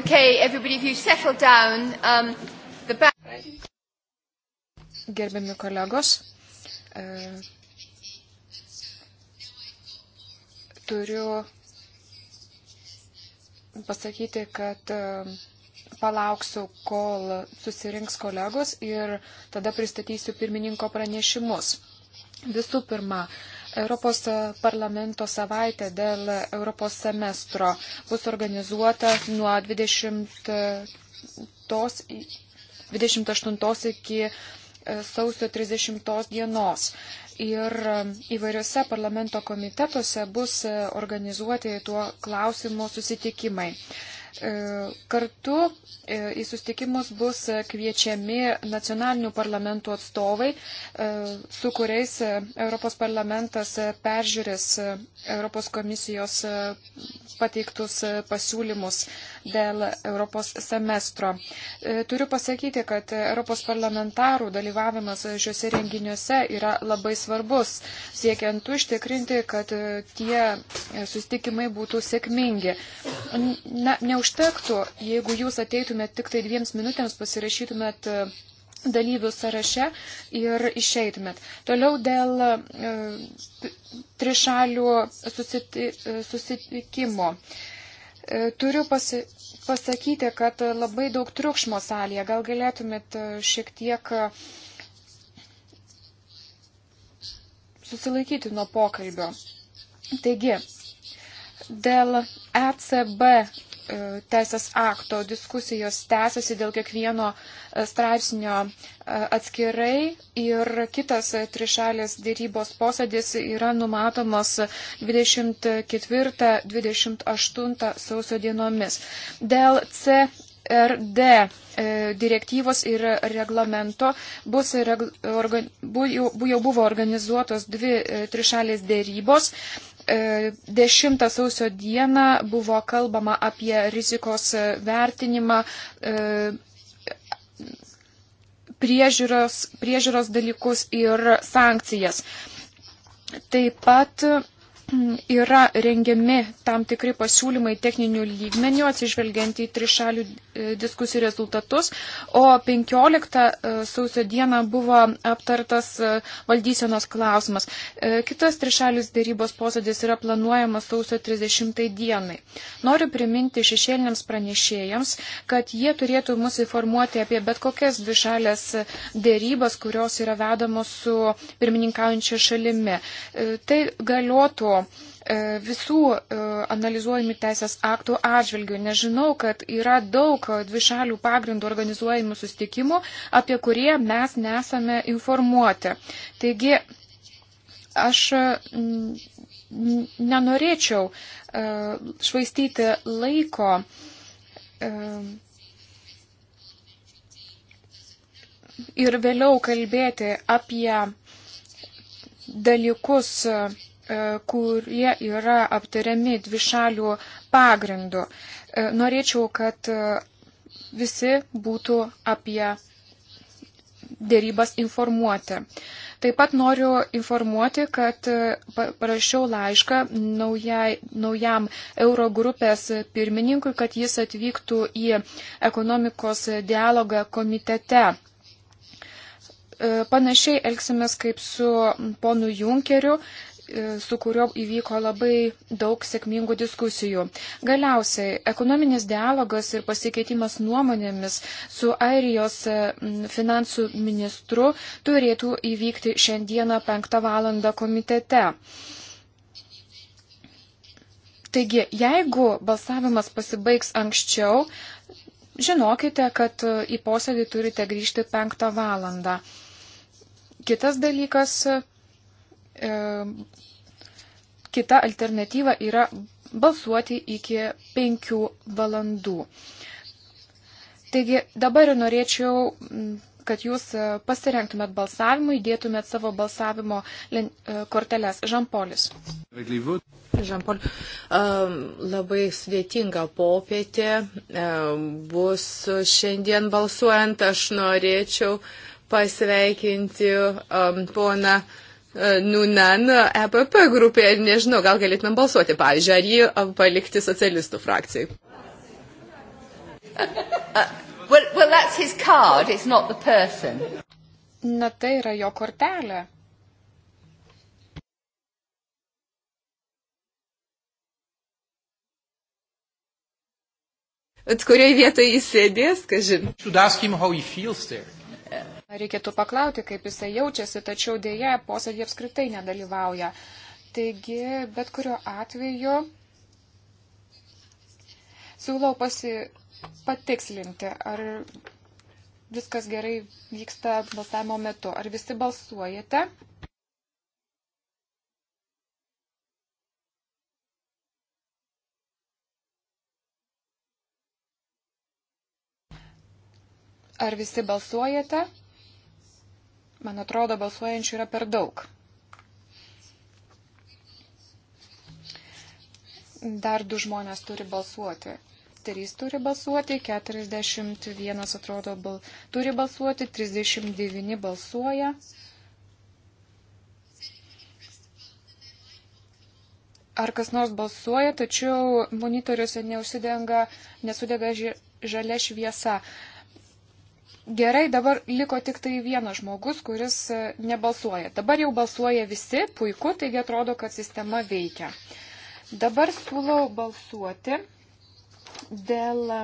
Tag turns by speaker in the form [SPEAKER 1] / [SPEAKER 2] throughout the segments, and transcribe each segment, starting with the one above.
[SPEAKER 1] Okay, everybody, if you settle down, um, the back... Gerbiami kolegos, e,
[SPEAKER 2] turiu pasakyti, kad e, palauksiu, kol susirinks kolegos ir tada pristatysiu pirmininko pranešimus. Visų pirma, e, Europos parlamento savaitė dėl Europos semestro bus organizuota nuo 20 tos, 28 iki e, sausio 30 dienos. Ir e, įvairiose parlamento komitetuose bus e, organizuoti tuo klausimo susitikimai. E, kartu e, į sustikimus bus kviečiami nacionalinių parlamentų atstovai, e, su kuriais Europos parlamentas peržiūrės Europos komisijos pateiktus pasiūlymus dėl Europos semestro. E, turiu pasakyti, kad Europos parlamentarų dalyvavimas šiuose renginiuose yra labai svarbus, siekiant užtikrinti, kad tie sustikimai būtų sėkmingi. Na, neužtektų, jeigu jūs ateitumėt tik tai dviems minutėms, pasirašytumėt e, dalyvių sąraše ir išeitumėt. Toliau dėl e, trišalių e, susitikimo. E, E, turiu pasi pasakyti, kad labai daug triukšmo salėje. Gal galėtumėt e, šiek tiek e, susilaikyti nuo pokalbio. Taigi, dėl ECB E, teisės akto diskusijos tęsiasi dėl kiekvieno e, straipsnio e, atskirai ir kitas trišalės dėrybos posėdis yra numatomas 24-28 sausio dienomis. Dėl C RD direktyvos ir reglamento bus, reg, organ, bu, jau, jau buvo organizuotos dvi trišalės dėrybos. 10 e, sausio dieną buvo kalbama apie rizikos vertinimą e, priežiūros, priežiūros dalykus ir sankcijas. Taip pat yra rengiami tam tikri pasiūlymai techninių lygmenių atsižvelgiant į trišalių e, diskusijų rezultatus, o 15 e, sausio dieną buvo aptartas e, valdysenos klausimas. Kitas trišalius dėrybos posėdis yra planuojamas sausio 30 dienai. Noriu priminti šešėliniams pranešėjams, kad jie turėtų mus informuoti apie bet kokias dvišalės dėrybas, kurios yra vedamos su pirmininkaujančia šalimi. Tai galiotų skaidrumo e, visų e, analizuojami teisės aktų atžvilgių. Nežinau, kad yra daug dvišalių pagrindų organizuojamų sustikimų, apie kurie mes nesame informuoti. Taigi, aš nenorėčiau e, švaistyti laiko ir vėliau kalbėti apie dalykus E, kurie yra aptariami dvišalių pagrindų. E, norėčiau, kad e, visi būtų apie dėrybas informuoti. Taip pat noriu informuoti, kad parašiau laišką naujai, naujam Eurogrupės pirmininkui, kad jis atvyktų į ekonomikos dialogą komitete. Panašiai elgsimės kaip su ponu Junkeriu. E, su kuriuo įvyko labai daug sėkmingų diskusijų. Galiausiai, ekonominis dialogas ir pasikeitimas nuomonėmis su Airijos e, finansų ministru turėtų įvykti šiandieną 5 val. komitete. Taigi, jeigu balsavimas pasibaigs anksčiau, žinokite, kad e, į posėdį turite grįžti 5 valandą. Kitas dalykas kita alternatyva yra balsuoti iki penkių valandų. Taigi dabar ir norėčiau, kad jūs e, pasirengtumėt balsavimui, dėtumėt savo balsavimo e, korteles. Žampolis. Žampol, labai sudėtinga popietė e,
[SPEAKER 3] bus šiandien balsuojant. Aš norėčiau pasveikinti poną. E, Nunan EPP grupėje ir nežinau, gal galėtumėm balsuoti, pavyzdžiui, ar jį palikti socialistų frakcijai.
[SPEAKER 1] Uh, well, well, that's his card, it's not the person.
[SPEAKER 2] Na tai yra jo kortelė.
[SPEAKER 3] Bet kurioje vietoje jis sėdės, kažin.
[SPEAKER 2] Reikėtų paklauti, kaip jisai jaučiasi, tačiau dėja posėdį apskritai nedalyvauja. Taigi, bet kurio atveju siūlau pasi, patikslinti, ar viskas gerai vyksta balsavimo metu, ar visi balsuojate. Ar visi balsuojate? Man atrodo, balsuojančių yra per daug. Dar du žmonės turi balsuoti. 3 turi balsuoti, 41 atrodo bal... turi balsuoti, 39 balsuoja. Ar kas nors balsuoja, tačiau monitoriuose neusidega, nesudega žalia šviesa. Gerai, dabar liko tik tai vienas žmogus, kuris e, nebalsuoja. Dabar jau balsuoja visi, puiku, taigi atrodo, kad sistema veikia. Dabar siūlau balsuoti dėl e,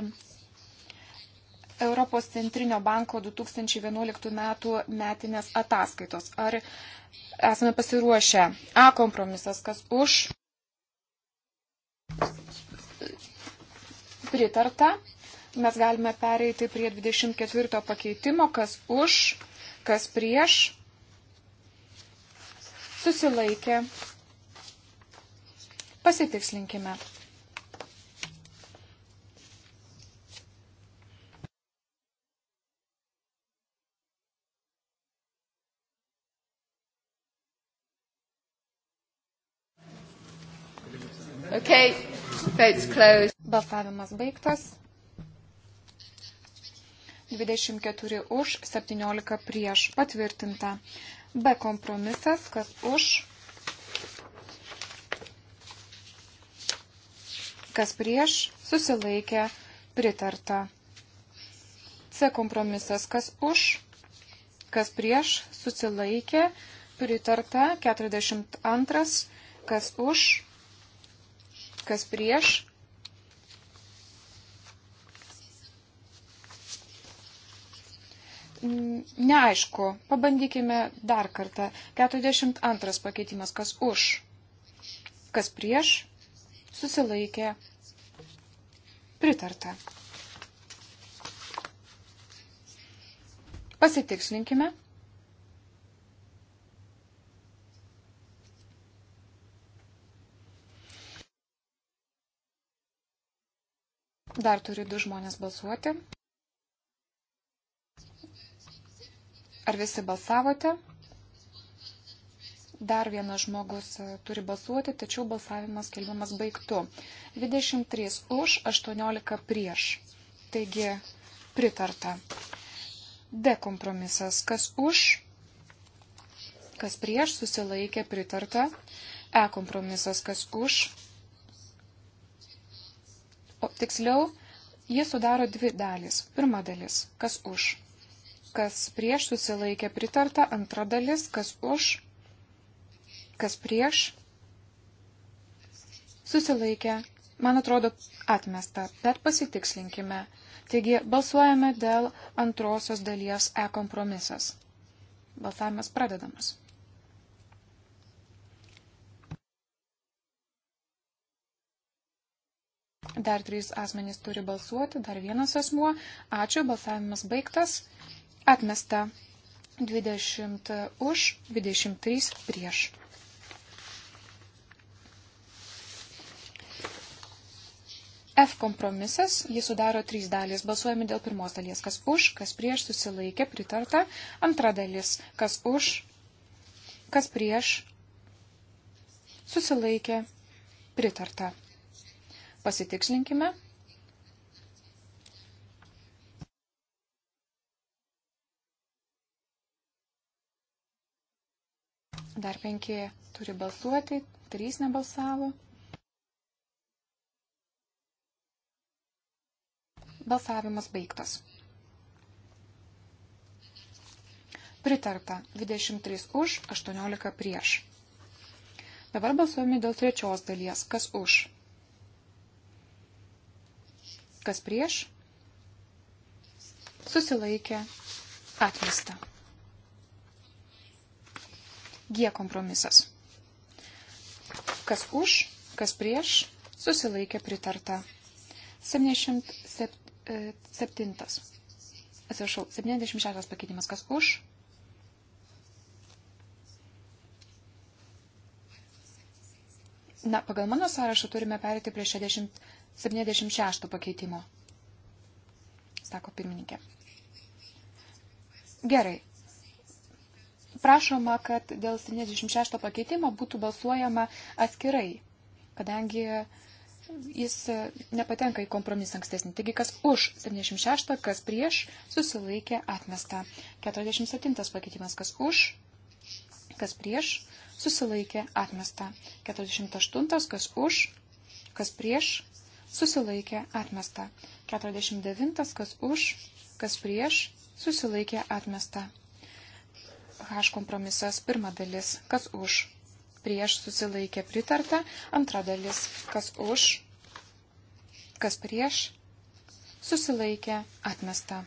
[SPEAKER 2] Europos centrinio banko 2011 metų metinės ataskaitos. Ar esame pasiruošę? A kompromisas, kas už? Pritarta mes galime pereiti prie 24 pakeitimo, kas už, kas prieš, susilaikė. Pasitikslinkime. Okay. Balsavimas baigtas. 24 už, 17 prieš. Patvirtinta. B kompromisas, kas už, kas prieš, susilaikė, pritarta. C kompromisas, kas už, kas prieš, susilaikė, pritarta. 42, kas už, kas prieš, neaišku. Pabandykime dar kartą. 42 pakeitimas, kas už, kas prieš, susilaikė, pritarta. Pasitikslinkime. Dar turi du žmonės balsuoti. Ar visi balsavote? Dar vienas žmogus e, turi balsuoti, tačiau balsavimas kelbiamas baigtu. 23 už, 18 prieš. Taigi pritarta. D kompromisas. Kas už, kas prieš, susilaikė pritarta. E kompromisas. Kas už. O tiksliau, jie sudaro dvi dalis. Pirma dalis. Kas už kas prieš susilaikė pritarta, antra dalis, kas už, kas prieš susilaikė, man atrodo, atmesta, bet pasitikslinkime. Taigi balsuojame dėl antrosios dalies E kompromisas. Balsavimas pradedamas. Dar trys asmenys turi balsuoti, dar vienas asmuo. Ačiū, balsavimas baigtas. Atmesta 20 už, 23 prieš. F kompromisas, jį sudaro trys dalys. Balsuojame dėl pirmos dalies, kas už, kas prieš, susilaikė, pritarta. Antra dalis, kas už, kas prieš, susilaikė, pritarta. Pasitikslinkime. Dar penki turi balsuoti, trys nebalsavo. Balsavimas baigtas. Pritarta 23 už, 18 prieš. Dabar balsuojame dėl trečios dalies. Kas už? Kas prieš? Susilaikė. Atmesta. G kompromisas. Kas už, kas prieš, susilaikė pritarta. 77. E, Atsiprašau, 76 pakeitimas. Kas už? Na, pagal mano sąrašą turime perėti prie 60, 76 pakeitimo, sako pirmininkė. Gerai, prašoma, kad dėl 76 pakeitimo būtų balsuojama atskirai, kadangi jis nepatenka į kompromisą ankstesnį. Taigi, kas už 76, kas prieš, susilaikė atmesta. 47 pakeitimas, kas už, kas prieš, susilaikė atmesta. 48, kas už, kas prieš, susilaikė atmesta. 49, kas už, kas prieš, susilaikė atmesta. H kompromisas pirma dalis, kas už, prieš susilaikė pritarta, antra dalis, kas už, kas prieš, susilaikė atmesta.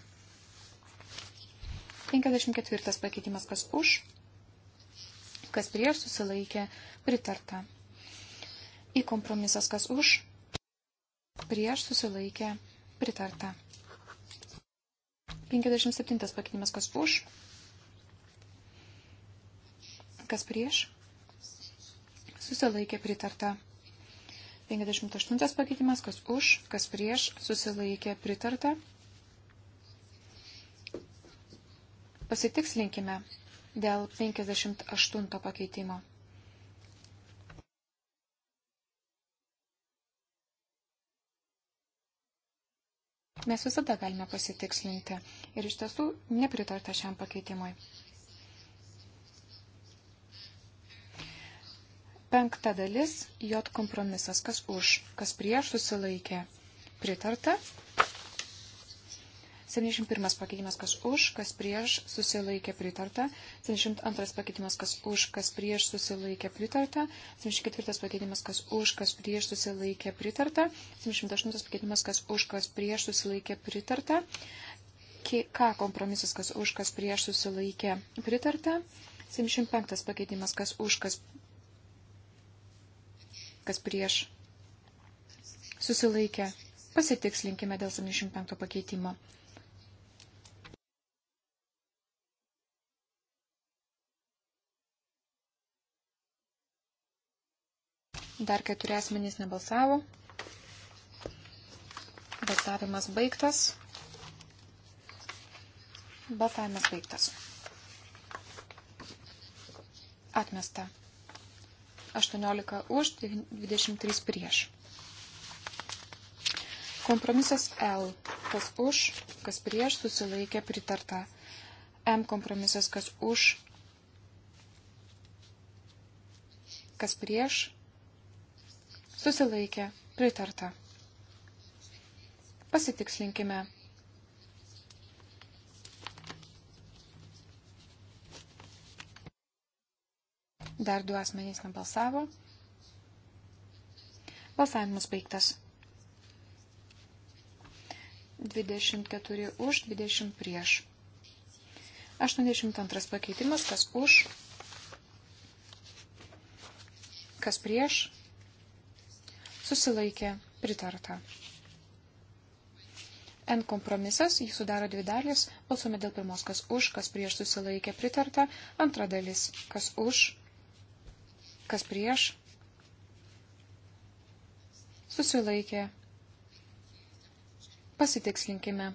[SPEAKER 2] 54 pakeitimas, kas už, kas prieš susilaikė pritarta. Į kompromisas, kas už, prieš susilaikė pritarta. 57 pakeitimas, kas už, Kas prieš? Susilaikė pritarta. 58 pakeitimas, kas už, kas prieš, susilaikė pritarta. Pasitikslinkime dėl 58 pakeitimo. Mes visada galime pasitikslinti ir iš tiesų nepritarta šiam pakeitimui. Penkta dalis, J kompromisas, kas už, kas prieš susilaikė, pritarta. 71 pakeitimas, kas už, kas prieš susilaikė, pritarta. 72 pakeitimas, kas už, kas prieš susilaikė, pritarta. 74 pakeitimas, kas už, kas prieš susilaikė, pritarta. 78 pakeitimas, kas už, kas prieš susilaikė, pritarta. K kompromisas, kas už, kas prieš susilaikė, pritarta. 75 pakeitimas, kas už, kas kas prieš susilaikė. Pasitikslinkime dėl 75 pakeitimo. Dar keturi asmenys nebalsavo. Balsavimas baigtas. Balsavimas baigtas. Atmesta. 18 už, 23 prieš. Kompromisas L. Kas už, kas prieš, susilaikė pritarta. M kompromisas, kas už, kas prieš, susilaikė pritarta. Pasitikslinkime Dar du asmenys nebalsavo. Balsavimas baigtas. 24 už, 20 prieš. 82 pakeitimas, kas už, kas prieš, susilaikė pritarta. N kompromisas, jį sudaro dvi dalis, balsuome dėl pirmos, kas už, kas prieš susilaikė pritarta, antra dalis, kas už, Kas prieš? Susilaikė. Pasitikslinkime.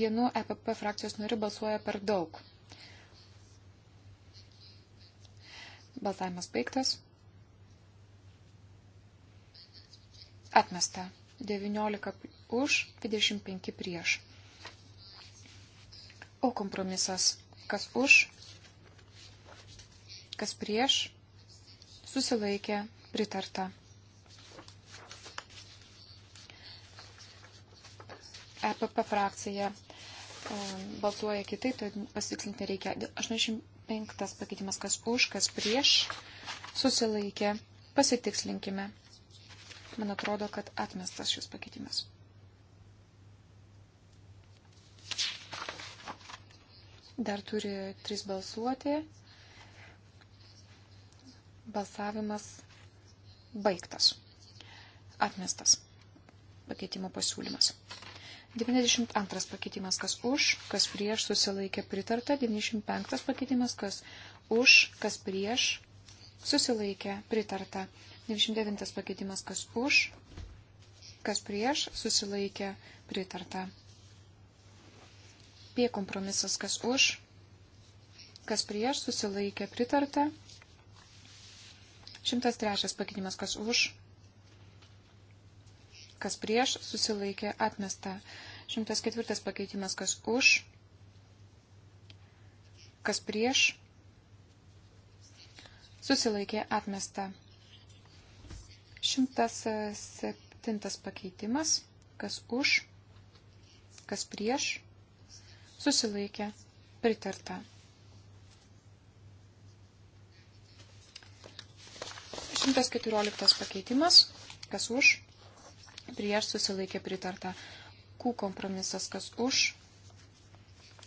[SPEAKER 2] Vienu EPP frakcijos nariu balsuoja per daug. Baltavimas baigtas. Atmesta. 19 už, 25 prieš. O kompromisas. Kas už, kas prieš, susilaikė, pritarta. EPP frakcija e, balsuoja kitaip, tai pasitikslinti reikia. 85 pakeitimas, kas už, kas prieš, susilaikė, pasitikslinkime. Man atrodo, kad atmestas šis pakeitimas. Dar turi tris balsuoti. Balsavimas baigtas. Atmestas pakeitimo pasiūlymas. 92 pakeitimas, kas už, kas prieš, susilaikė pritarta. 95 pakeitimas, kas už, kas prieš, susilaikė pritarta. 99 pakeitimas, kas už, kas prieš, susilaikė pritarta. P kompromisas kas už, kas prieš, susilaikė pritarta. 103 pakeitimas kas už, kas prieš, susilaikė atmesta. 104 pakeitimas kas už, kas prieš, susilaikė atmesta. 107 pakeitimas kas už, kas prieš, susilaikė, pritarta. Šimtas keturioliktas pakeitimas, kas už, prieš susilaikė, pritarta. Q kompromisas, kas už,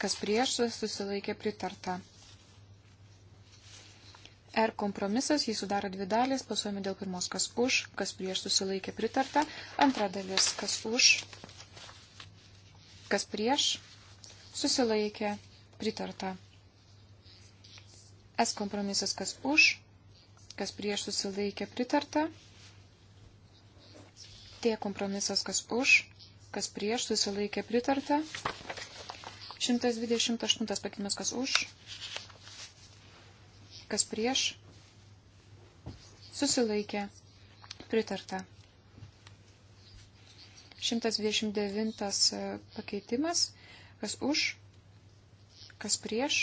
[SPEAKER 2] kas prieš susilaikė, pritarta. R kompromisas jį sudaro dvi dalis, pasuojame dėl pirmos, kas už, kas prieš susilaikė pritarta, antra dalis, kas už, kas prieš susilaikė, pritarta. S kompromisas kas už, kas prieš susilaikė, pritarta. T kompromisas kas už, kas prieš susilaikė, pritarta. 128 pakeitimas kas už, kas prieš susilaikė, pritarta. 129 pakeitimas Kas už, kas prieš,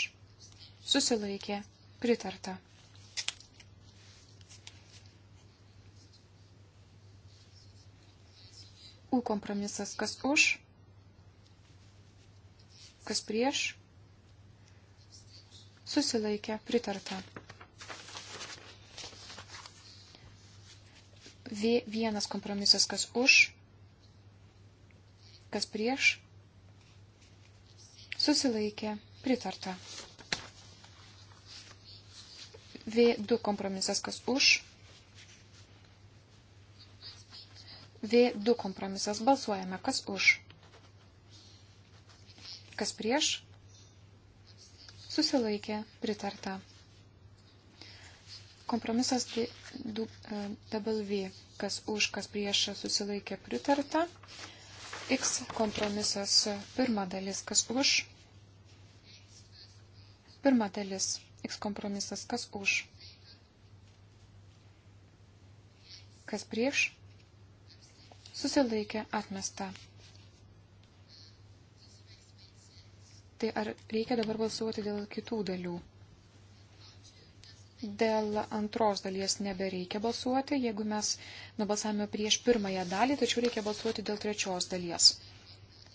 [SPEAKER 2] susilaikė, pritarta. U kompromisas, kas už, kas prieš, susilaikė, pritarta. V vienas kompromisas, kas už, kas prieš, susilaikė, pritarta. V2 kompromisas kas už. V2 kompromisas balsuojame kas už. Kas prieš? Susilaikė, pritarta. Kompromisas e, W, kas už, kas prieš, susilaikė, pritarta. X kompromisas pirma dalis, kas už, Pirma dalis. X kompromisas. Kas už? Kas prieš? Susilaikė atmesta. Tai ar reikia dabar balsuoti dėl kitų dalių? Dėl antros dalies nebereikia balsuoti, jeigu mes nubalsavome prieš pirmąją dalį, tačiau reikia balsuoti dėl trečios dalies.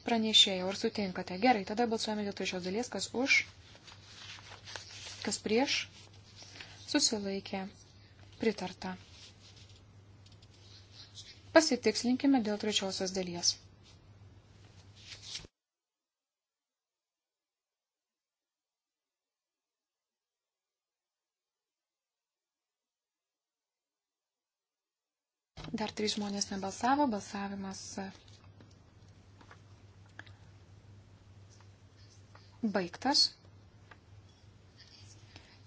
[SPEAKER 2] Pranešėjo, ar sutinkate? Gerai, tada balsuojame dėl trečios dalies, kas už, kas prieš, susilaikė, pritarta. Pasitikslinkime dėl trečiosios dalies. Dar trys žmonės nebalsavo, balsavimas e, baigtas.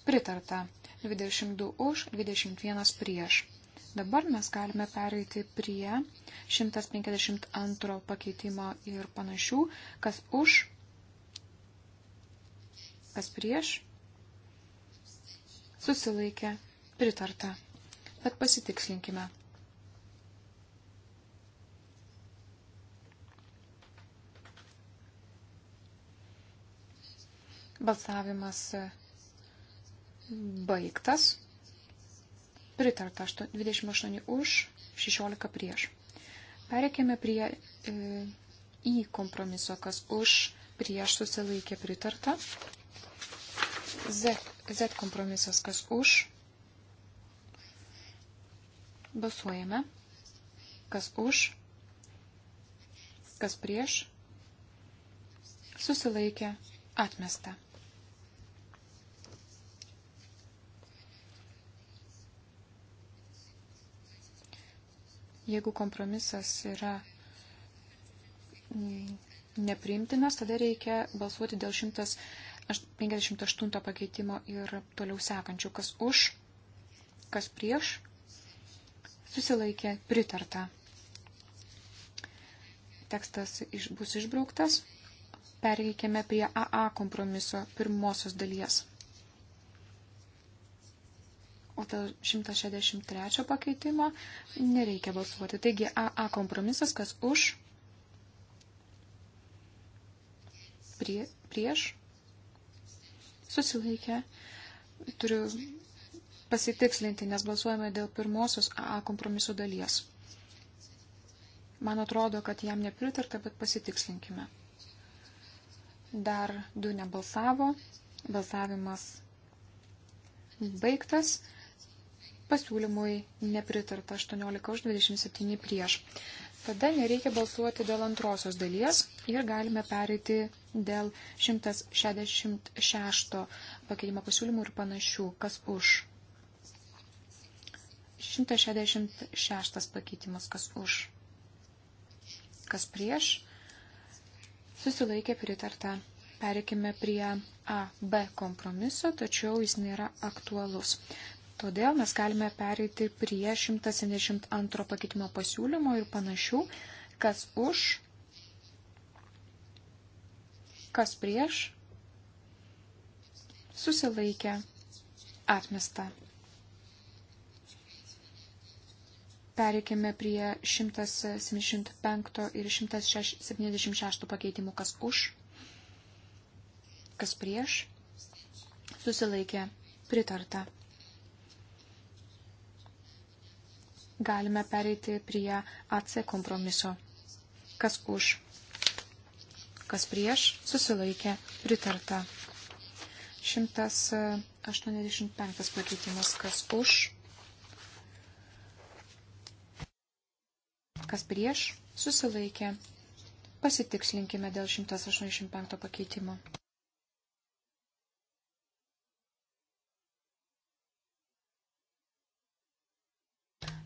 [SPEAKER 2] Pritarta. 22 už, 21 prieš. Dabar mes galime pereiti prie 152 pakeitimo ir panašių, kas už, kas prieš, susilaikė, pritarta. Bet pasitikslinkime. Balsavimas baigtas. Pritarta 28 už, 16 prieš. Pereikėme prie e, į kompromiso, kas už, prieš susilaikė pritarta. Z, Z kompromisas, kas už. Balsuojame. Kas už, kas prieš. Susilaikė atmesta. Jeigu kompromisas yra nepriimtinas, tada reikia balsuoti dėl 158 pakeitimo ir toliau sekančių. Kas už, kas prieš, susilaikė pritarta. Tekstas iš, bus išbrauktas. Pereikėme prie AA kompromiso pirmosios dalies o dėl 163 pakeitimo nereikia balsuoti. Taigi AA kompromisas, kas už, prie, prieš, susilaikė, turiu pasitikslinti, nes balsuojame dėl pirmosios AA kompromiso dalies. Man atrodo, kad jam nepritarta, bet pasitikslinkime. Dar du nebalsavo, balsavimas baigtas. Pasiūlymui nepritarta 18 už 27 prieš. Tada nereikia balsuoti dėl antrosios dalies ir galime pereiti dėl 166 pakeitimo pasiūlymų ir panašių. Kas už? 166 pakeitimas. Kas už? Kas prieš? Susilaikė pritarta. Pereikime prie A, B kompromiso, tačiau jis nėra aktualus. Todėl mes galime pereiti prie 172 pakeitimo pasiūlymo ir panašių, kas už, kas prieš, susilaikė, atmesta. Pereikime prie 175 ir 176 pakeitimų, kas už, kas prieš, susilaikė, pritarta. galime pereiti prie AC kompromiso. Kas už? Kas prieš? Susilaikė pritarta. 185 e, pakeitimas. Kas už? Kas prieš? Susilaikė. Pasitikslinkime dėl 185 pakeitimo.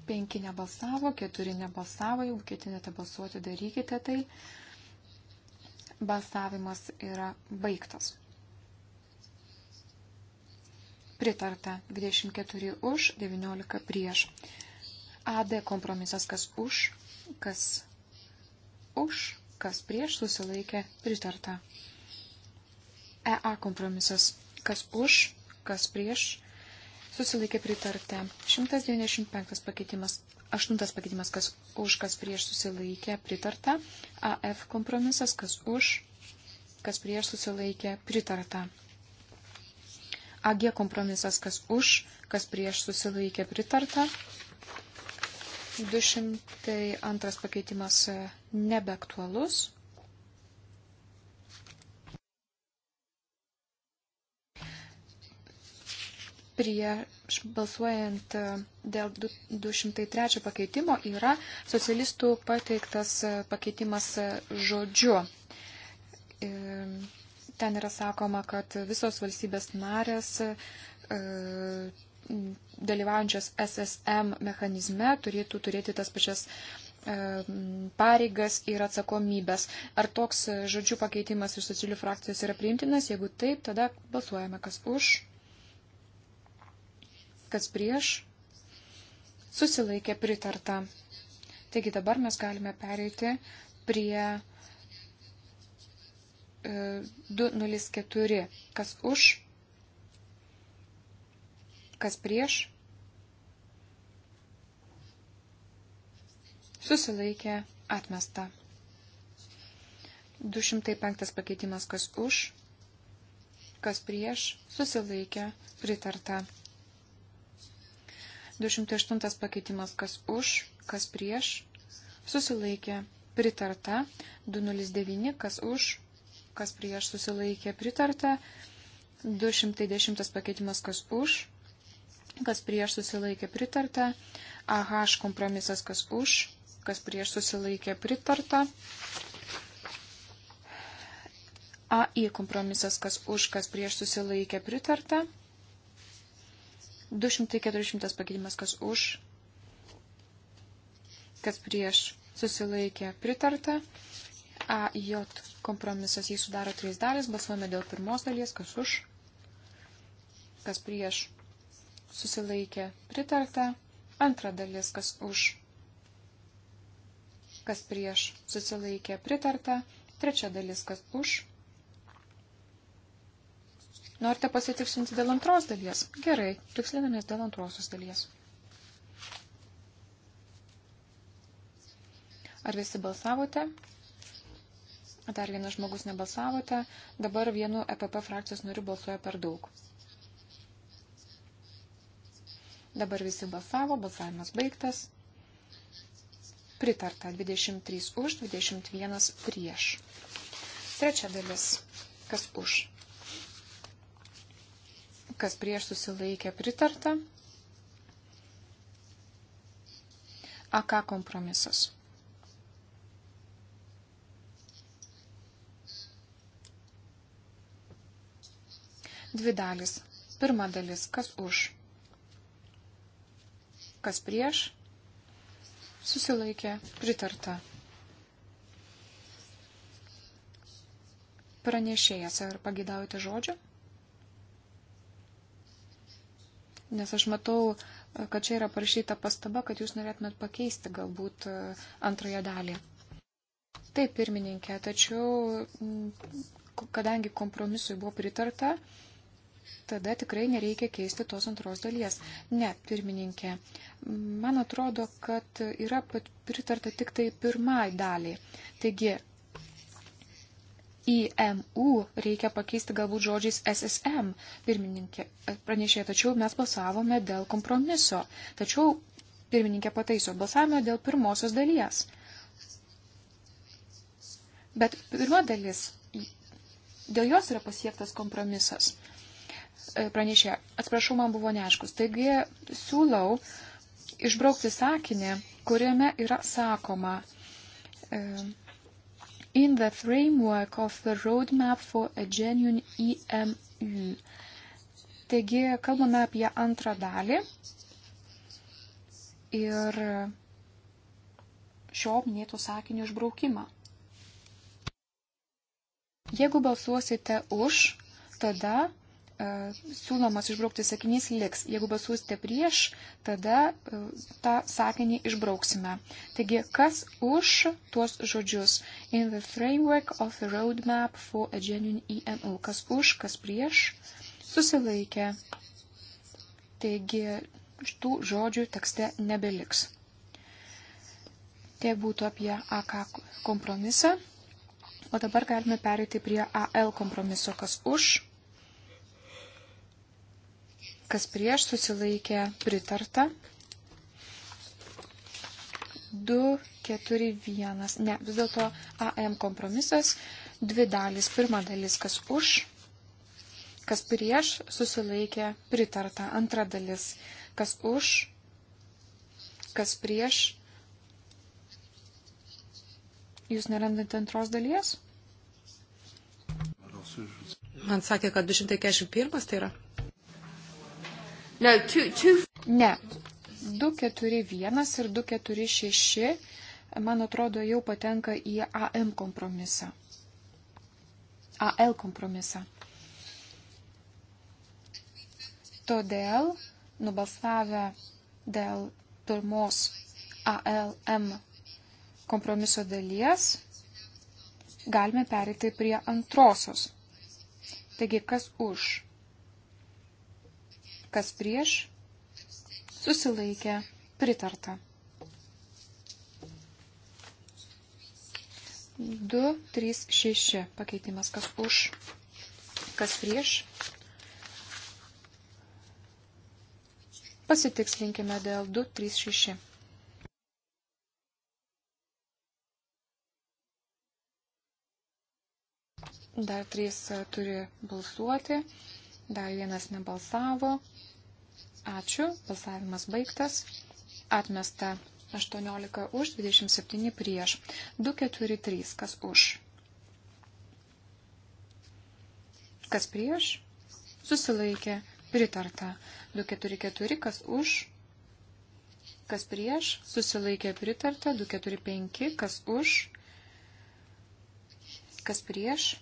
[SPEAKER 2] Penki nebalsavo, keturi nebalsavo, jeigu ketinate balsuoti, darykite tai. Balsavimas yra baigtas. Pritarta 24 už, 19 prieš. AD kompromisas kas už, kas už, kas prieš susilaikė pritarta. EA kompromisas kas už, kas prieš susilaikė pritarta. 195 pakeitimas, 8 pakeitimas, kas už, kas prieš susilaikė pritarta. AF kompromisas, kas už, kas prieš susilaikė pritarta. AG kompromisas, kas už, kas prieš susilaikė pritarta. 202 pakeitimas e, nebeaktualus. prieš balsuojant e, dėl 203 pakeitimo yra socialistų pateiktas e, pakeitimas e, žodžiu. Ten yra sakoma, kad visos valstybės narės dalyvaujančios SSM mechanizme turėtų turėti tas pačias pareigas ir atsakomybės. Ar toks žodžių pakeitimas iš socialių frakcijos yra priimtinas? Jeigu taip, tada balsuojame kas už, kas prieš, susilaikė pritarta. Taigi dabar mes galime pereiti prie 204, e, kas už, kas prieš, susilaikė atmesta. 205 pakeitimas kas už, kas prieš, susilaikė, pritarta. 208 pakeitimas kas už, kas prieš, susilaikė pritarta, 209 kas už, kas prieš susilaikė pritarta, 210 pakeitimas kas už, kas prieš susilaikė pritarta, AH kompromisas kas už, kas prieš susilaikė pritarta. AI kompromisas, kas už, kas prieš susilaikė pritarta. 240 pakeitimas, kas už, kas prieš susilaikė pritarta. AJ kompromisas jį sudaro trys dalis, balsuojame dėl pirmos dalies, kas už, kas prieš susilaikė pritarta. Antra dalis, kas už, kas prieš susilaikė pritarta. Trečia dalis, kas už, Norite pasitiksinti dėl antros dalies? Gerai, tikslinamės dėl antrosios dalies. Ar visi balsavote? Dar vienas žmogus nebalsavote. Dabar vienu EPP frakcijos noriu balsuoja per daug. Dabar visi balsavo, balsavimas baigtas. Pritarta 23 už, 21 prieš. Trečia dalis. Kas už? kas prieš susilaikė pritarta. AK kompromisas. Dvi dalis. Pirma dalis, kas už, kas prieš, susilaikė pritarta. Pranešėjas, ar pagidaujate žodžio? Nes aš matau, kad čia yra parašyta pastaba, kad jūs norėtumėt pakeisti galbūt e, antroje dalį. Taip, pirmininkė, tačiau kadangi kompromisui buvo pritarta, tada tikrai nereikia keisti tos antros dalies. Ne, pirmininkė, man atrodo, kad yra pritarta tik tai pirmai daliai. Taigi, IMU reikia pakeisti galbūt žodžiais SSM, pirmininkė pranešė, tačiau mes balsavome dėl kompromiso. Tačiau pirmininkė pataiso, balsavome dėl pirmosios dalies. Bet pirma dalis, dėl jos yra pasiektas kompromisas. E, pranešė, atsiprašau, man buvo neaiškus. Taigi siūlau išbraukti sakinį, kuriame yra sakoma. E, in the framework of the roadmap for a genuine EMU. Taigi, kalbame apie antrą dalį ir šio minėto sakinio išbraukimą. Jeigu balsuosite už, tada E, siūlomas išbraukti sakinys liks. Jeigu balsuosite prieš, tada e, tą sakinį išbrauksime. Taigi, kas už tuos žodžius? In the framework of the roadmap for a genuine EMU. Kas už, kas prieš? Susilaikė. Taigi, šitų žodžių tekste nebeliks. Tai būtų apie AK kompromisą. O dabar galime pereiti prie AL kompromiso, kas už, kas prieš susilaikė pritarta. 2, 4, 1. Ne, vis dėlto AM kompromisas. Dvi dalis. Pirma dalis, kas už, kas prieš susilaikė pritarta. Antra dalis, kas už, kas prieš. Jūs nerandate antros dalies? Man sakė, kad 241 tai yra. No, two, two... Ne. 241 ir 246, man atrodo, jau patenka į AM kompromisą. AL kompromisą. Todėl, nubalsavę dėl pirmos ALM kompromiso dalies, galime pereiti prie antrosios. Taigi, kas už? Kas prieš? Susilaikė. Pritarta. 2, 3, 6 pakeitimas. Kas už? Kas prieš? Pasitikslinkime dėl 2, 3, 6. Dar trys e, turi balsuoti, dar vienas nebalsavo. Ačiū. Balsavimas baigtas. Atmesta 18 už, 27 prieš. 2, 4, 3. Kas už? Kas prieš? Susilaikė. Pritarta. 2, 4, 4. Kas už? Kas prieš? Susilaikė. Pritarta. 2, 4, 5. Kas už? Kas prieš?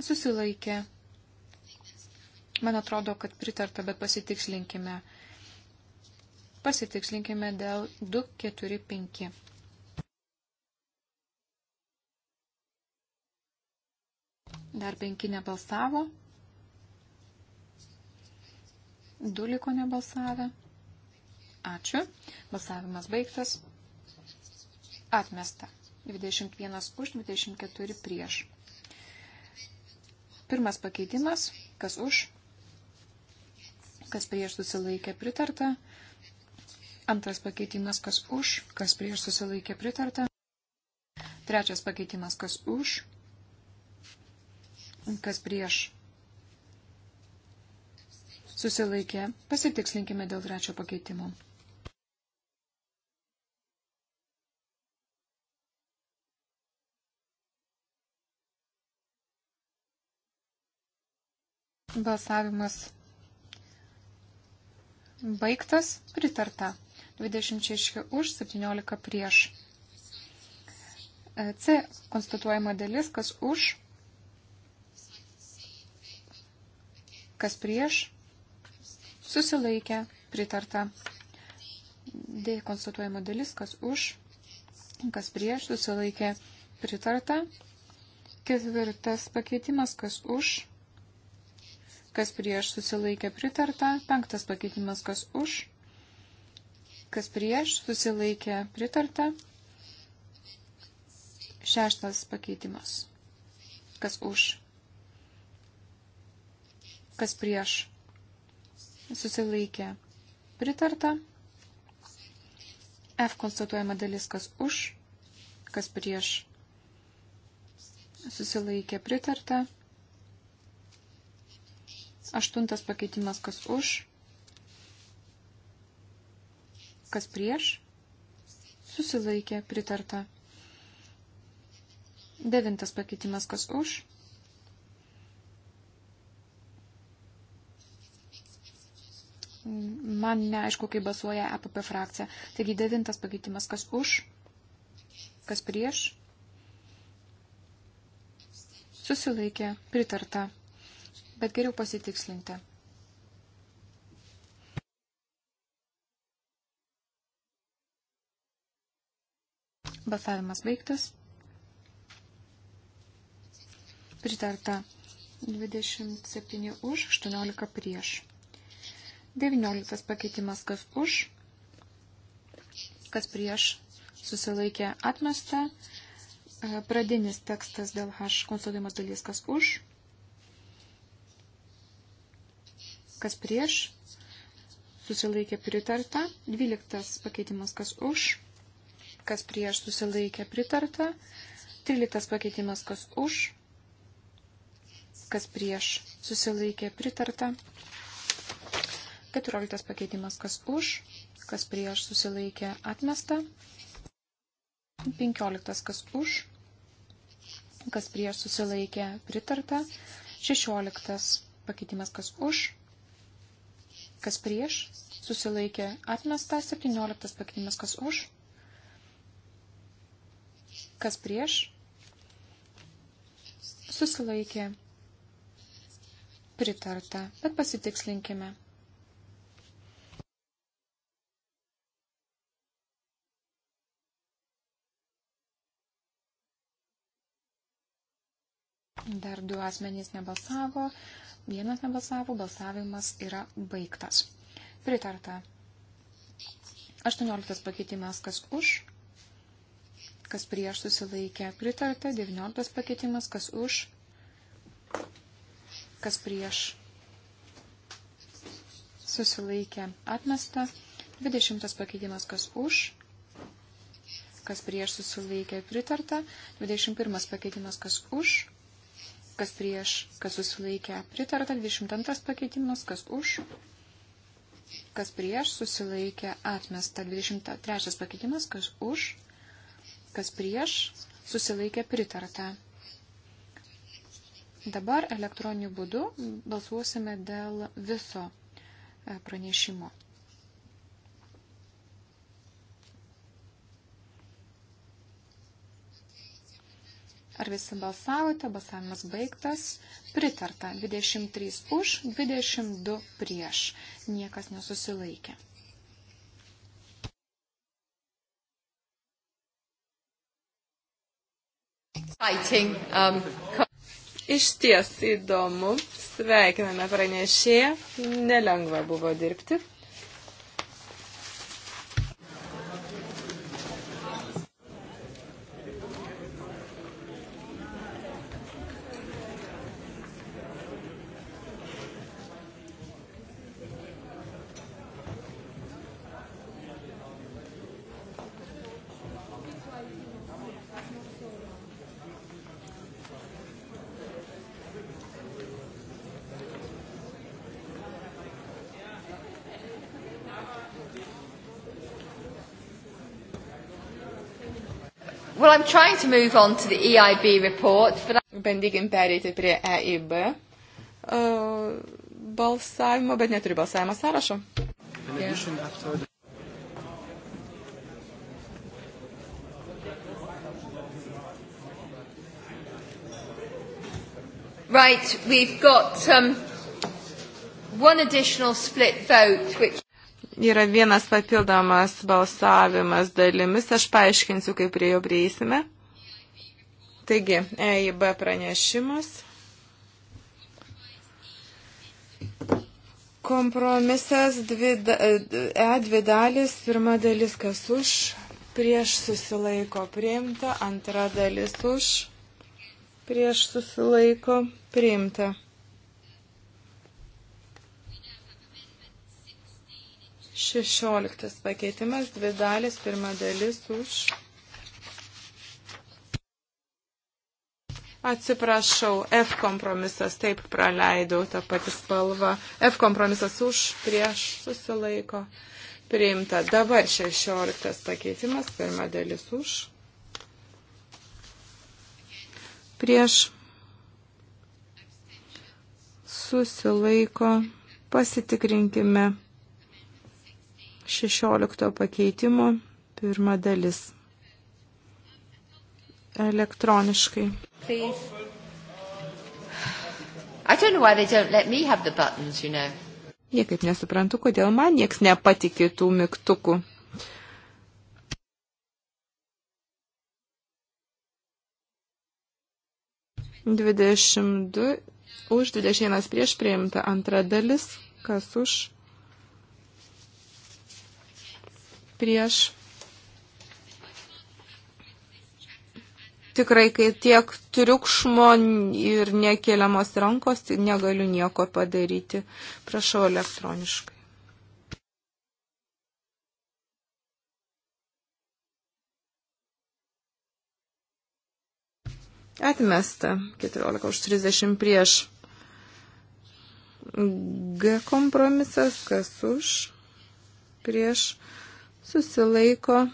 [SPEAKER 2] Susilaikė. Man atrodo, kad pritarta, bet pasitikslinkime. Pasitikslinkime dėl 245. Dar penki nebalsavo. Du liko nebalsavę. Ačiū. Balsavimas baigtas. Atmesta. 21 už, 24 prieš. Pirmas pakeitimas. Kas už? kas prieš susilaikė pritarta. Antras pakeitimas, kas už, kas prieš susilaikė pritarta. Trečias pakeitimas, kas už, kas prieš susilaikė. Pasitikslinkime dėl trečio pakeitimo. Balsavimas Baigtas. Pritarta. 26 už, 17 prieš. E, C. Konstatuojama dalis, kas už, kas prieš, susilaikė, pritarta. D. Konstatuojama dalis, kas už, kas prieš, susilaikė, pritarta. Ketvirtas pakeitimas, kas už, kas prieš susilaikė pritarta, penktas pakeitimas, kas už, kas prieš susilaikė pritarta, šeštas pakeitimas, kas už, kas prieš susilaikė pritarta, F konstatuojama dalis, kas už, kas prieš susilaikė pritarta. Aštuntas pakeitimas, kas už, kas prieš, susilaikė, pritarta. Devintas pakeitimas, kas už, man neaišku, kaip basuoja APP e frakcija. Taigi devintas pakeitimas, kas už, kas prieš, susilaikė, pritarta bet geriau pasitikslinti. Balsavimas baigtas. Pritarta 27 už, 18 prieš. 19 pakeitimas kas už, kas prieš susilaikė atmestą. Pradinis tekstas dėl H konsultuojamas dalies kas už, kas prieš, susilaikė pritarta. 12 pakeitimas, kas už, kas prieš, susilaikė pritarta. 13 pakeitimas, kas už, kas prieš, susilaikė pritarta. 14 pakeitimas, kas už, kas prieš, susilaikė atmesta. 15 kas už, kas prieš susilaikė pritarta, 16 pakeitimas kas už, kas prieš, susilaikė atmesta, 17 pakeitimas, kas už, kas prieš, susilaikė pritarta, bet pasitikslinkime. Dar du asmenys nebalsavo. Vienas nebalsavo, balsavimas yra baigtas. Pritarta. 18 pakeitimas, kas už, kas prieš susilaikė. Pritarta. 19 pakeitimas, kas už, kas prieš susilaikė. Atmesta. 20 pakeitimas, kas už, kas prieš susilaikė. Pritarta. 21 pakeitimas, kas už kas prieš, kas susilaikė pritarta, 22 pakeitimas, kas už, kas prieš, susilaikė atmesta, 23 pakeitimas, kas už, kas prieš, susilaikė pritarta. Dabar elektroniniu būdu balsuosime dėl viso e, pranešimo. Ar visi balsavote? Balsavimas baigtas. Pritarta. 23 už, 22 prieš. Niekas nesusilaikė.
[SPEAKER 1] Um, Iš ties
[SPEAKER 3] įdomu. Sveikiname pranešėją. Nelengva buvo dirbti. Well, I'm trying to
[SPEAKER 1] move on to the EIB report, but I... Bandykim pereiti prie EIB
[SPEAKER 3] uh, e, balsavimo, bet neturiu balsavimo sąrašo. Yeah.
[SPEAKER 1] Right, we've got um, one additional split vote, which...
[SPEAKER 3] Yra vienas papildomas balsavimas dalimis, aš paaiškinsiu, kaip prie jo prieisime. Taigi, EIB pranešimas. Kompromisas dvi, E dvi dalis, pirma dalis kas už, prieš susilaiko priimta, antra dalis už, prieš susilaiko priimta. Šešioliktas pakeitimas, dvi dalis, pirma dalis už. Atsiprašau, F kompromisas, taip praleidau tą patį spalvą. F kompromisas už, prieš, susilaiko. Priimta. Dabar šešioliktas pakeitimas, pirma dalis už. Prieš susilaiko. Pasitikrinkime 16 pakeitimo pirma dalis. Elektroniškai.
[SPEAKER 1] Please. I don't know why they don't let me have the buttons, you know.
[SPEAKER 3] Niekaip nesuprantu, kodėl man nieks nepatikė tų mygtukų. Dvidešimt du už, dvidešimt vienas prieš priimta antra dalis, kas už, prieš. Tikrai, kai tiek triukšmo ir nekeliamos rankos, tai negaliu nieko padaryti. Prašau elektroniškai. Atmesta 14 už 30 prieš. G kompromisas, kas už, prieš susilaiko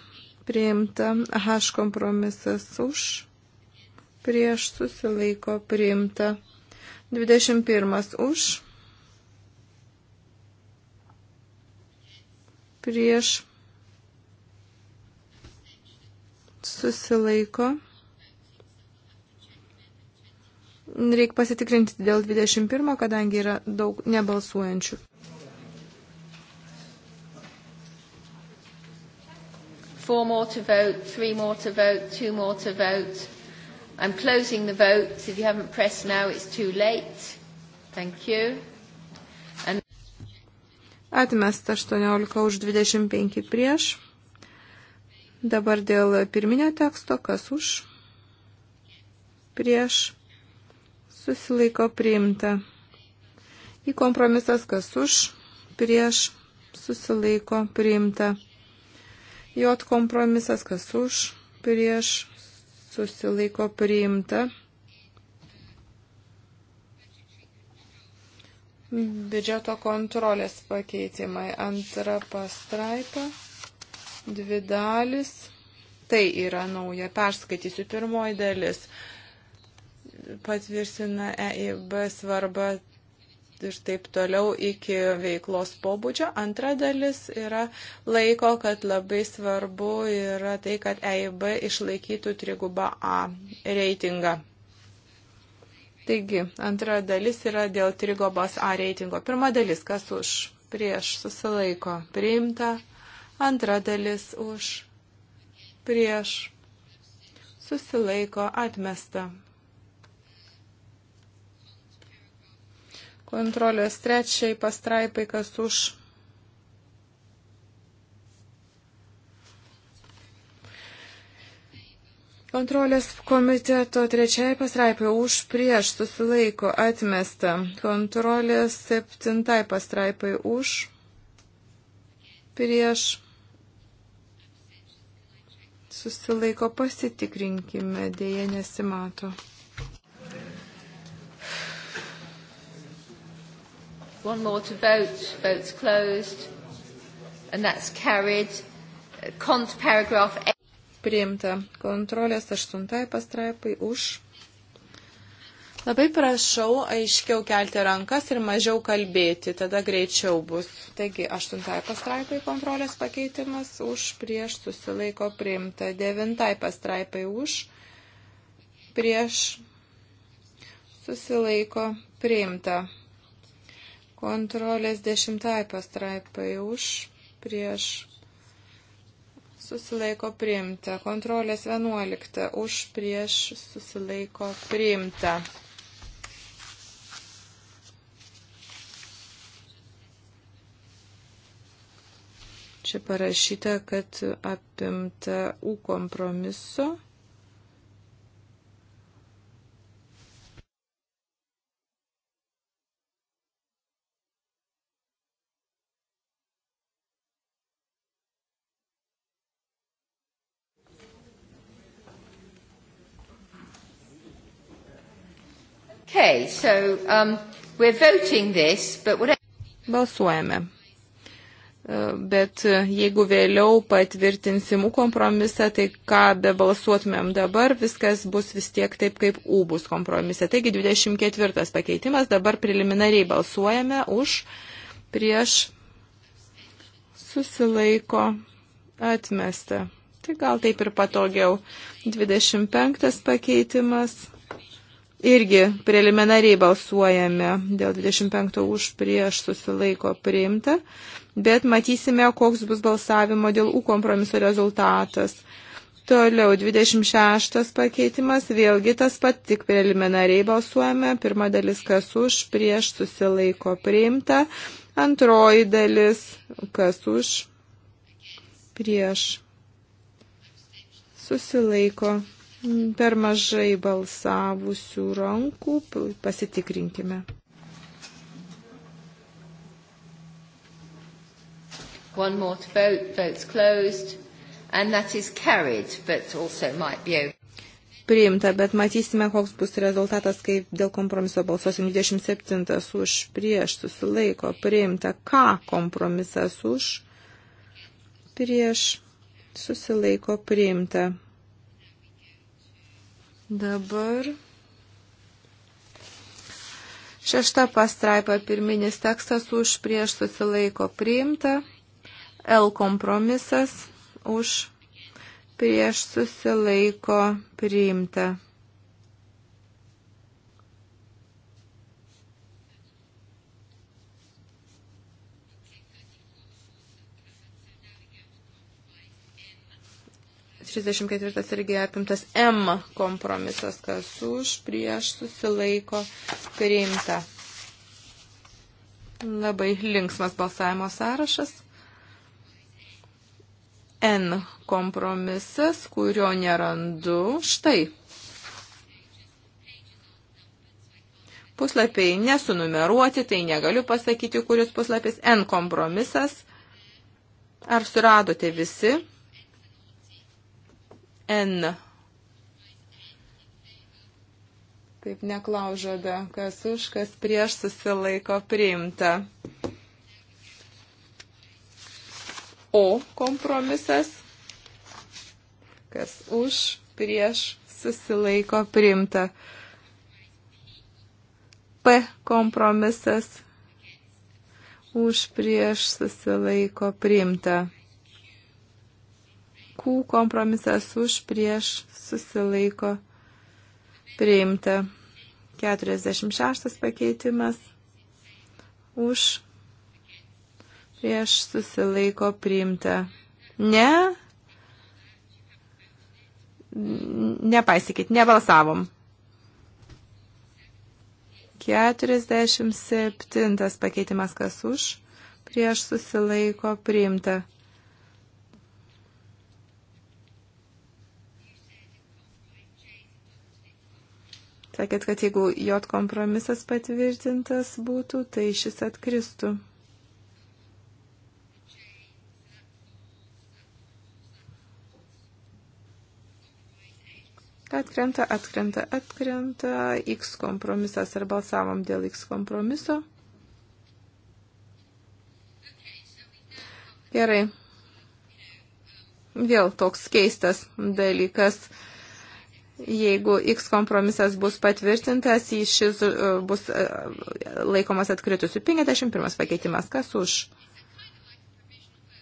[SPEAKER 3] priimta H kompromisas už, prieš susilaiko priimta 21 už, prieš susilaiko. Reikia pasitikrinti dėl 21, kadangi yra daug nebalsuojančių.
[SPEAKER 1] Four more to vote, three more to vote, two more to vote. I'm closing the vote. If you haven't pressed now, it's too late. Thank you.
[SPEAKER 3] And... Atmesta 18 už 25 prieš. Dabar dėl pirminio teksto, kas už, prieš, susilaiko priimta. Į kompromisas, kas už, prieš, susilaiko priimta. J kompromisas, kas už, prieš, susilaiko priimta. Biudžeto kontrolės pakeitimai. Antra pastraipa, dvi dalis. Tai yra nauja, perskaitysiu pirmoji dalis patvirtina EIB svarba ir taip toliau iki veiklos pobūdžio. Antra dalis yra laiko, kad labai svarbu yra tai, kad EIB išlaikytų trigubą A reitingą. Taigi, antra dalis yra dėl trigobos A reitingo. Pirma dalis, kas už, prieš, susilaiko, priimta. Antra dalis už, prieš, susilaiko, atmesta. kontrolės trečiai pastraipai, kas už. Kontrolės komiteto trečiai pastraipai už prieš susilaiko atmesta. Kontrolės septintai pastraipai už prieš susilaiko pasitikrinkime, dėje nesimato.
[SPEAKER 1] One more to vote. Votes closed. And that's carried. Cont paragraph 8. Priimta. Kontrolės
[SPEAKER 3] aštuntai pastraipai už. Labai prašau aiškiau kelti rankas ir mažiau kalbėti, tada greičiau bus. Taigi, aštuntai pastraipai kontrolės pakeitimas už prieš susilaiko priimta. Devintai pastraipai už prieš susilaiko priimta kontrolės dešimtai pastraipai už, prieš susilaiko priimta. Kontrolės 11 už, prieš susilaiko priimta. Čia parašyta, kad apimta U kompromiso
[SPEAKER 1] Okay, so um, we're voting this, but what... Balsuojame. E,
[SPEAKER 3] bet e, jeigu vėliau patvirtinsim kompromisą, tai ką be balsuotumėm dabar, viskas bus vis tiek taip, kaip U bus kompromise. Taigi 24 pakeitimas, dabar preliminariai balsuojame už, prieš, susilaiko, atmesta. Tai gal taip ir patogiau. 25 pakeitimas irgi preliminariai balsuojame dėl 25 už prieš susilaiko priimta, bet matysime, koks bus balsavimo dėl U kompromiso rezultatas. Toliau 26 pakeitimas, vėlgi tas pat, tik preliminariai balsuojame, pirma dalis kas už, prieš susilaiko priimta, antroji dalis kas už, prieš susilaiko priimta per mažai balsavusių rankų. Pasitikrinkime.
[SPEAKER 1] One more to vote. Votes closed. And that is carried, but also might be over.
[SPEAKER 3] Priimta, bet matysime, koks bus rezultatas, kai dėl kompromiso balsuosim 27 už prieš susilaiko. Priimta, ką kompromisas už prieš susilaiko priimta. Dabar šešta pastraipa pirminis tekstas už prieš susilaiko priimta. L kompromisas už prieš susilaiko priimta. 34 irgi apimtas M kompromisas, kas už, prieš, susilaiko, priimta. Labai linksmas balsavimo sąrašas. N kompromisas, kurio nerandu. Štai. Puslapiai nesunumeruoti, tai negaliu pasakyti, kuris puslapis N kompromisas. Ar suradote visi? N. Taip neklaužada, kas už, kas prieš susilaiko priimta. O kompromisas, kas už, prieš susilaiko priimta. P kompromisas, už prieš susilaiko priimta. Q kompromisas už prieš susilaiko priimta. 46 pakeitimas už prieš susilaiko priimta. Ne? Nepaisykit, nebalsavom. 47 pakeitimas kas už prieš susilaiko priimta. Sakėt, kad jeigu J kompromisas patvirtintas būtų, tai šis atkristų. Atkrenta, atkrenta, atkrenta X kompromisas ar balsavom dėl X kompromiso. Gerai. Vėl toks keistas dalykas. Uh, Jeigu X kompromisas bus patvirtintas, šis e, bus e, laikomas atkritusiu 51 pakeitimas. Kas už?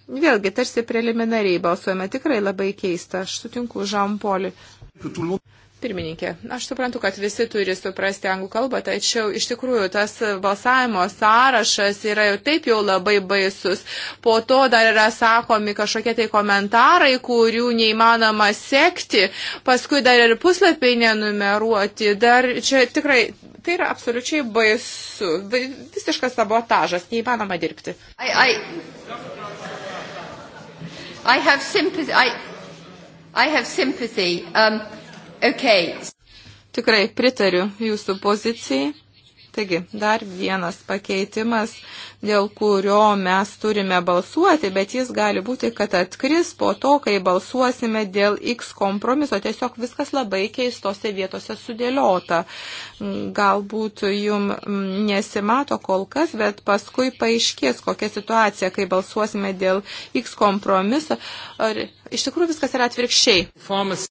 [SPEAKER 3] Vėlgi, tarsi preliminariai balsuojame tikrai labai keista. Aš sutinku Žampolį. Pirmininkė, aš suprantu, kad visi turi suprasti anglų kalbą, tačiau iš tikrųjų tas balsavimo sąrašas yra jau taip jau labai baisus. Po to dar yra sakomi kažkokie tai komentarai, kurių neįmanoma sekti, paskui dar ir puslapiai nenumeruoti. Dar čia tikrai tai yra absoliučiai baisu. Visiškas sabotažas, neįmanoma dirbti.
[SPEAKER 1] I, I, I have sympathy. I, I have sympathy. Um, Okay. Tikrai pritariu jūsų pozicijai. Taigi,
[SPEAKER 3] dar vienas pakeitimas, dėl kurio mes turime balsuoti, bet jis gali būti, kad atkris po to, kai balsuosime dėl X kompromiso. Tiesiog viskas labai keistose vietose sudėliota. Galbūt jum nesimato kol kas, bet paskui paaiškės, kokia situacija, kai balsuosime dėl X kompromiso. Ar iš tikrųjų viskas yra atvirkščiai? Formas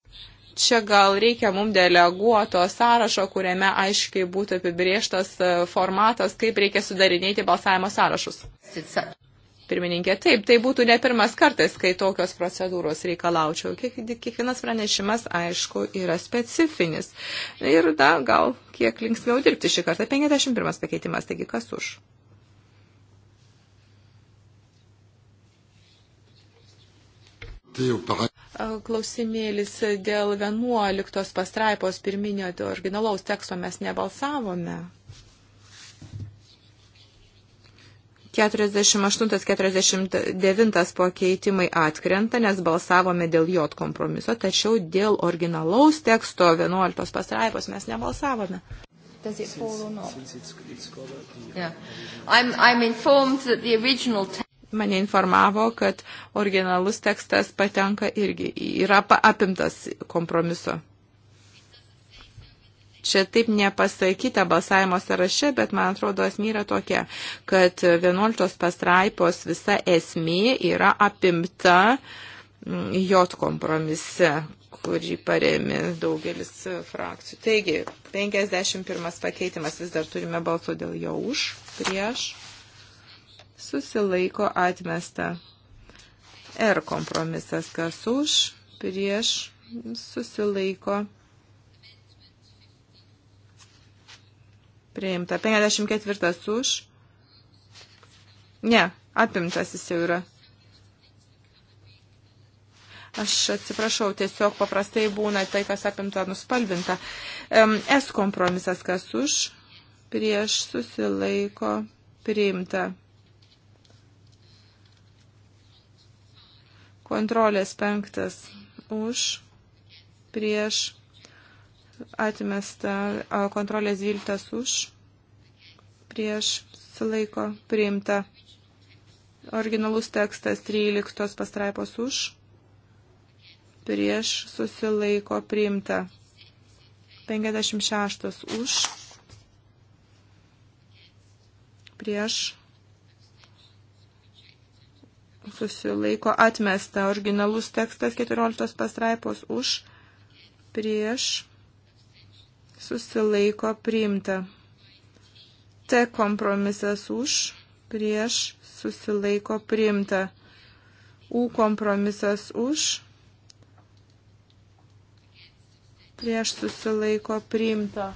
[SPEAKER 3] čia gal reikia mum deleguoto sąrašo, kuriame aiškiai būtų apibrieštas e, formatas, kaip reikia sudarinėti balsavimo sąrašus. Pirmininkė, taip, tai būtų ne pirmas kartas, kai tokios procedūros reikalaučiau. Kiek, kiekvienas pranešimas, aišku, yra specifinis. Ir da, gal kiek linksmiau dirbti šį kartą. 51 pakeitimas, taigi kas už? Tai jau para klausimėlis dėl 11 pastraipos pirminio originalaus teksto mes nebalsavome. 48-49 pakeitimai atkrenta, nes balsavome dėl jo kompromiso, tačiau dėl originalaus teksto 11 pastraipos mes nebalsavome.
[SPEAKER 1] Does it fall or not? Yeah. I'm, I'm informed that the original text
[SPEAKER 3] mane informavo, kad originalus tekstas patenka irgi, yra apimtas kompromiso. Čia taip nepasakyta balsavimo sąraše, bet man atrodo esmė yra tokia, kad 11 pastraipos visa esmė yra apimta mm, J kompromise, kurį paremi daugelis frakcijų. Taigi, 51 pakeitimas vis dar turime balsų dėl jo už, prieš susilaiko atmesta. R kompromisas, kas už, prieš, susilaiko. Priimta. 54 už. Ne, apimtas jis jau yra. Aš atsiprašau, tiesiog paprastai būna tai, kas apimta, nuspalvinta. S kompromisas, kas už, prieš susilaiko, priimta. kontrolės penktas už, prieš, atmesta, kontrolės dvyltas už, prieš, sulaiko, priimta. Originalus tekstas 13 pastraipos už, prieš, susilaiko, priimta. 56 už, prieš, susilaiko atmesta. Originalus tekstas 14 pastraipos už, prieš, susilaiko priimta. T kompromisas už, prieš, susilaiko priimta. U kompromisas už, prieš susilaiko priimta.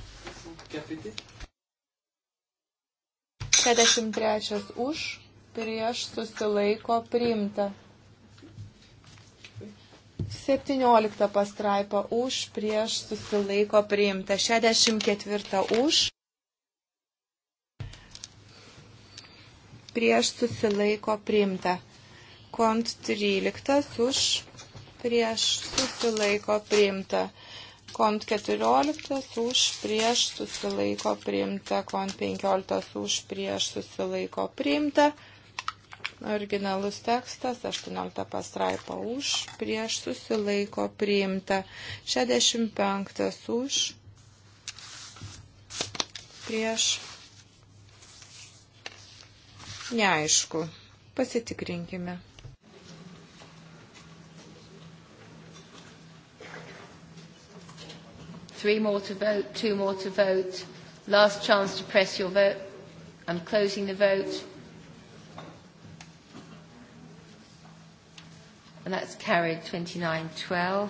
[SPEAKER 3] 53 už, prieš susilaiko priimta. 17 pastraipa už, prieš susilaiko priimta. 64 už, prieš susilaiko priimta. Kont 13 už, prieš susilaiko priimta. Kont 14 už prieš susilaiko priimta, kont 15 už prieš susilaiko priimta, Originalus tekstas 18 pastraipa už, prieš susilaiko priimta 65 už, prieš neaišku. Pasitikrinkime.
[SPEAKER 1] Three more to vote, two more to vote. Last chance to press your vote. I'm closing the vote. and that's carried 29-12.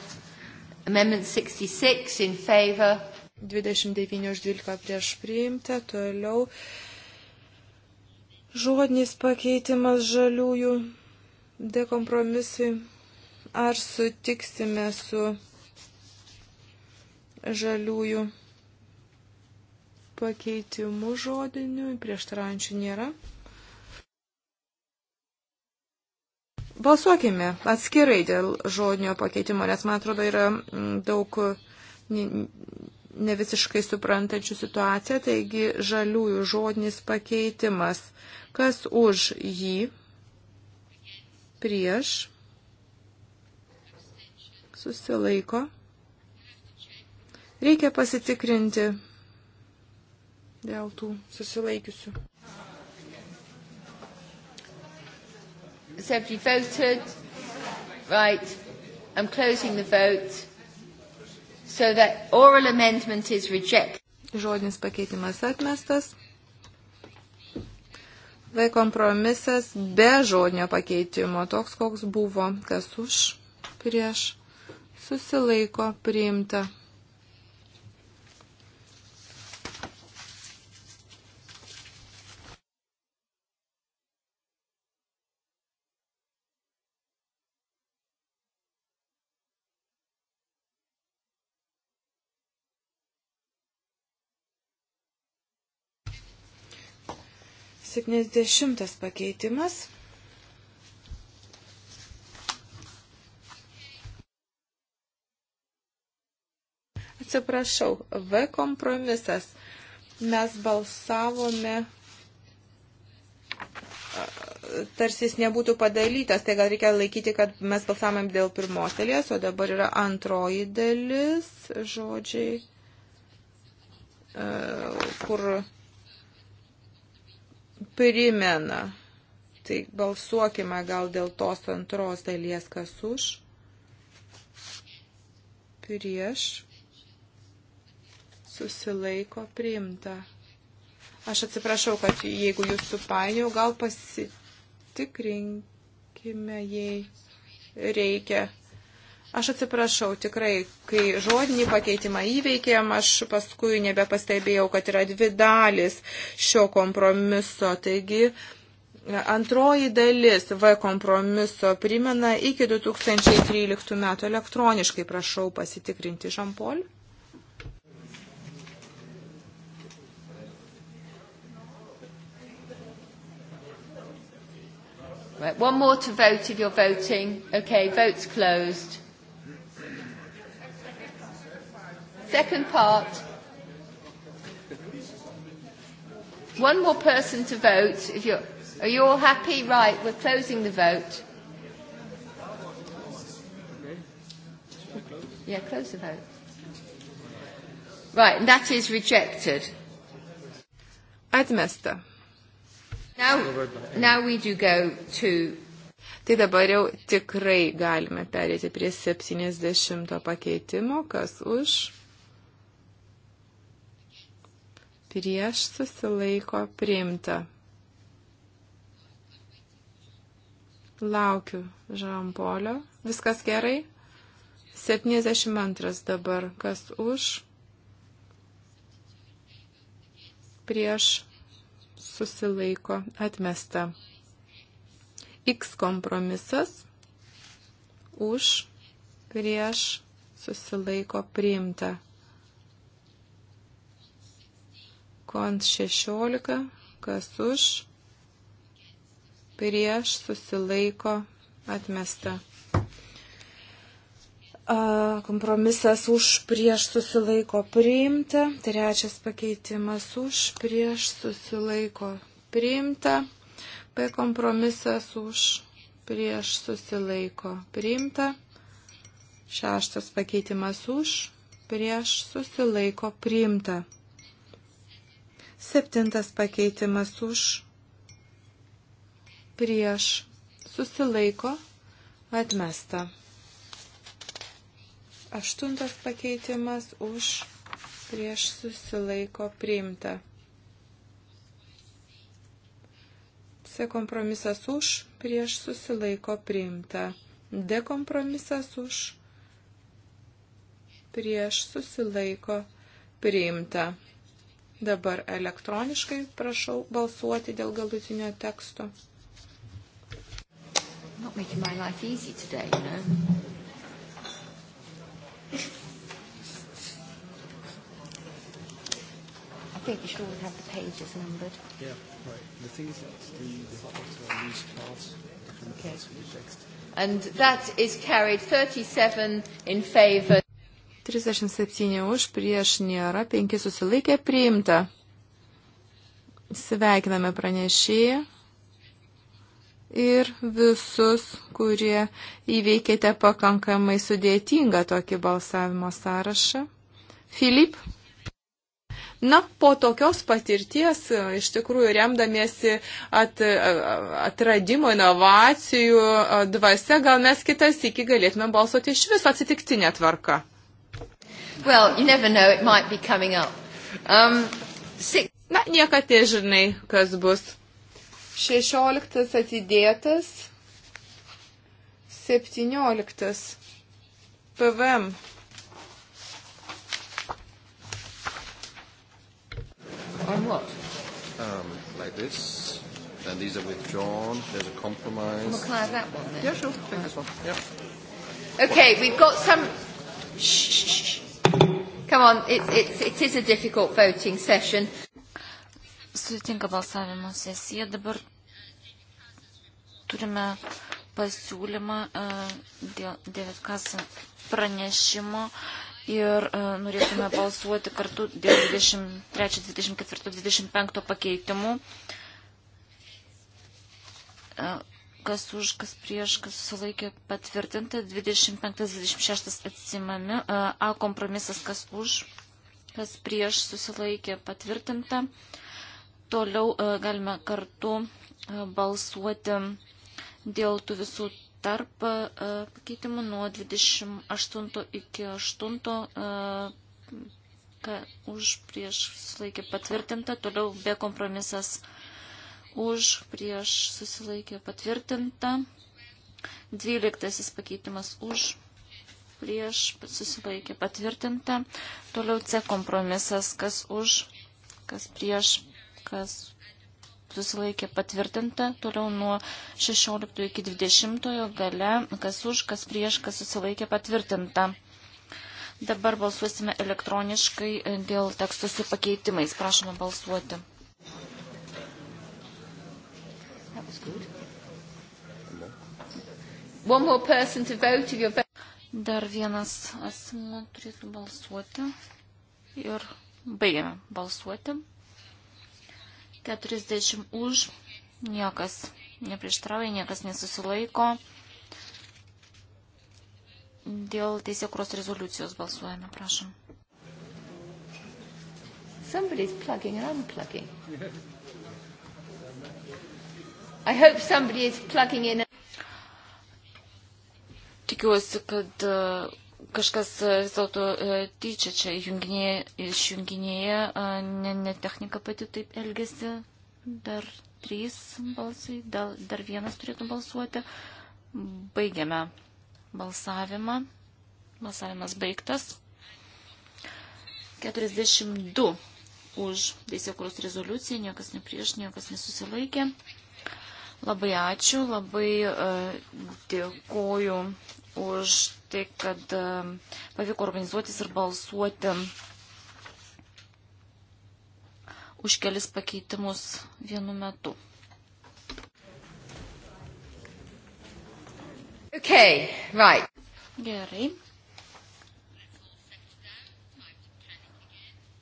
[SPEAKER 1] Amendment 66 in favour. 29 už 12 prieš priimta, toliau
[SPEAKER 3] žodinis pakeitimas žaliųjų dekompromisui. Ar sutiksime su žaliųjų pakeitimu žodiniu, prieštarančių nėra. Balsuokime atskirai dėl žodinio pakeitimo, nes man atrodo yra mm, daug nevisiškai suprantančių situaciją, taigi žaliųjų žodinis pakeitimas. Kas už jį? Prieš? Susilaiko? Reikia pasitikrinti dėl tų susilaikiusių.
[SPEAKER 1] Has everybody voted? Right. I'm closing the vote. So that oral amendment is rejected. Žodinis pakeitimas atmestas.
[SPEAKER 3] V kompromisas be žodinio pakeitimo, toks koks buvo, kas už, prieš, susilaiko, priimta. 70 pakeitimas. Atsiprašau, V kompromisas. Mes balsavome tarsi jis nebūtų padalytas, tai gal reikia laikyti, kad mes balsavome dėl pirmos dalies, o dabar yra antroji dalis, žodžiai, kur primena. Tai balsuokime gal dėl tos antros dalies, kas už, prieš, susilaiko priimta. Aš atsiprašau, kad jeigu jūs supainiau, gal pasitikrinkime, jei reikia. Aš atsiprašau, tikrai, kai žodinį pakeitimą įveikėm, aš paskui nebepastebėjau, kad yra dvi dalis šio kompromiso. Taigi, antroji dalis V kompromiso primena iki 2013 metų elektroniškai, prašau pasitikrinti Žampol.
[SPEAKER 4] Right, one more to vote if you're voting. Okay, vote's
[SPEAKER 1] closed. Second part. One more person to vote. If you're, are you all happy? Right, we're closing the vote. Yeah, close the vote. Right, and that is rejected. Atmesta. Now, now we do go to Tai dabar jau
[SPEAKER 3] tikrai galime perėti prie 70 pakeitimo, kas už prieš susilaiko priimta. Laukiu Žampolio. Viskas gerai? 72 dabar. Kas už? Prieš susilaiko atmesta. X kompromisas už prieš susilaiko priimta. Kont 16, kas už, prieš susilaiko atmesta. Kompromisas už prieš susilaiko priimta. Trečias pakeitimas už prieš susilaiko priimta. P kompromisas už prieš susilaiko priimta. Šeštas pakeitimas už prieš susilaiko priimta. Septintas pakeitimas už, prieš, susilaiko, atmesta. Aštuntas pakeitimas už, prieš, susilaiko, priimta. C kompromisas už, prieš, susilaiko, priimta. D kompromisas už, prieš, susilaiko, priimta Dabar elektroniškai prašau
[SPEAKER 1] balsuoti dėl galutinio teksto. Not making my life easy today, you know. I think you should always have the pages numbered. Yeah,
[SPEAKER 4] right. The thing is that the, the parts are these parts, different okay. parts of the text.
[SPEAKER 1] And that is carried 37 in favour. 37
[SPEAKER 3] už, prieš nėra, 5 susilaikė, priimta. Sveikiname pranešėją ir visus, kurie įveikėte pakankamai sudėtingą tokį balsavimo sąrašą. Filip. Na, po tokios patirties, iš tikrųjų, remdamiesi at, atradimo inovacijų dvasia, gal mes kitas iki galėtume balsuoti iš viso atsitiktinę tvarką.
[SPEAKER 1] Well, you never know, it might be coming up. Um, six... Na, niekad nežinai, kas bus. 16 atidėtas,
[SPEAKER 3] 17 PVM.
[SPEAKER 1] On what?
[SPEAKER 4] Um, like this. And these are withdrawn. There's a compromise. Well, can I have
[SPEAKER 1] that one then? Yeah, sure.
[SPEAKER 4] Take this one. Yeah. Okay, we've got some.
[SPEAKER 1] Shh. shh, shh. Come on, it's, it's, it is a difficult voting session. Sutinka
[SPEAKER 5] balsavimo sesija. Dabar turime pasiūlymą uh, dėl David Kasa pranešimo ir uh, norėtume balsuoti kartu dėl 23, 24, 25 pakeitimų. Uh, kas už, kas prieš, kas sulaikė patvirtinta, 25-26 atsimami, A kompromisas, kas už, kas prieš susilaikė patvirtinta. Toliau galime kartu balsuoti dėl tų visų tarp pakeitimų nuo 28 iki 8, ką už prieš sulaikė patvirtinta, toliau be kompromisas už, prieš susilaikė patvirtinta. Dvyliktasis pakeitimas už, prieš susilaikė patvirtinta. Toliau C kompromisas, kas už, kas prieš, kas susilaikė patvirtinta. Toliau nuo 16 iki 20 gale, kas už, kas prieš, kas susilaikė patvirtinta. Dabar balsuosime elektroniškai dėl tekstų su pakeitimais. Prašome balsuoti.
[SPEAKER 4] Vote,
[SPEAKER 5] Dar vienas asmuo turėtų balsuoti. Ir baigiame balsuoti. 40 už, niekas neprieštrauja, niekas nesusilaiko. Dėl teisėkros rezoliucijos balsuojame, prašom. Somebody's plugging and unplugging.
[SPEAKER 1] I hope somebody is plugging
[SPEAKER 5] in. Tikiuosi, kad e, kažkas e, vis dėlto e, tyčia čia junginėje, išjunginėje, ne, ne technika pati taip elgesi. Dar trys balsai, dar, dar vienas turėtų balsuoti. Baigiame balsavimą. Balsavimas baigtas. 42 už teisėkuros rezoliuciją, niekas neprieš, niekas nesusilaikė. Labai ačiū, labai uh, dėkoju už tai, kad um, pavyko organizuotis ir balsuoti už kelis pakeitimus vienu metu. Okay, right. Gerai.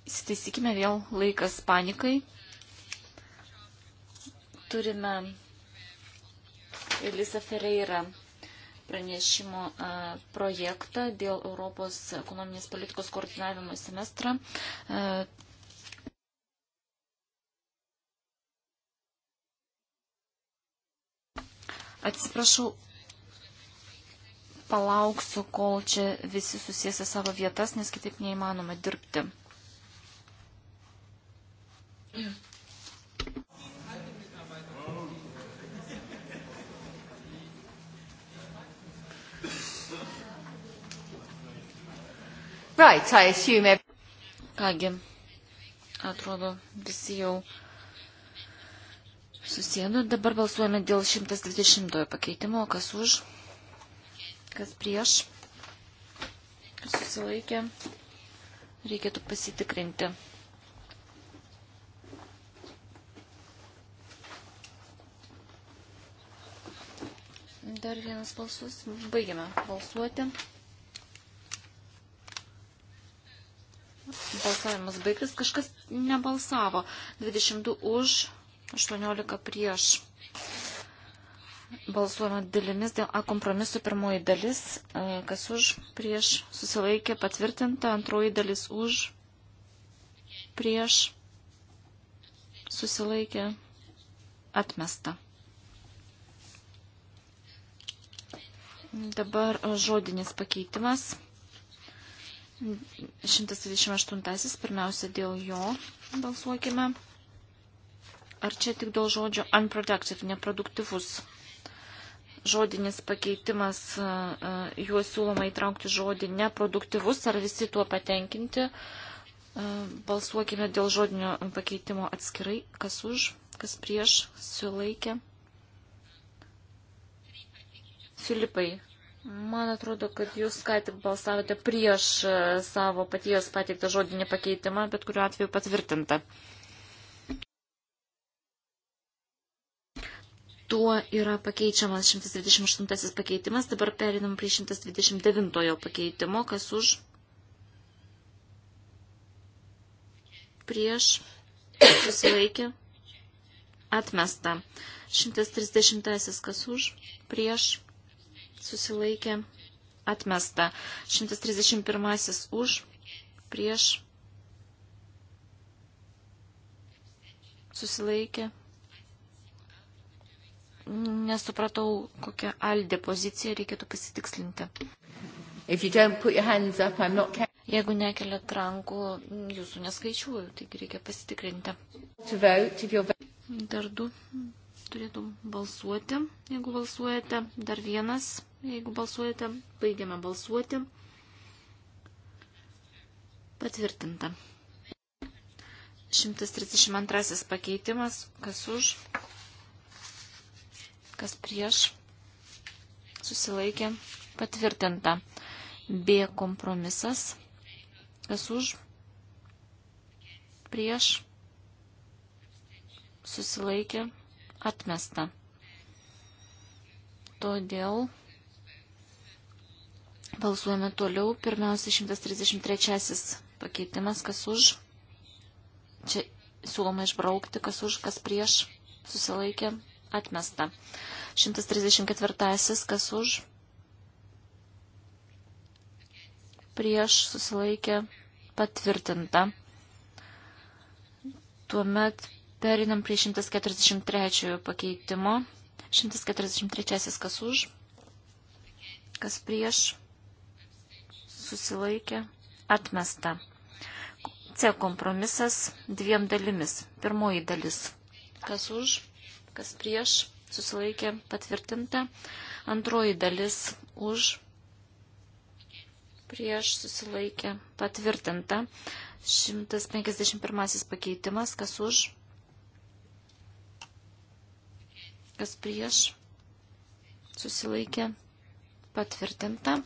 [SPEAKER 5] Įsitaisykime vėl laikas panikai. Turime Elisa Ferreira pranešimo projektą dėl Europos ekonominės politikos koordinavimo semestrą. Atsiprašau, palauksiu, kol čia visi susėsi savo vietas, nes kitaip neįmanoma dirbti. Mm. Right, I assume... Kągi, atrodo, visi jau susėdo. Dabar balsuojame dėl 120 pakeitimo. Kas už? Kas prieš? Kas susilaikė? Reikėtų pasitikrinti. Dar vienas balsus. Baigiame balsuoti. Balsavimas baigtas, kažkas nebalsavo. 22 už, 18 prieš. Balsuojama dalimis dėl A kompromisų pirmoji dalis, e, kas už, prieš, susilaikė, patvirtinta, antroji dalis už, prieš, susilaikė, atmesta. Dabar žodinis pakeitimas. 128. Pirmiausia, dėl jo balsuokime. Ar čia tik dėl žodžio unproductive, neproduktyvus? Žodinis pakeitimas, juos siūloma įtraukti žodį neproduktyvus, ar visi tuo patenkinti? Balsuokime dėl žodinio pakeitimo atskirai, kas už, kas prieš, sulaikė. Filipai, Man atrodo, kad jūs ką tik balsavote prieš e, savo paties pateiktą žodinį pakeitimą, bet kuriuo atveju patvirtinta. Tuo yra pakeičiamas 128 pakeitimas, dabar perinam prie 129 pakeitimo, kas už prieš susilaikė atmesta. 130 kas už prieš susilaikė, atmesta. 131 už, prieš, susilaikė. Nesupratau, kokią aldė poziciją reikėtų pasitikslinti. Up, not... Jeigu nekeliat rankų, jūsų neskaičiuoju, taigi reikia pasitikrinti. Vote, Dar du turėtų balsuoti, jeigu balsuojate. Dar vienas, jeigu balsuojate. Baigiame balsuoti. Patvirtinta. 132 pakeitimas. Kas už? Kas prieš? Susilaikė. Patvirtinta. B kompromisas. Kas už? Prieš? Susilaikė atmesta. Todėl balsuojame toliau. Pirmiausia, 133 pakeitimas, kas už. Čia siūloma išbraukti, kas už, kas prieš. Susilaikė, atmesta. 134, kas už. Prieš susilaikė, patvirtinta. Tuomet Perinam prie 143 pakeitimo. 143 kas už, kas prieš, susilaikė, atmesta. C kompromisas dviem dalimis. Pirmoji dalis. Kas už, kas prieš, susilaikė, patvirtinta. Antroji dalis už, prieš susilaikė patvirtinta 151 pakeitimas, kas už, kas prieš, susilaikė, patvirtinta.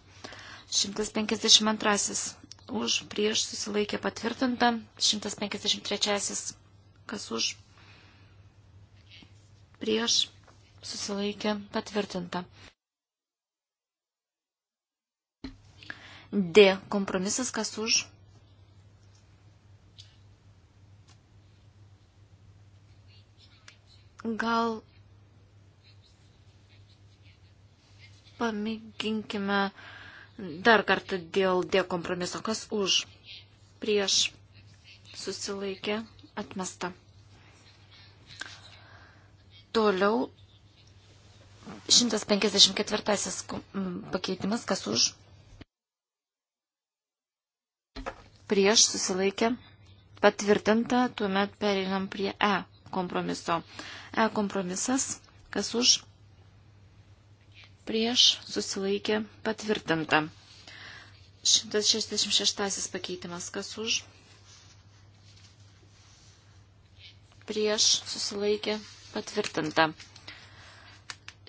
[SPEAKER 5] 152 už, prieš, susilaikė, patvirtinta. 153 kas už, prieš, susilaikė, patvirtinta. D. Kompromisas kas už? Gal pamėginkime dar kartą dėl D kompromiso. Kas už? Prieš susilaikė atmesta. Toliau 154 pakeitimas, kas už? Prieš susilaikė patvirtinta, tuomet pereinam prie E kompromiso. E kompromisas, kas už? prieš susilaikė patvirtinta. 166 pakeitimas kas už prieš susilaikė patvirtinta.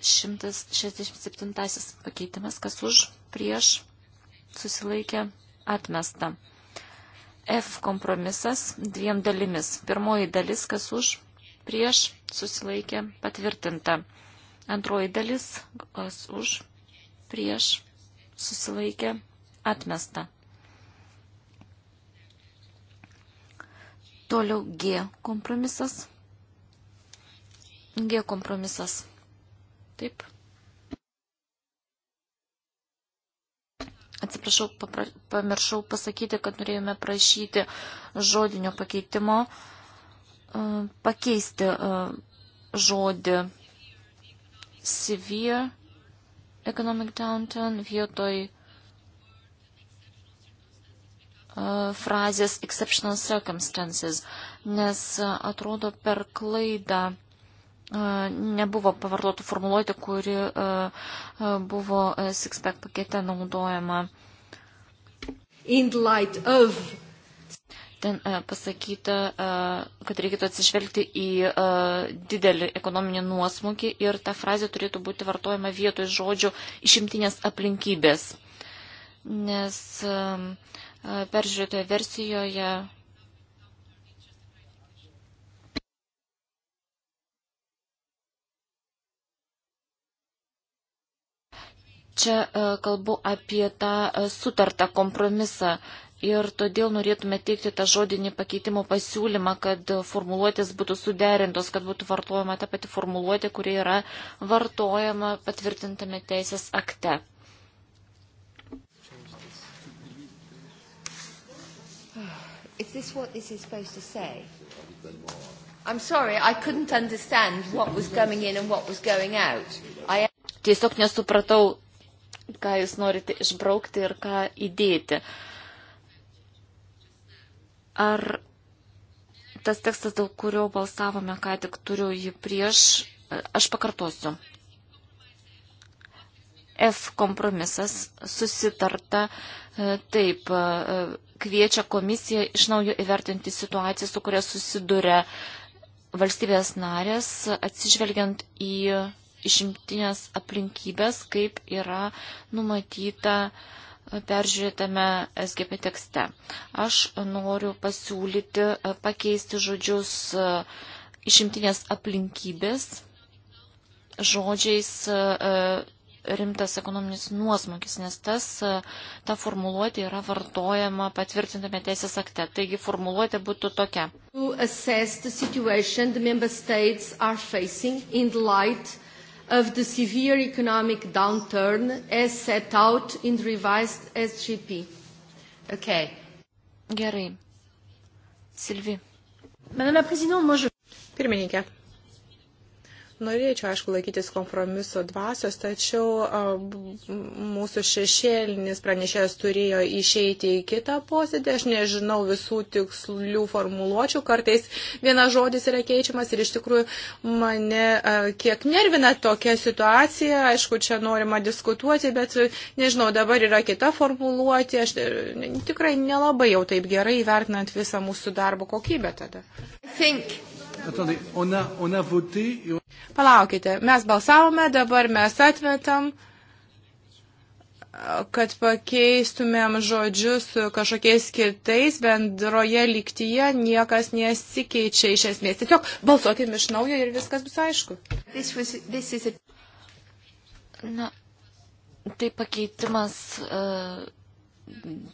[SPEAKER 5] 167 pakeitimas, kas už, prieš, susilaikė, atmesta. F kompromisas dviem dalimis. Pirmoji dalis, kas už, prieš, susilaikė, patvirtinta. Antroji dalis, kas už, prieš, susilaikė, atmesta. Toliau G kompromisas. G kompromisas. Taip. Atsiprašau, papra, pamiršau pasakyti, kad norėjome prašyti žodinio pakeitimo, e, pakeisti e, žodį severe economic downturn vietoj uh, frazės exceptional circumstances, nes uh, atrodo per klaidą uh, nebuvo pavartotų formuluoti, kuri buvo six-pack pakete naudojama. In light of Ten e, pasakyta, e, kad reikėtų atsižvelgti į e, didelį ekonominį nuosmukį ir ta frazė turėtų būti vartojama vietoj žodžių išimtinės aplinkybės. Nes peržiūrėtoje versijoje čia kalbu apie tą sutartą kompromisą ir todėl norėtume teikti tą žodinį pakeitimo pasiūlymą, kad formuluotės būtų suderintos, kad būtų vartojama ta pati formuluotė, kuri yra vartojama patvirtintame teisės akte.
[SPEAKER 1] Is this what this is supposed to say? I'm sorry, I couldn't understand what was coming
[SPEAKER 5] in and what was going out. I... Tiesiog nesupratau, ką jūs norite išbraukti ir ką įdėti. Uh, Ar tas tekstas, dėl kurio balsavome, ką tik turiu jį prieš, aš pakartosiu. F kompromisas susitarta e, taip, e, kviečia komisiją iš naujo įvertinti situaciją, su kuria susiduria valstybės narės, atsižvelgiant į išimtinės aplinkybės, kaip yra numatyta uh, peržiūrėtame SGP tekste. Aš noriu pasiūlyti pakeisti žodžius e, išimtinės aplinkybės žodžiais e, rimtas ekonominis nuosmukis, nes tas, e, ta formuluotė yra vartojama patvirtintame teisės akte. Taigi formuluotė būtų tokia.
[SPEAKER 1] To of the severe economic downturn as
[SPEAKER 5] set out in the revised SGP. Okay. Gerai. Silvi. Madame la Présidente, moi je... Pirmininkė,
[SPEAKER 3] Norėčiau, aišku, laikytis kompromiso dvasios, tačiau mūsų šešėlinis pranešėjas turėjo išeiti į kitą posėdį. Aš nežinau visų tikslių formuluočių, kartais vienas žodis yra keičiamas ir iš tikrųjų mane kiek nervina tokia situacija. Aišku, čia norima diskutuoti, bet nežinau, dabar yra kita formuluotė. Aš e, tikrai nelabai jau taip gerai įvertinant visą mūsų darbo kokybę tada. Think.
[SPEAKER 4] Attendez, on a, on a voté.
[SPEAKER 3] Et... Palaukite, mes balsavome, dabar mes atmetam, kad pakeistumėm žodžius kažkokiais kitais, bendroje lygtyje niekas nesikeičia iš esmės. Tiesiog balsuokim iš naujo ir viskas
[SPEAKER 5] bus aišku. This was, this a... Na, tai pakeitimas. Uh,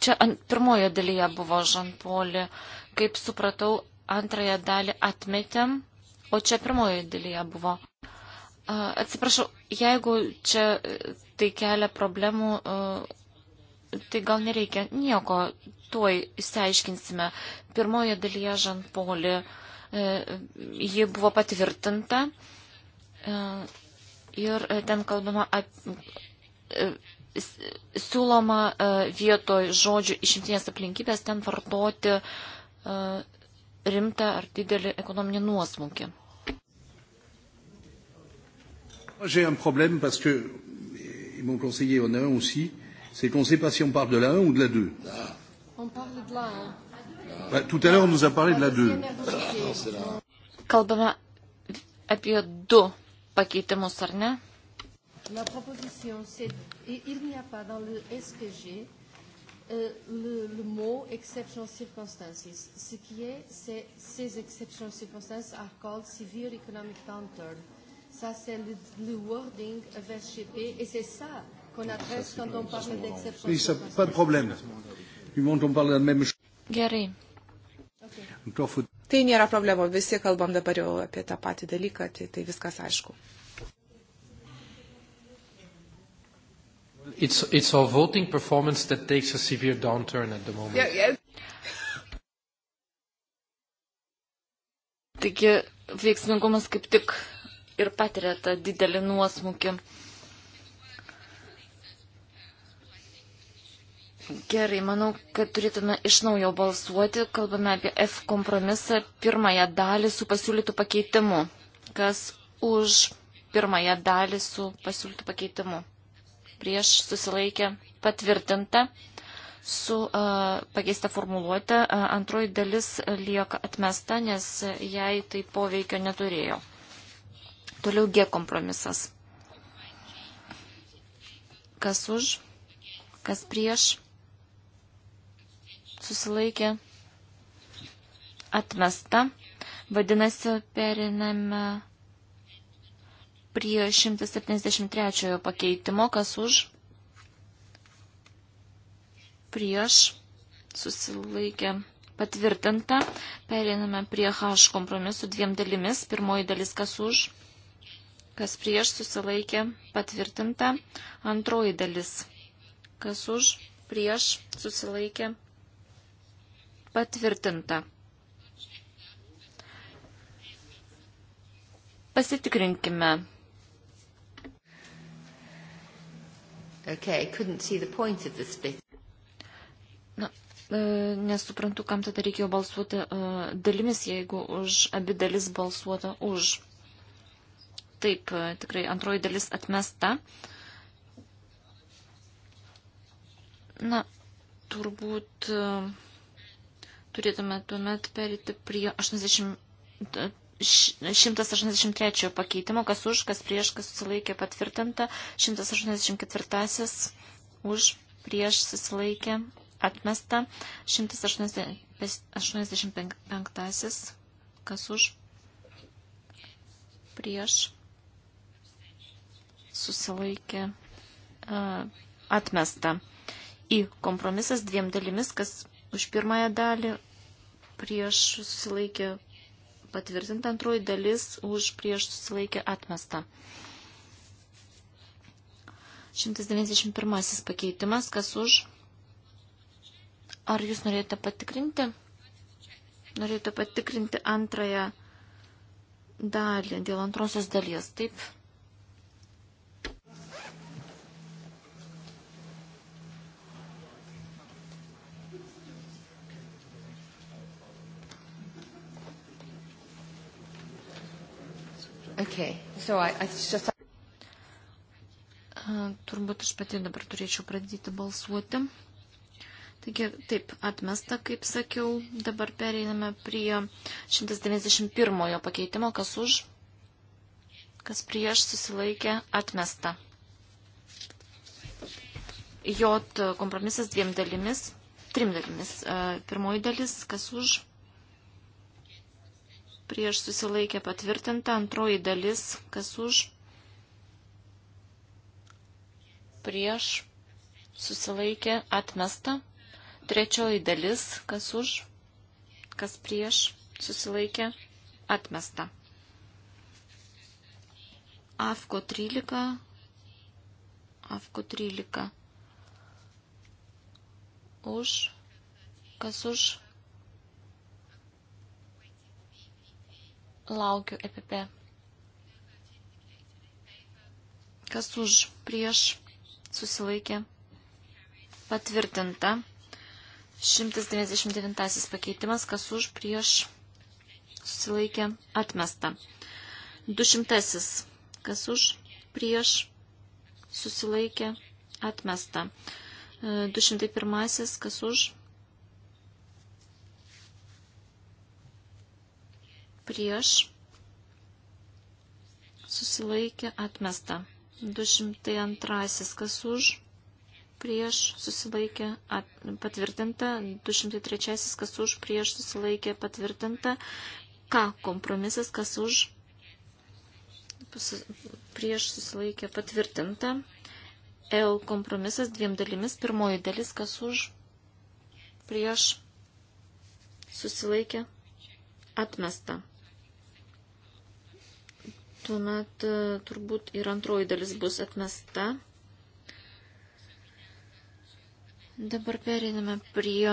[SPEAKER 5] Čia ant pirmojo dalyje buvo Žanpolį. Uh, Kaip supratau, antrąją dalį atmetėm, o čia pirmoje dalyje buvo. Atsiprašau, jeigu čia e, tai kelia problemų, e, tai gal nereikia nieko, tuoj įsiaiškinsime. Pirmoje dalyje Žanpolį, e, ji buvo patvirtinta ir ten kalbama apie siūloma vietoj žodžių išimtinės aplinkybės ten vartoti uh, rimtą ar didelį ekonominį nuosmukį.
[SPEAKER 4] J'ai un problème parce que, et mon conseiller en a un aussi, c'est qu'on ne sait pas si on parle de la 1 ou de la 2.
[SPEAKER 5] On parle de la 1. Bah, tout à l'heure, on nous a parlé de la 2. Kalbame apie du pakeitimus, ar ne?
[SPEAKER 1] La proposition, c'est, il n'y a pas dans le SPG euh, le, le mot exceptional circumstances. Ce qui est, c'est ces exceptional circumstances are called severe economic downturn. Ça, c'est le, le wording FSGP et c'est ça qu'on adresse quand on parle d'exceptional circumstances. Pas de
[SPEAKER 3] problème. Du moment on parle de la même chose. Gerai. Okay. Tai nėra problema, visi kalbam dabar jau apie tą patį dalyką, tai, tai viskas aišku.
[SPEAKER 4] It's, it's our voting performance that takes a severe downturn at the moment. Yeah,
[SPEAKER 5] yeah. Taigi veiksmingumas kaip tik ir patiria tą didelį nuosmukį. Gerai, manau, kad turėtume iš naujo balsuoti. Kalbame apie F kompromisą, pirmąją dalį su pasiūlytų pakeitimu. Kas už pirmąją dalį su pasiūlytų pakeitimu? prieš susilaikė patvirtinta su uh, pakeista formuluotė. Uh, antroji dalis lieka atmesta, nes jai tai poveikio neturėjo. Toliau G kompromisas. Kas už, kas prieš, susilaikė, atmesta. Vadinasi, periname prie 173 pakeitimo, kas už, prieš, susilaikė patvirtinta. Pereiname prie H kompromisų dviem dalimis. Pirmoji dalis, kas už, kas prieš, susilaikė patvirtinta. Antroji dalis, kas už, prieš, susilaikė patvirtinta. Pasitikrinkime.
[SPEAKER 1] Okay, couldn't see the point of the split.
[SPEAKER 5] Na, e, nesuprantu, kam tada reikėjo balsuoti e, dalimis, jeigu už abi dalis balsuota už. Taip, e, tikrai antroji dalis atmesta. Na, turbūt e, turėtume tuomet perėti prie 80, 183 pakeitimo, kas už, kas prieš, kas susilaikė patvirtinta, 184 už, prieš susilaikė atmesta, 185 kas už, prieš susilaikė atmesta. Į kompromisas dviem dalimis, kas už pirmąją dalį prieš susilaikė patvirtinta antroji dalis už prieš susilaikę atmesta. 191 pakeitimas, kas už. Ar jūs norėjote patikrinti? Norėjote patikrinti antrąją dalį, dėl antrosios dalies. Taip, Okay. So I, I just... uh, turbūt aš pati dabar turėčiau pradėti balsuoti. Taigi, taip, atmesta, kaip sakiau, dabar pereiname prie 191 pakeitimo, kas už, kas prieš susilaikė, atmesta. J kompromisas dviem dalimis, trim dalimis. Pirmoji dalis, kas už, prieš susilaikę patvirtinta, antroji dalis, kas už, prieš susilaikė atmesta, trečioji dalis, kas už, kas prieš susilaikė atmesta. Afko 13, Afko 13, už, kas už, Laukiu EPP. Kas už prieš susilaikė patvirtinta. 199 pakeitimas, kas už prieš susilaikė atmesta. 200, kas už prieš susilaikė atmesta. 201, kas už prieš susilaikė atmesta. 202 kas už prieš susilaikė at, patvirtinta. 203 kas už prieš susilaikė patvirtinta. Ką kompromisas kas už prieš susilaikė patvirtinta. L kompromisas dviem dalimis. Pirmoji dalis, kas už, prieš, susilaikė, atmesta. Tuomet e, turbūt ir antroji dalis bus atmesta. Dabar periname prie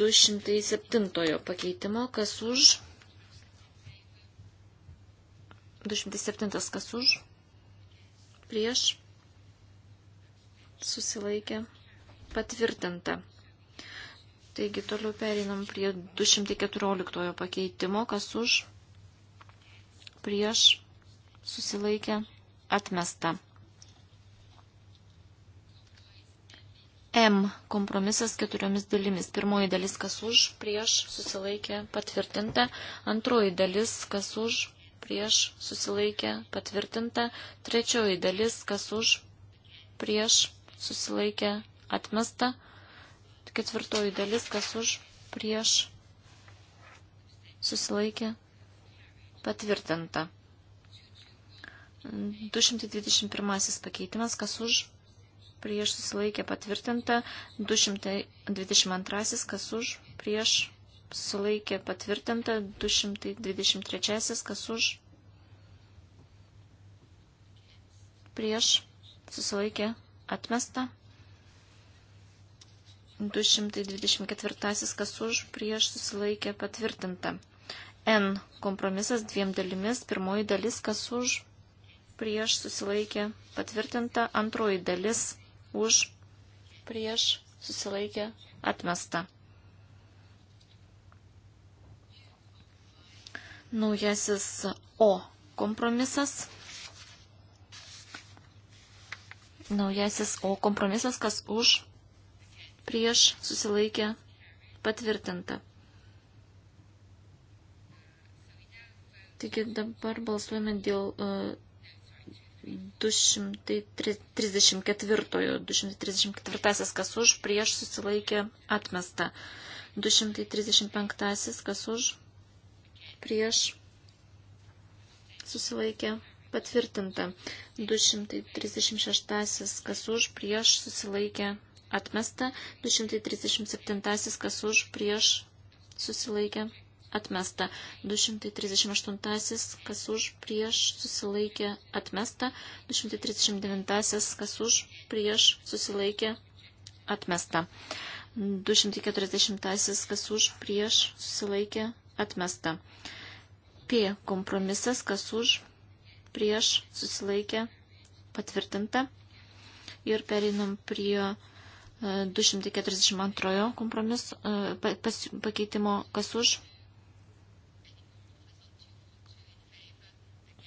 [SPEAKER 5] 207 pakeitimo. Kas už? 207 kas už? Prieš? Susilaikė. Patvirtinta. Taigi toliau perinam prie 214 pakeitimo. Kas už? Prieš? susilaikė, atmesta. M kompromisas keturiomis dalimis. Pirmoji dalis, kas už, prieš, susilaikė, patvirtinta. Antroji dalis, kas už, prieš, susilaikė, patvirtinta. Trečioji dalis, kas už, prieš, susilaikė, atmesta. Ketvirtoji dalis, kas už, prieš, susilaikė, patvirtinta. 221 pakeitimas, kas už, prieš susilaikė patvirtinta, 222, kas už, prieš susilaikė patvirtinta, 223, kas už, prieš susilaikė atmesta. 224 kas už prieš susilaikė patvirtinta. N kompromisas dviem dalimis, pirmoji dalis kas už prieš susilaikė patvirtinta, antroji dalis už prieš susilaikė atmesta. Naujasis O kompromisas. Naujasis O kompromisas, kas už prieš susilaikė patvirtinta. Taigi dabar balsuojame dėl uh, 234, 234 kas už, prieš susilaikė atmesta. 235 kas už, prieš susilaikė patvirtinta. 236 kas už, prieš susilaikė atmesta. 237 kas už, prieš susilaikė atmesta. 238, kas už, prieš, susilaikė, atmesta. 239, kas už, prieš, susilaikė, atmesta. 240, kas už, prieš, susilaikė, atmesta. P. Kompromisas, kas už, prieš, susilaikė, patvirtinta. Ir pereinam prie 242 e, kompromis e, pakeitimo, kas už,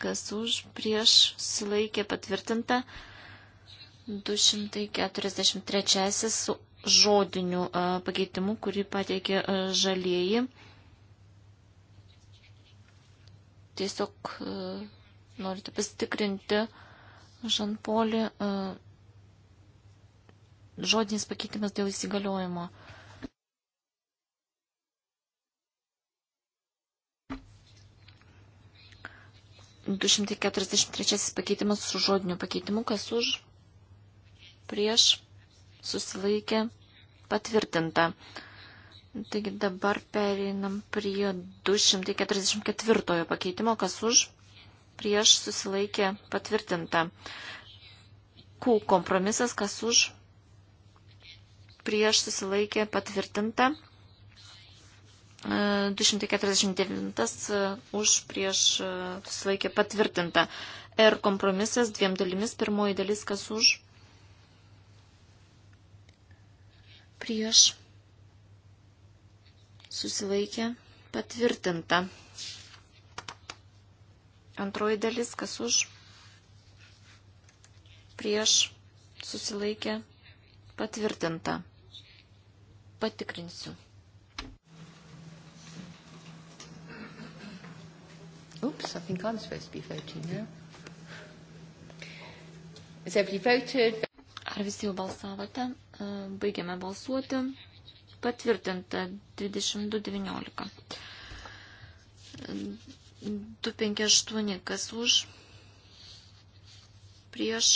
[SPEAKER 5] kas už, prieš, sulaikė patvirtinta. 243 su žodiniu pakeitimu, kurį pateikė žalieji. Tiesiog norite pasitikrinti Žanpolį žodinis pakeitimas dėl įsigaliojimo. 243 pakeitimas su žodiniu pakeitimu, kas už, prieš, susilaikė, patvirtinta. Taigi dabar pereinam prie 244 pakeitimo, kas už, prieš, susilaikė, patvirtinta. Q kompromisas, kas už, prieš, susilaikė, patvirtinta. 249 e, už prieš e, susilaikė patvirtinta. R kompromisas dviem dalimis. Pirmoji dalis kas už prieš susilaikė patvirtinta. Antroji dalis kas už prieš susilaikė patvirtinta. Patikrinsiu. Oops, I think I'm supposed to be voting now. Has everybody voted? Ar visi jau balsavote? E, baigiame balsuoti. Patvirtinta 22.19. 258 kas už, prieš,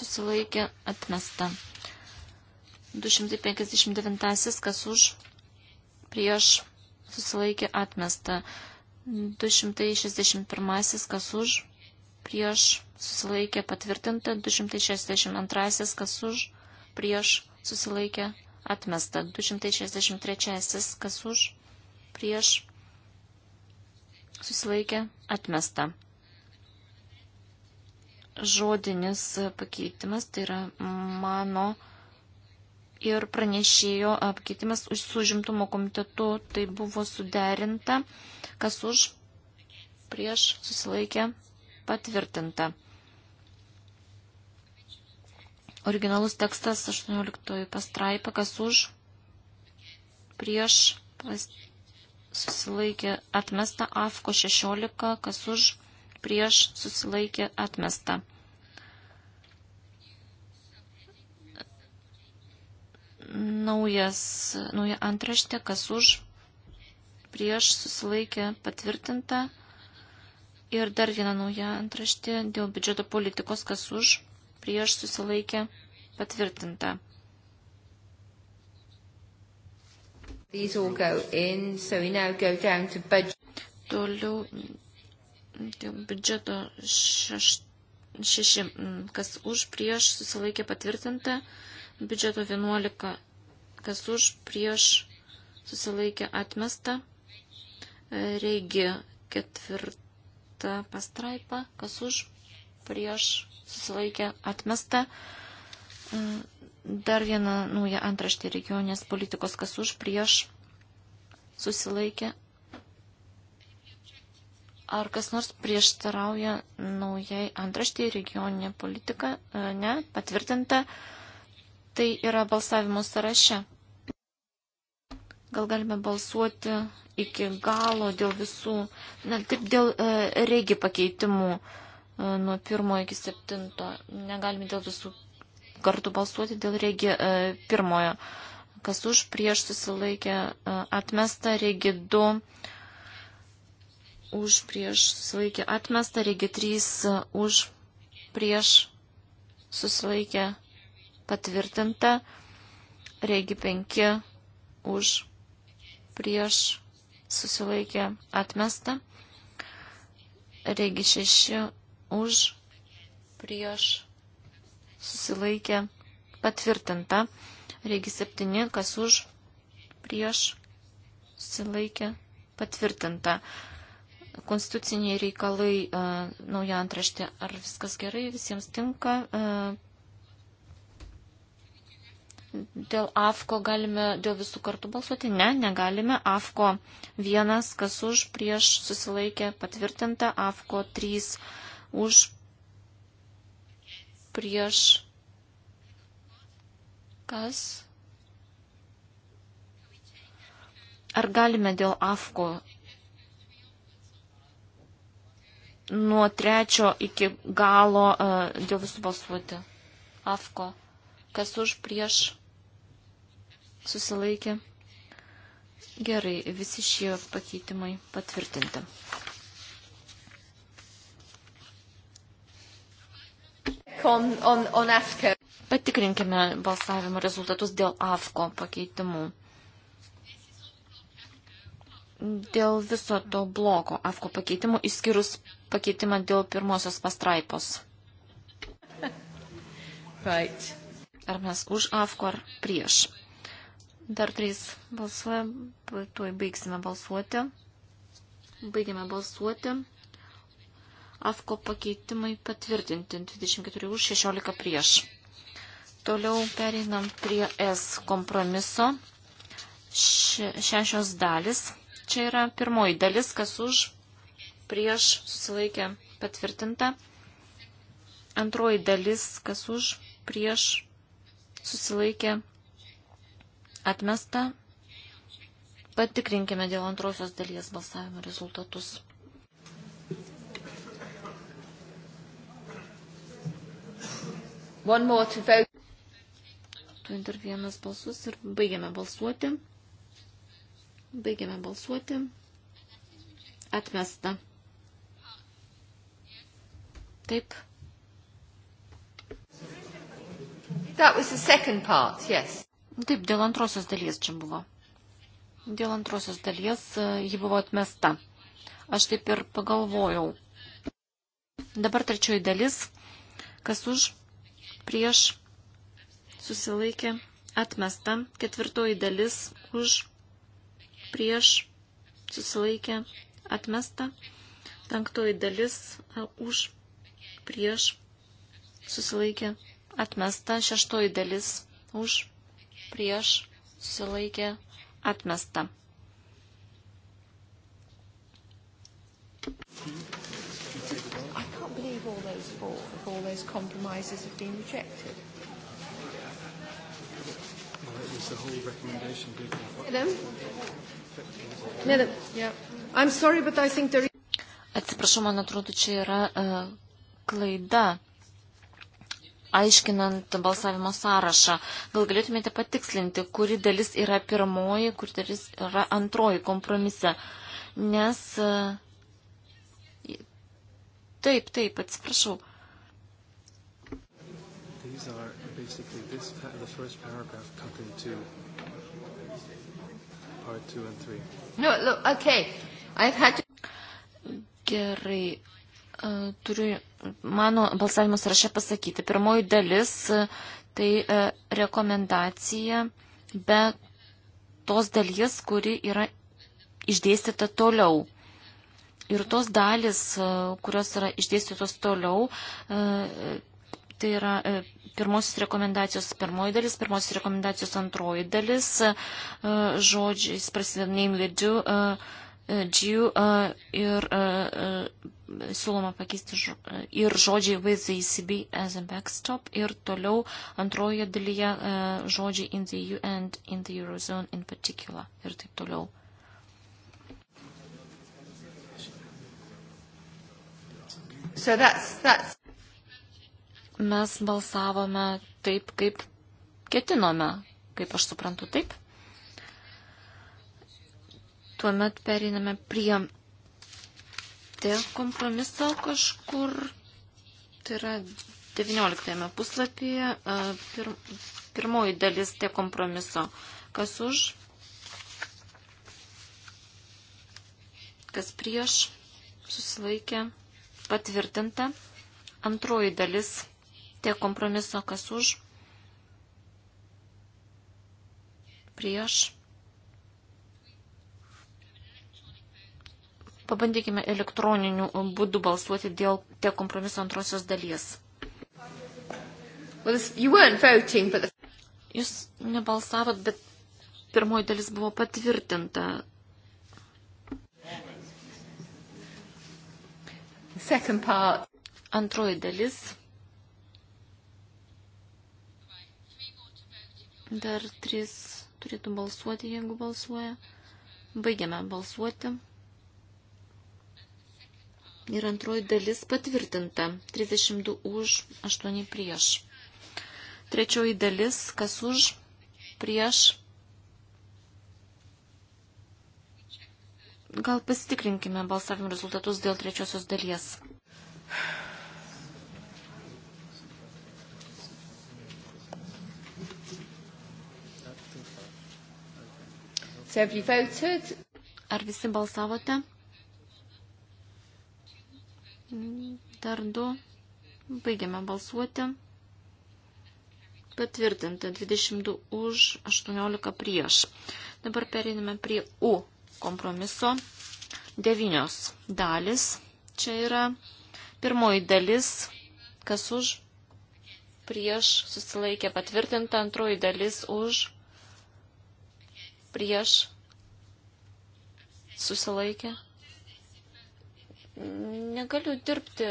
[SPEAKER 5] susilaikė, atmesta. 259 kas už, prieš, susilaikė, atmesta. 261 kas už, prieš susilaikė patvirtinta, 262 kas už, prieš susilaikė atmesta, 263 kas už, prieš susilaikė atmesta. Žodinis pakeitimas tai yra mano ir pranešėjo apkeitimas su žimtumo komitetu. Tai buvo suderinta, kas už prieš susilaikė patvirtinta. Originalus tekstas 18 pastraipa, kas už prieš pas, susilaikė atmesta, AFKO 16, kas už prieš susilaikė atmesta. Naujas, nauja antraštė, kas už, prieš susilaikė patvirtinta. Ir dar viena nauja antraštė dėl biudžeto politikos, kas už, prieš susilaikė patvirtinta. These all go in, so we now go down to budget. Toliau dėl biudžeto šeš, šeši, mm, kas už prieš susilaikė patvirtinta, biudžeto 11, kas už, prieš, susilaikė atmesta, e, reigi ketvirta pastraipa, kas už, prieš, susilaikė atmesta, e, dar viena nauja antraštė regionės politikos, kas už, prieš, susilaikė Ar kas nors prieštarauja naujai antraštėje regioninė politika? E, ne, patvirtinta. Tai yra balsavimo sąraše. Gal galime balsuoti iki galo dėl visų, na taip dėl e, regi pakeitimų e, nuo pirmo iki septinto. Negalime dėl visų kartų balsuoti dėl regi e, pirmojo. Kas už prieš susilaikė e, atmesta regi du. Už prieš susilaikė atmesta regi trys. E, už prieš susilaikė patvirtinta, regi 5 už, prieš, susilaikė, atmesta, regi 6 už, prieš, susilaikė, patvirtinta, regi 7 kas už, prieš, susilaikė, patvirtinta konstituciniai reikalai, e, nauja antraštė, ar viskas gerai, visiems tinka, e, Dėl AFKO galime dėl visų kartų balsuoti? Ne, negalime. AFKO 1, kas už, prieš susilaikė patvirtinta. AFKO 3, už, prieš, kas. Ar galime dėl AFKO nuo trečio iki galo e, dėl visų balsuoti? AFKO. Kas už prieš susilaikė. Gerai, visi šie pakeitimai patvirtinti. On, on, on AFCO. Patikrinkime balsavimo rezultatus dėl AFCO pakeitimų. Dėl viso to bloko AFCO pakeitimų, išskyrus pakeitimą dėl pirmosios pastraipos. Right. Ar mes už AFCO ar prieš? Dar trys balsuojam, tuoj baigsime balsuoti. Baigėme balsuoti. AFKO pakeitimai patvirtinti 24 už 16 prieš. Toliau pereinam prie S kompromiso. Še, šešios dalis. Čia yra pirmoji dalis, kas už prieš susilaikė patvirtinta. Antroji dalis, kas už prieš susilaikė Atmesta. Patikrinkime dėl antrosios dalies balsavimo rezultatus. One more to vote. Tu dar vienas balsus ir baigiame balsuoti. Baigiame balsuoti. Atmesta. Taip. That was the second part, yes. Nu taip, dėl antrosios dalies čia buvo. Dėl antrosios dalies e, ji buvo atmesta. Aš taip ir pagalvojau. Dabar trečioji dalis. Kas už, prieš, susilaikė, atmesta. Ketvirtoji dalis už, prieš, susilaikė, atmesta. Penktoji dalis e, už, prieš, susilaikė, atmesta. Šeštoji dalis už, prieš, susilaikė, atmesta. I can't believe all those four, if all those compromises
[SPEAKER 1] have been rejected.
[SPEAKER 4] Well, it was the whole recommendation. Madam? Madam, yeah.
[SPEAKER 5] I'm sorry, but I think there is... Atsiprašau, man atrodo, čia yra uh, klaida aiškinant balsavimo sąrašą. Gal galėtumėte patikslinti, kuri dalis yra pirmoji, kuri dalis yra antroji kompromise. Nes. Taip, taip, atsiprašau.
[SPEAKER 4] These are basically this, the first paragraph cut into part two and three.
[SPEAKER 1] No, look,
[SPEAKER 5] okay. I've had to... Gerai, E, turiu mano balsavimo sąraše pasakyti. Pirmoji dalis e, tai e, rekomendacija be tos dalies, kuri yra išdėstyta toliau. Ir tos dalis, kurios yra išdėstytos toliau, tai yra pirmosios rekomendacijos pirmoji dalis, pirmosios rekomendacijos antroji dalis, žodžiais prasideda name with do, due ir siūloma pakeisti ir žodžiai with the ECB as a backstop ir toliau antroje dalyje žodžiai in the EU and in the Eurozone in particular ir taip toliau. So that's, that's... Mes balsavome taip, kaip ketinome, kaip aš suprantu, taip? Tuomet periname prie dėl kompromiso kažkur, tai yra 19 puslapyje, pir, pirmoji dalis tie kompromiso. Kas už, kas prieš, susilaikė, patvirtinta. Antroji dalis tie kompromiso, kas už, prieš, Pabandykime elektroniniu būdu balsuoti dėl te kompromiso antrosios dalies. Well, voting, but... Jūs nebalsavot, bet pirmoji dalis buvo patvirtinta. Antroji dalis. Dar trys turėtų balsuoti, jeigu balsuoja. Baigiame balsuoti ir antroji dalis patvirtinta. 32 už, 8 prieš. Trečioji dalis, kas už, prieš. Gal pasitikrinkime balsavimo rezultatus dėl trečiosios dalies. Ar visi balsavote? Dar du. Baigiame balsuoti. Patvirtinta 22 už, 18 prieš. Dabar periname prie U kompromiso. Devynios dalis. Čia yra pirmoji dalis, kas už, prieš, susilaikė patvirtinta, antroji dalis už, prieš, susilaikė Negaliu dirbti,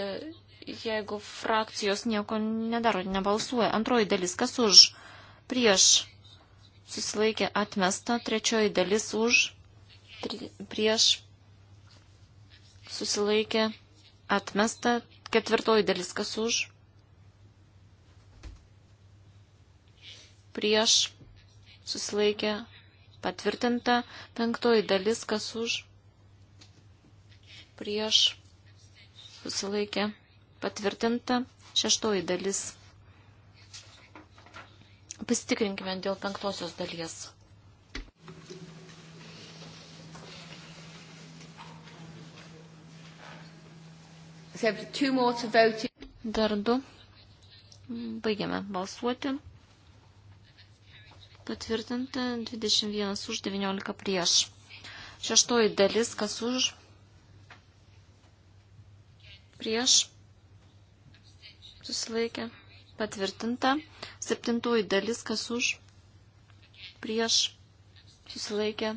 [SPEAKER 5] jeigu frakcijos nieko nedaro, nebalsuoja. Antroji dalis, kas už, prieš, susilaikė atmesta. Trečioji dalis už, pri, prieš, susilaikė atmesta. Ketvirtoji dalis, kas už, prieš, susilaikė patvirtinta. Penktoji dalis, kas už prieš susilaikė patvirtinta šeštoji dalis. Pasitikrinkime dėl penktosios dalies. Dar du. Baigiame balsuoti. Patvirtinta 21 už 19 prieš. Šeštoji dalis, kas už, prieš, susilaikė, patvirtinta. Septintoji dalis, kas už, prieš, susilaikė,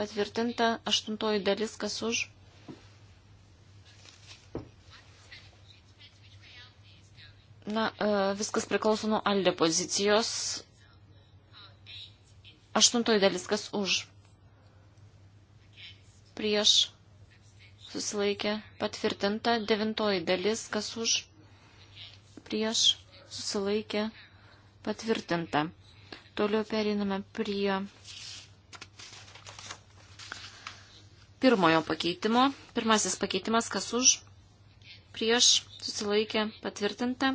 [SPEAKER 5] patvirtinta. Aštuntoji dalis, kas už. Na, e, viskas priklauso nuo Alde pozicijos. Aštuntoji dalis, kas už. Prieš susilaikė patvirtinta, devintoji dalis, kas už, prieš, susilaikė patvirtinta. Toliau periname prie pirmojo pakeitimo. Pirmasis pakeitimas, kas už, prieš, susilaikė patvirtinta.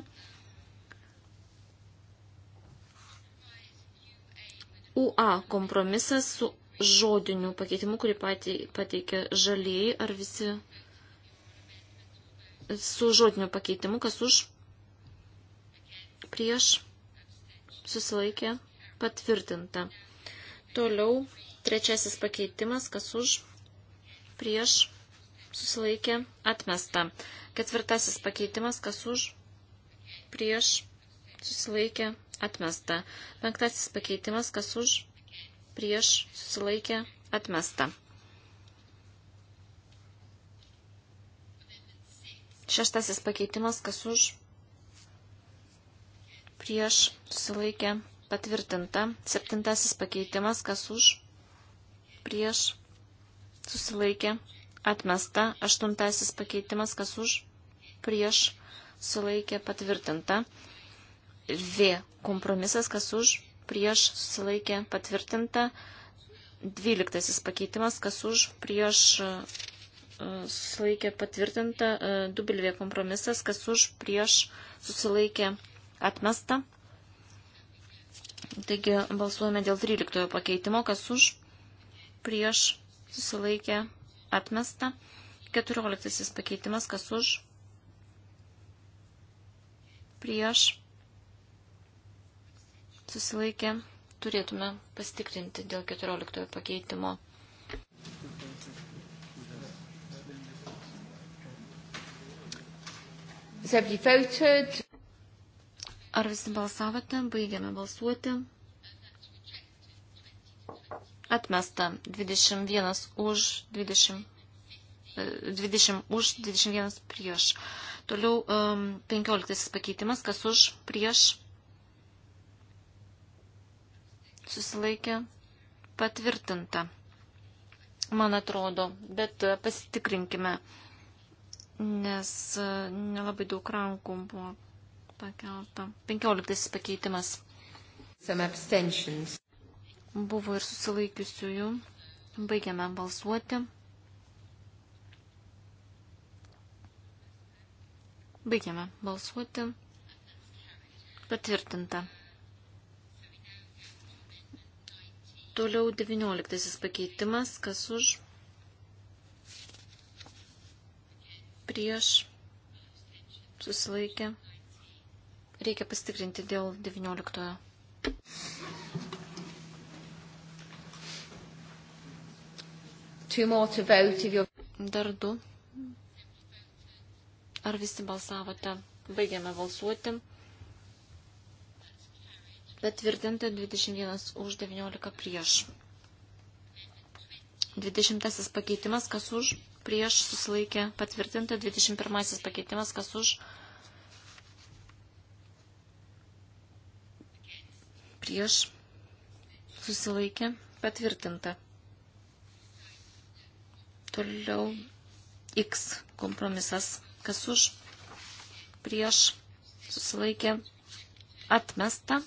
[SPEAKER 5] UA kompromisas su žodiniu pakeitimu, kurį pateikė žalieji, ar visi su žodiniu pakeitimu, kas už, prieš, susilaikė, patvirtinta. Toliau trečiasis pakeitimas, kas už, prieš, susilaikė, atmesta. Ketvirtasis pakeitimas, kas už, prieš, susilaikė, atmesta. Penktasis pakeitimas, kas už, prieš susilaikė atmesta. Šeštasis pakeitimas, kas už prieš susilaikė patvirtinta. Septintasis pakeitimas, kas už prieš susilaikė atmesta. Aštuntasis pakeitimas, kas už prieš susilaikė patvirtinta. V kompromisas, kas už prieš susilaikė patvirtinta. Dvyliktasis pakeitimas, kas už prieš e, e, susilaikė patvirtinta. Dubilvė e, kompromisas, kas už prieš susilaikė atmesta. Taigi balsuojame dėl 13 pakeitimo, kas už prieš susilaikė atmesta. 14 pakeitimas, kas už prieš susilaikė, turėtume pastikrinti dėl 14 pakeitimo. Ar visi balsavote? Baigiame balsuoti. Atmesta 21 už 20. 20 e, už, 21 prieš. Toliau 15 pakeitimas, kas už, prieš, susilaikė patvirtinta, man atrodo, bet e, pasitikrinkime, nes e, nelabai daug rankų buvo pakelta. 15 pakeitimas. Buvo ir susilaikiusiųjų. Baigiame balsuoti. Baigiame balsuoti. Patvirtinta. Toliau 19 pakeitimas, kas už prieš susilaikė. Reikia pastikrinti dėl 19. -ojo. Two more to vote if you're... Dar du. Ar visi balsavote? Baigiame balsuoti. Patvirtinta 21 už 19 prieš. 20 pakeitimas, kas už, prieš susilaikė. Patvirtinta 21 pakeitimas, kas už, prieš susilaikė. Patvirtinta. Toliau X kompromisas, kas už, prieš susilaikė. Atmesta.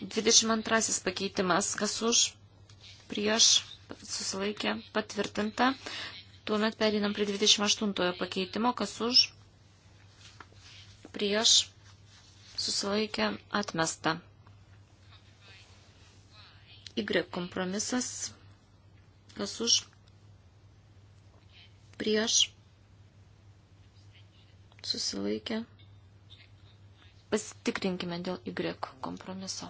[SPEAKER 5] 22 pakeitimas, kas už, prieš, susilaikė, patvirtinta. Tuomet perinam prie 28 pakeitimo, kas už, prieš, susilaikė, atmesta. Y kompromisas, kas už, prieš, susilaikė. Pasitikrinkime dėl Y kompromiso.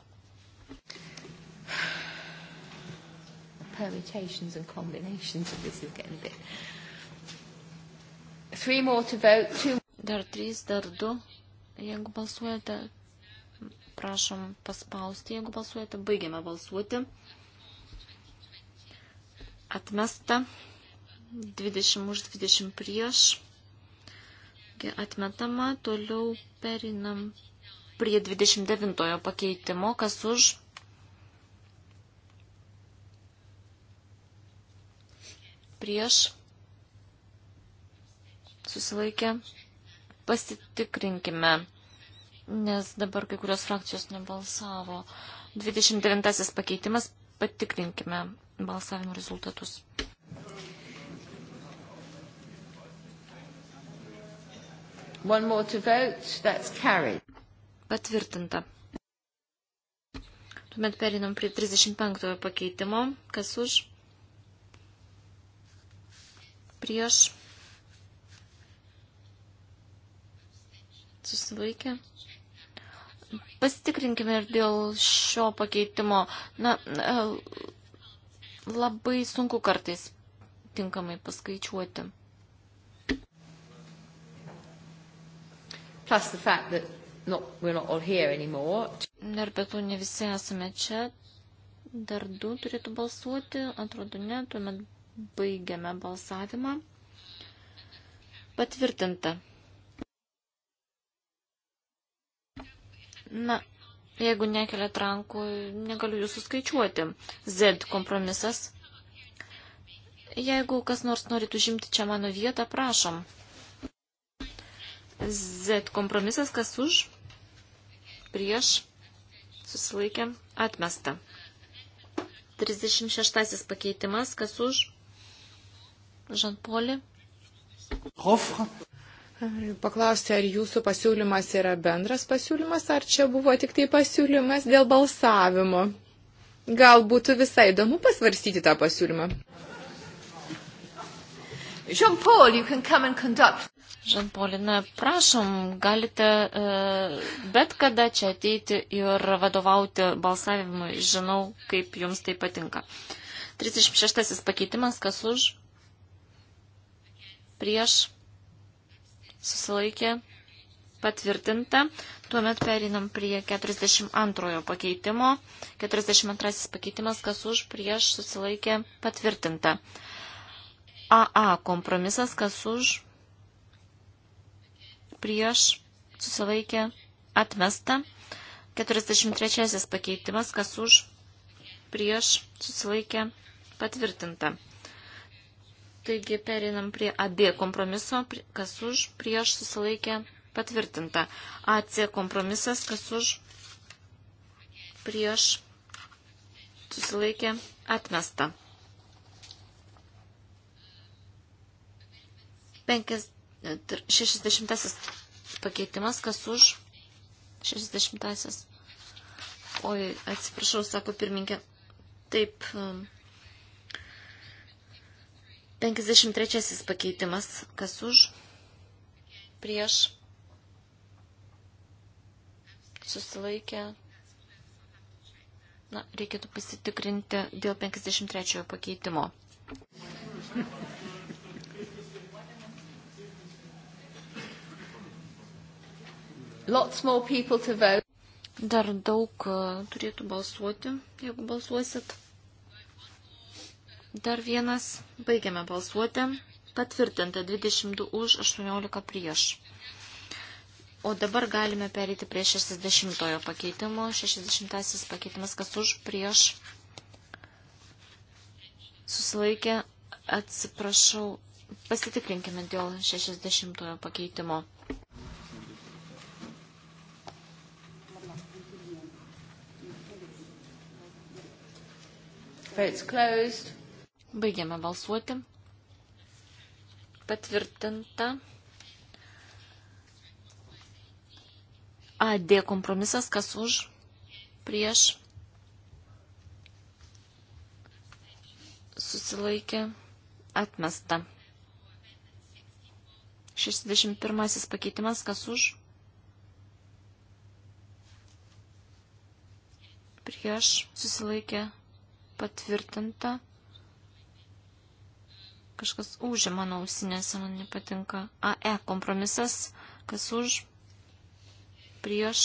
[SPEAKER 5] Permutations and combinations of this is getting a bit. Three more to vote, two. Dar trys, dar du. Jeigu balsuojate, prašom paspausti. Jeigu balsuojate, baigiame balsuoti. Atmesta. 20 už 20 prieš. Atmetama. Toliau perinam prie 29 pakeitimo, kas už prieš susilaikę. Pasitikrinkime, nes dabar kai kurios frakcijos nebalsavo. 29 pakeitimas, patikrinkime balsavimo rezultatus. One more to vote. That's carried. Patvirtinta. Tuomet perinam prie 35 pakeitimo. Kas už? Prieš. Susivaikė. Pasitikrinkime ir dėl šio pakeitimo. Na, labai sunku kartais tinkamai paskaičiuoti. Plus the fact that not, we're not
[SPEAKER 1] all here anymore.
[SPEAKER 5] Dar be to ne visi esame čia. Dar du turėtų balsuoti, atrodo ne, tuomet baigiame balsavimą. Patvirtinta. Na, jeigu nekeliat rankų, negaliu jūsų skaičiuoti. Z kompromisas. Jeigu kas nors norit užimti čia mano vietą, prašom. Z kompromisas, kas už, prieš, susilaikė, atmesta. 36 pakeitimas, kas už, Žanpolį.
[SPEAKER 3] Hofra. Paklausti, ar jūsų pasiūlymas yra bendras pasiūlymas, ar čia buvo tik tai pasiūlymas dėl balsavimo. Gal būtų visai įdomu pasvarstyti tą pasiūlymą.
[SPEAKER 5] Jean-Paul, you can come and conduct. Žanpolina, prašom, galite e, bet kada čia ateiti ir vadovauti balsavimui. Žinau, kaip jums tai patinka. 36 pakeitimas, kas už? Prieš? Susilaikė? Patvirtinta. Tuomet perinam prie 42 pakeitimo. 42 pakeitimas, kas už? Prieš? Susilaikė? Patvirtinta. AA kompromisas, kas už? prieš, susilaikė, atmesta. 43 pakeitimas, kas už, prieš, susilaikė, patvirtinta. Taigi perinam prie AB kompromiso, kas už, prieš, susilaikė, patvirtinta. AC kompromisas, kas už, prieš, susilaikė, atmesta. 50. 60 pakeitimas, kas už 60. -asias. Oi, atsiprašau, sako pirminkė. Taip. 53 um, pakeitimas, kas už prieš susilaikę. Na, reikėtų pasitikrinti dėl 53 pakeitimo. Lots more people to vote. Dar daug uh, turėtų balsuoti, jeigu balsuosit. Dar vienas. Baigiame balsuoti. Patvirtinta 22 už 18 prieš. O dabar galime perėti prie 60 pakeitimo. 60 pakeitimas, kas už prieš. Susilaikė, atsiprašau, pasitikrinkime dėl 60 pakeitimo.
[SPEAKER 4] Vote's closed.
[SPEAKER 5] Baigiame balsuoti. Patvirtinta. AD kompromisas, kas už, prieš, susilaikė, atmesta. 61 pakeitimas, kas už, prieš, susilaikė, patvirtinta. Kažkas užė mano ausinėse, man nepatinka. AE kompromisas, kas už, prieš,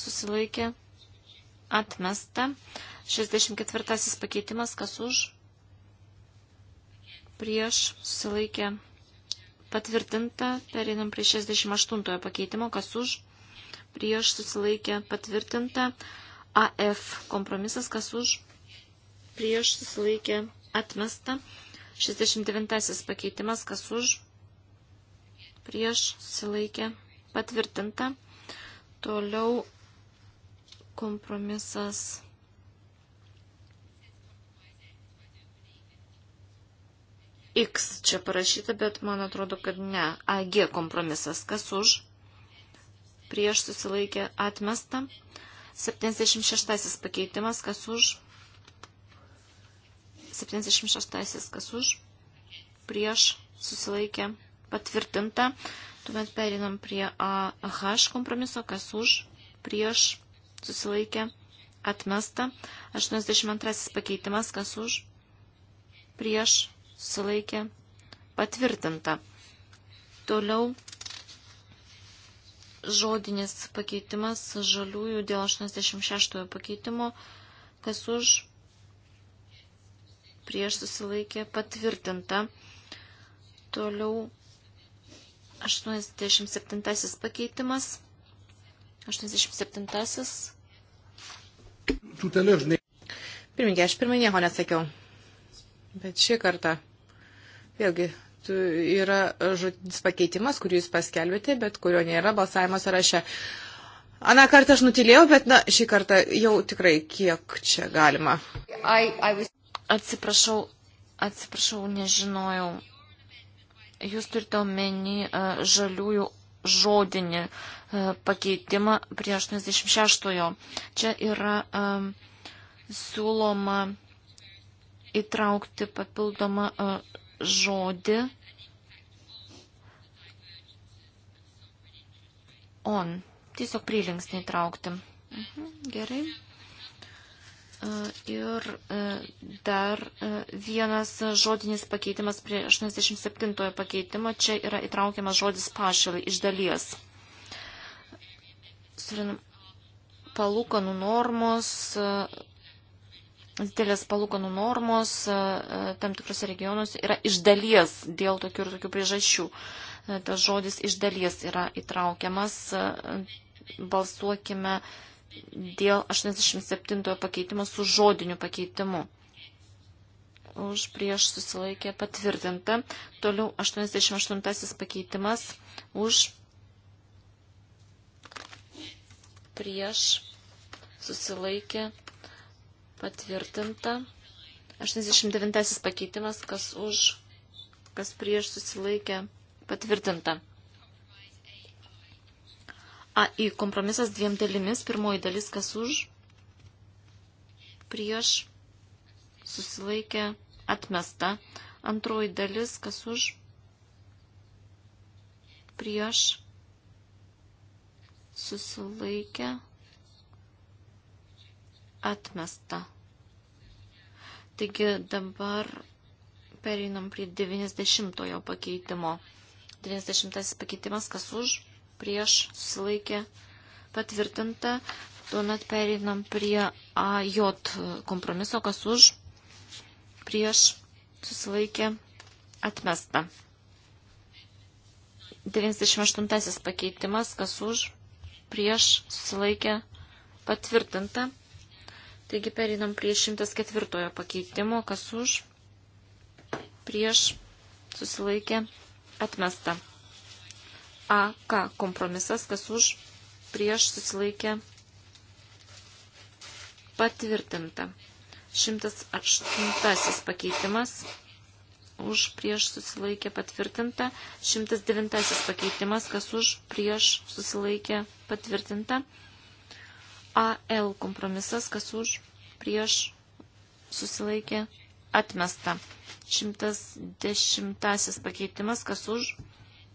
[SPEAKER 5] susilaikė, atmesta. 64 pakeitimas, kas už, prieš, susilaikė, patvirtinta. Perinam prie 68 pakeitimo, kas už, prieš, susilaikė, patvirtinta. AF kompromisas, kas už prieš susilaikė atmesta. 69 pakeitimas, kas už prieš susilaikė patvirtinta. Toliau kompromisas. X čia parašyta, bet man atrodo, kad ne. AG kompromisas. Kas už? Prieš susilaikė atmesta. 76 pakeitimas, kas už. 76 kas už. Prieš susilaikė patvirtinta. Tuomet perinam prie AH kompromiso, kas už. Prieš susilaikė atmesta. 82 pakeitimas, kas už. Prieš susilaikė patvirtinta. Toliau žodinis pakeitimas žaliųjų dėl 86 pakeitimo, kas už prieš susilaikė patvirtinta. Toliau 87 pakeitimas. 87.
[SPEAKER 3] Pirmininkė, aš pirmai nieko nesakiau. Bet šį kartą vėlgi yra žodinis pakeitimas, kurį jūs paskelbėte, bet kurio nėra balsavimo sąraše. Aną kartą aš nutilėjau, bet na, šį kartą jau tikrai kiek čia galima.
[SPEAKER 5] I, I was... Atsiprašau, atsiprašau, nežinojau. Jūs turite omeny uh, žaliųjų žodinį uh, pakeitimą prie 86-ojo. Čia yra um, siūloma įtraukti papildomą uh, žodį on. Tiesiog prilinksnį įtraukti. Mhm, gerai. E, ir e, dar e, vienas žodinis pakeitimas prie 87 pakeitimo. Čia yra įtraukiamas žodis pašalai iš dalies. Surinam palūkanų normos, didelės palūkanų normos e, e, tam tikrose regionuose yra iš dalies dėl tokių ir tokių priežasčių. E, tas žodis iš dalies yra įtraukiamas. Balsuokime dėl 87 pakeitimo su žodiniu pakeitimu. Už prieš susilaikė patvirtinta. Toliau 88 pakeitimas už prieš susilaikė patvirtinta. 89 pakeitimas, kas už, kas prieš susilaikė, patvirtinta. AI kompromisas dviem dalimis, pirmoji dalis, kas už, prieš susilaikė, atmesta. Antroji dalis, kas už, prieš susilaikė, atmesta atmesta. Taigi dabar pereinam prie 90 pakeitimo. 90 pakeitimas, kas už, prieš, susilaikė, patvirtinta. Tuomet pereinam prie AJ kompromiso, kas už, prieš, susilaikė, atmesta. 98 pakeitimas, kas už, prieš, susilaikė, patvirtinta. Taigi perinam prie 104 pakeitimo, kas už, prieš, susilaikė, atmesta. AK kompromisas, kas už, prieš, susilaikė, patvirtinta. 108 pakeitimas, už, prieš, susilaikė, patvirtinta. 109 pakeitimas, kas už, prieš, susilaikė, patvirtinta. AL kompromisas, kas už, prieš, susilaikė, atmesta. 110 pakeitimas, kas už,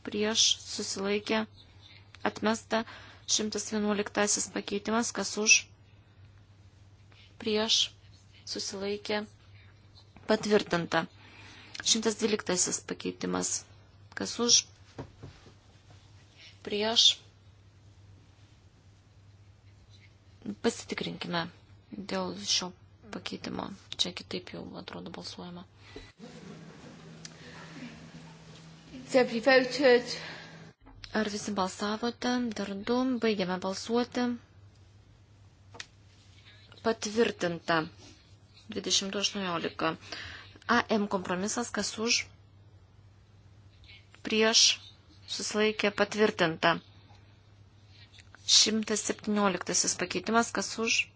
[SPEAKER 5] prieš, susilaikė, atmesta. 111 pakeitimas, kas už, prieš, susilaikė, patvirtinta. 112 pakeitimas, kas už, prieš, Pasitikrinkime dėl šio pakeitimo. Čia kitaip jau atrodo balsuojama. Ar visi balsavote? Dar du. Baigiame balsuoti. Patvirtinta. 2018. AM kompromisas, kas už, prieš, susilaikė patvirtinta. 117 pakeitimas, kas už,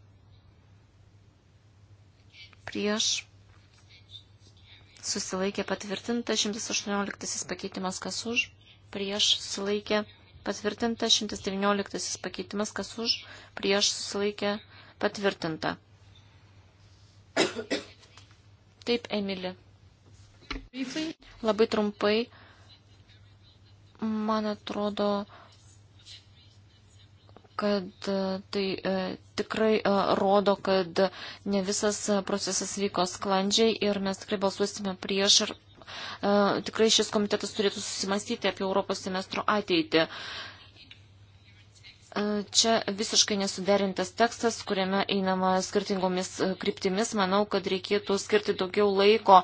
[SPEAKER 5] prieš, susilaikė patvirtinta, 118 pakeitimas, kas už, prieš, susilaikė patvirtinta, 119 pakeitimas, kas už, prieš, susilaikė patvirtinta. Taip, Emilė. Labai trumpai, man atrodo, kad e, tai e, tikrai e, rodo, kad ne visas procesas vyko sklandžiai ir mes tikrai balsuosime prieš ir tikrai šis komitetas turėtų susimastyti apie Europos semestro ateitį. Čia visiškai nesuderintas tekstas, kuriame einama skirtingomis e, kryptimis. Manau, kad reikėtų skirti daugiau laiko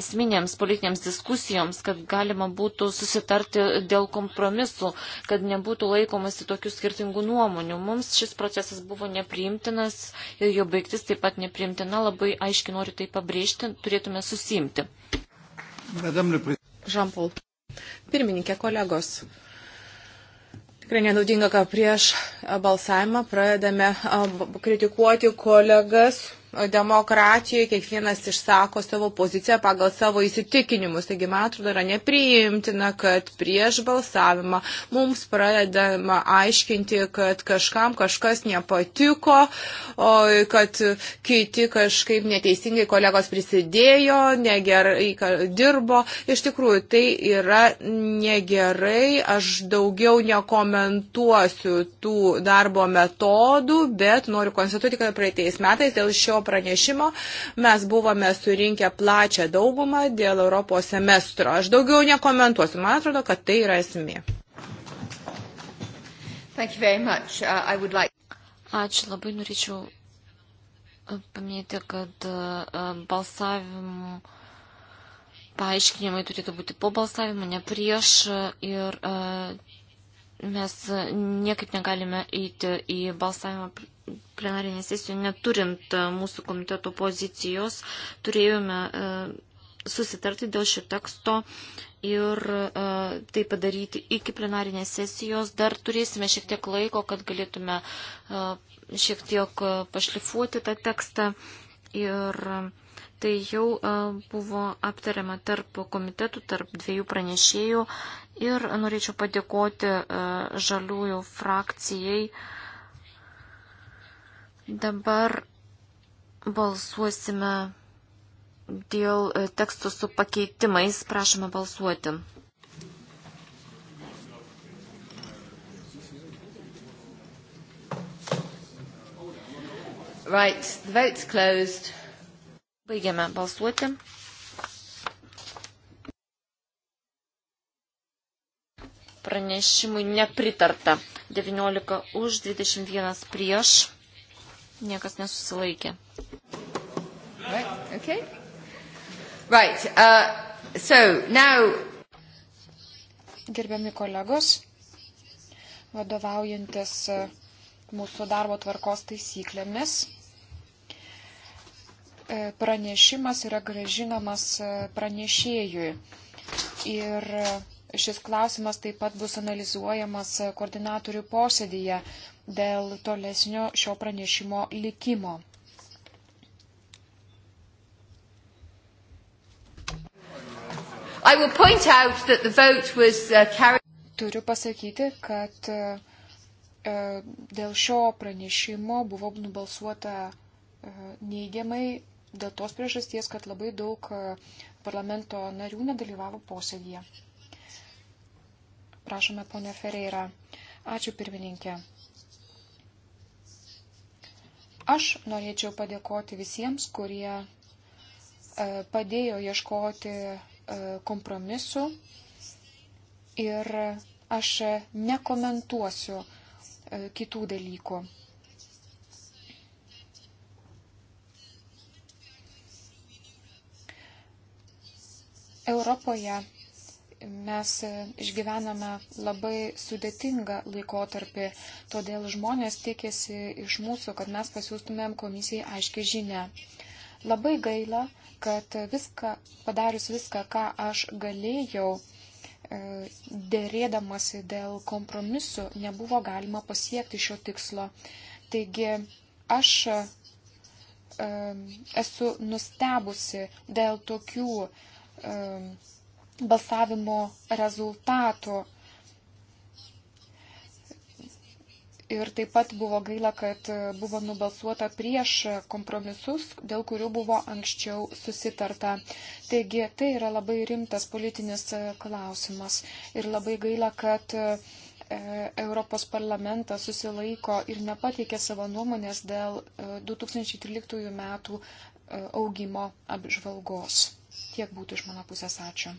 [SPEAKER 5] esminėms politinėms diskusijoms, kad galima būtų susitarti dėl kompromisų, kad nebūtų laikomasi tokių skirtingų nuomonių. Mums šis procesas buvo nepriimtinas ir jo baigtis taip pat nepriimtina. Labai aiškiai noriu tai pabrėžti, turėtume susimti. Jean-Paul.
[SPEAKER 3] Pirmininkė, kolegos. Tikrai nenaudinga, kad prieš balsavimą pradedame kritikuoti kolegas demokratijoje kiekvienas išsako savo poziciją pagal savo įsitikinimus. Taigi, man atrodo, yra nepriimtina, kad prieš balsavimą mums pradedama aiškinti, kad kažkam kažkas nepatiko, o, kad kiti kažkaip neteisingai kolegos prisidėjo, negerai dirbo. Iš tikrųjų, tai yra negerai. Aš daugiau nekomentuosiu tų darbo metodų, bet noriu konstatuoti, kad praeitais metais dėl šio pranešimo mes buvome surinkę plačią daugumą dėl Europos semestro. Aš daugiau nekomentuosiu. Man atrodo, kad tai yra esmė.
[SPEAKER 5] Uh, like... Ačiū labai norėčiau uh, paminėti, kad uh, balsavimų paaiškinimai turėtų būti po balsavimo, ne prieš ir mes e, niekaip negalime eiti į balsavimą plenarinė sesija, neturint e, mūsų komiteto pozicijos, turėjome e, susitarti dėl šio teksto ir tai padaryti iki plenarinės sesijos. Dar turėsime šiek tiek laiko, kad galėtume šiek tiek pašlifuoti tą tekstą ir Tai jau buvo aptariama tarp komitetų, tarp dviejų pranešėjų ir norėčiau padėkoti žaliųjų frakcijai. Dabar balsuosime dėl tekstų su pakeitimais. Prašome balsuoti.
[SPEAKER 1] Right, the vote's closed.
[SPEAKER 5] Baigiame balsuoti. Pranešimui nepritarta. 19 už, 21 prieš. Niekas nesusilaikė.
[SPEAKER 1] Right, okay.
[SPEAKER 5] Right, uh, so now...
[SPEAKER 1] Gerbiami
[SPEAKER 2] kolegos, vadovaujantis uh, mūsų darbo tvarkos taisyklėmis, E, pranešimas yra gražinamas e, pranešėjui. Ir e, šis klausimas taip pat bus analizuojamas koordinatorių posėdėje dėl tolesnio šio pranešimo likimo.
[SPEAKER 1] Uh, Turiu pasakyti, kad
[SPEAKER 2] dėl šio pranešimo buvo nubalsuota neigiamai dėl tos priežasties, kad labai daug e, parlamento narių nedalyvavo posėdėje. Prašome, ponė Ferreira. Ačiū, pirmininkė. Aš norėčiau padėkoti visiems, kurie e, padėjo ieškoti e, kompromisu ir aš nekomentuosiu kitų dalykų. Europoje mes išgyvename labai sudėtingą laikotarpį, todėl žmonės tikėsi iš mūsų, kad mes pasiūstumėm komisijai aiškiai žinę. Labai gaila, kad viską, padarius viską, ką aš galėjau, e, dėrėdamasi dėl kompromisu, nebuvo galima pasiekti šio tikslo. Taigi aš e, esu nustebusi dėl tokių Um, balsavimo rezultatų. Ir taip pat buvo gaila, kad uh, buvo nubalsuota prieš kompromisus, dėl kurių buvo anksčiau susitarta. Taigi tai yra labai rimtas politinis uh, klausimas. Ir labai gaila, kad uh, e, Europos parlamentas susilaiko ir nepateikė savo nuomonės dėl 2013 metų augimo apžvalgos. Tiek būtų iš mano pusės. Ačiū.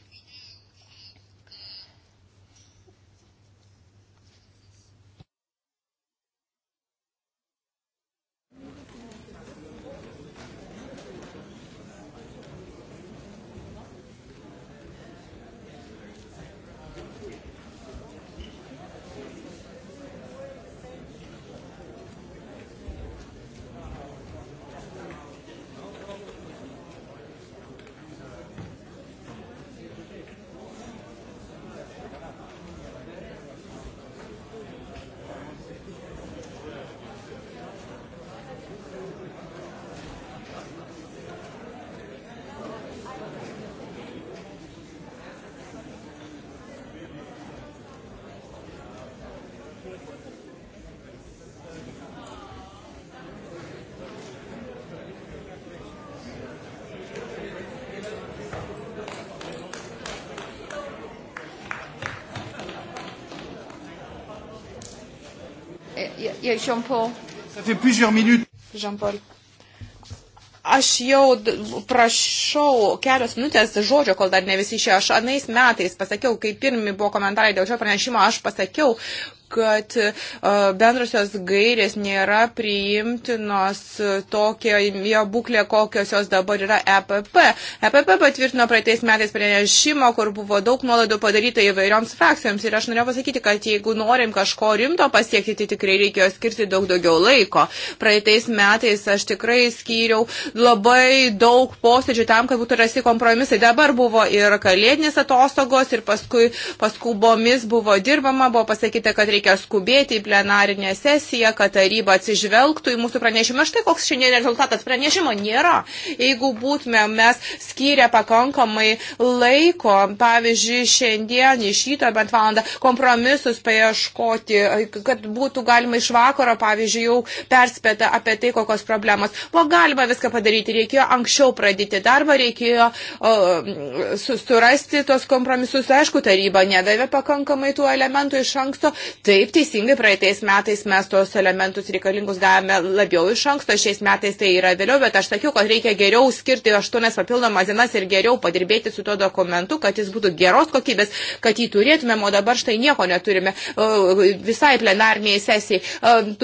[SPEAKER 3] Jean-Paul. Jean-Paul. Aš jau prašau kelios minutės žodžio, kol dar ne visi išėjo. Aš anais metais pasakiau, kai pirmi buvo komentarai dėl šio pranešimo, aš pasakiau, kad e, bendrosios gairės nėra priimtinos e, tokioje būklė, kokios jos dabar yra EPP. EPP patvirtino praeitais metais pranešimą, kur buvo daug nuolaidų padaryta įvairioms frakcijoms. Ir aš norėjau pasakyti, kad jeigu norim kažko rimto pasiekti, tai tikrai reikėjo skirti daug daugiau laiko. Praeitais metais aš tikrai skyriau labai daug posėdžių tam, kad būtų rasti kompromisai. Dabar buvo ir kalėdinės atostogos, ir paskui paskubomis buvo dirbama, buvo pasakyta, kad reikia reikia skubėti į plenarinę sesiją, kad taryba atsižvelgtų į mūsų pranešimą. Štai koks šiandien rezultatas pranešimo nėra. Jeigu būtume mes skyrę pakankamai laiko, pavyzdžiui, šiandien iš ryto bent valandą kompromisus paieškoti, kad būtų galima iš vakaro, pavyzdžiui, jau perspėta apie tai, kokios problemos. Buvo galima viską padaryti, reikėjo anksčiau pradėti darbą, reikėjo uh, surasti tos kompromisus. Aišku, taryba nedavė pakankamai tų elementų iš anksto, Taip, teisingai, praeitais metais mes tos elementus reikalingus gavome labiau iš anksto, šiais metais tai yra vėliau, bet aš sakiau, kad reikia geriau skirti aštuonias papildomas dienas ir geriau padirbėti su tuo dokumentu, kad jis būtų geros kokybės, kad jį turėtumėm, o dabar štai nieko neturime visai plenarniai sesijai.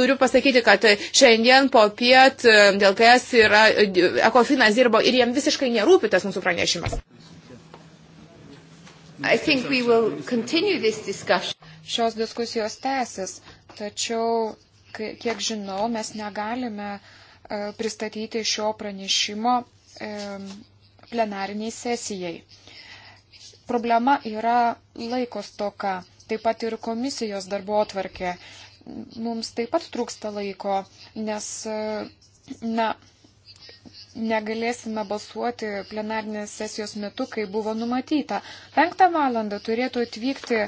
[SPEAKER 3] Turiu pasakyti, kad šiandien po piet e, dėl KS yra e, ekofinas dirbo ir jiem visiškai nerūpi tas mūsų pranešimas.
[SPEAKER 1] I think we will
[SPEAKER 2] continue this discussion šios diskusijos tęsis, tačiau, kiek žinau, mes negalime e, pristatyti šio pranešimo e, plenariniai sesijai. Problema yra laiko stoka, taip pat ir komisijos darbo atvarkė. Mums taip pat trūksta laiko, nes, e, na, negalėsime balsuoti plenarinės sesijos metu, kai buvo numatyta. Penktą valandą turėtų atvykti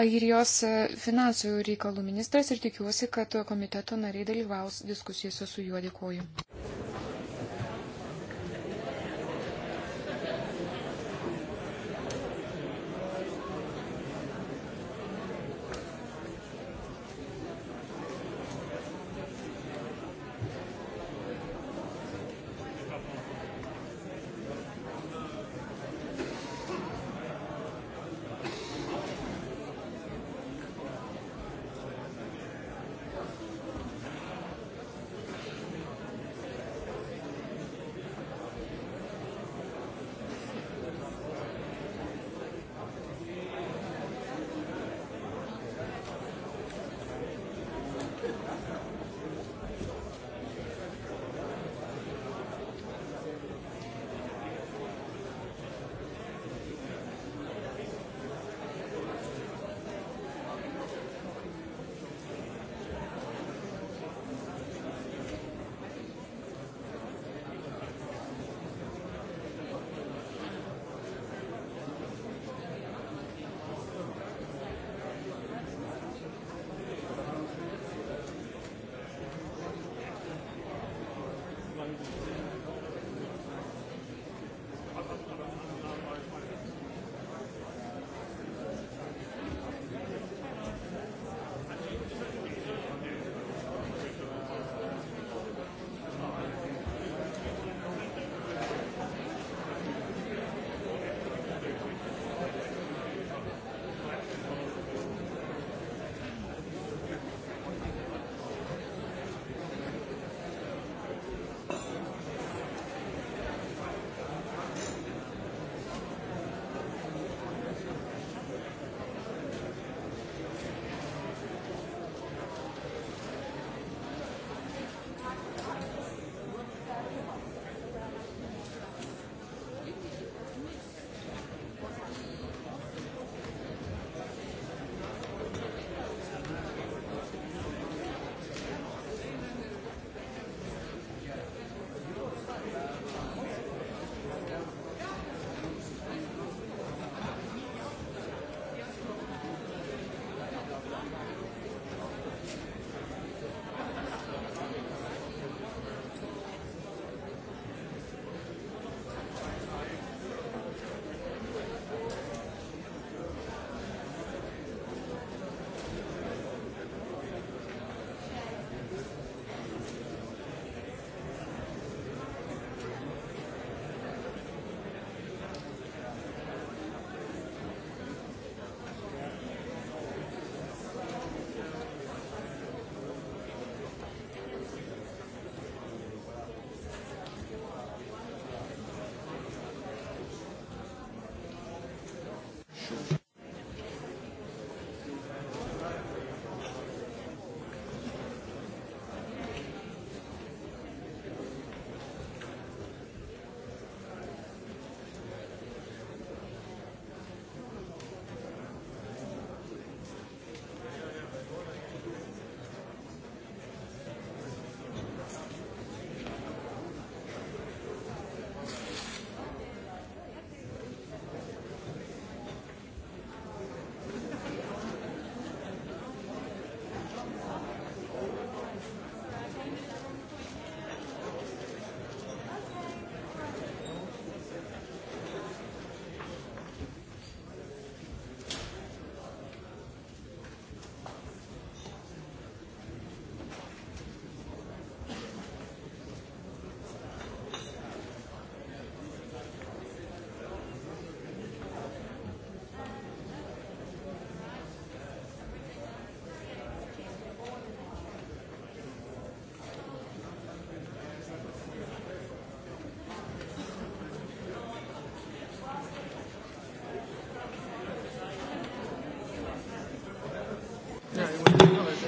[SPEAKER 2] Airijos finansų reikalų ministras ir tikiuosi, kad komiteto nariai dalyvaus diskusijose su juo. Dėkuoju.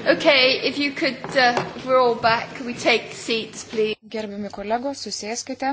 [SPEAKER 1] Okay, if you could uh, roll back, we take seats, please. Gerbiami kolegos, susėskite.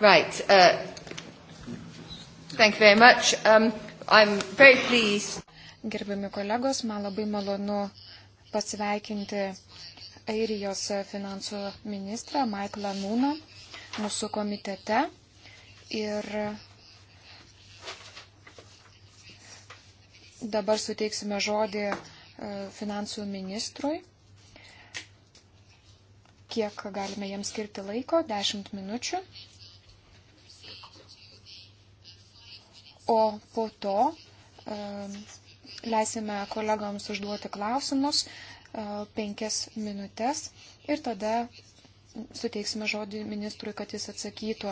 [SPEAKER 1] Right. Uh, thank you very much. Um, I'm very pleased. Gerbiami
[SPEAKER 2] kolegos, man labai malonu pasveikinti Airijos finansų ministrą Michaelą Nūną mūsų komitete. Ir dabar suteiksime žodį e, finansų ministrui. Kiek galime jiems skirti laiko? 10 minučių. o po to leisime kolegoms užduoti klausimus e, penkias minutės ir tada suteiksime žodį ministrui, kad jis atsakytų.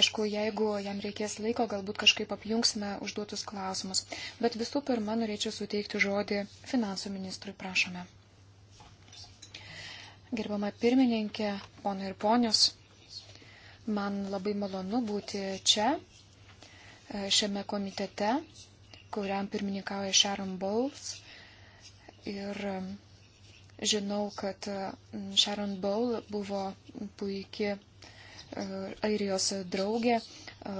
[SPEAKER 2] Aišku, jeigu jam reikės laiko, galbūt kažkaip apjungsime užduotus klausimus. Bet visų pirma, norėčiau suteikti žodį finansų ministrui, prašome. Gerbama pirmininkė, ponai ir ponios, man labai malonu būti čia šiame komitete, kuriam pirmininkauja Sharon Bowles. Ir um, žinau, kad um, Sharon Bowl buvo puikia uh, Airijos draugė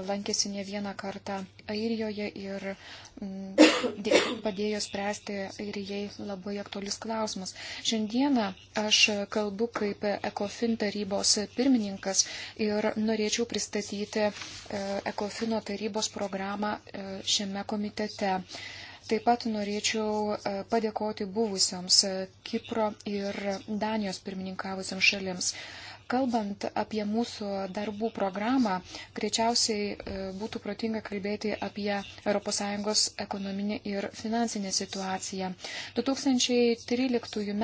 [SPEAKER 2] lankėsi ne vieną kartą Airijoje ir mm, padėjo spręsti Airijai labai aktualius klausimus. Šiandieną aš kalbu kaip ECOFIN tarybos pirmininkas ir norėčiau pristatyti e, ECOFINO tarybos programą e, šiame komitete. Taip pat norėčiau e, padėkoti buvusioms Kipro ir Danijos pirmininkavusiams šalims. Kalbant apie mūsų darbų programą, greičiausiai e, būtų protinga kalbėti apie ES ekonominį ir finansinę situaciją. 2013 m.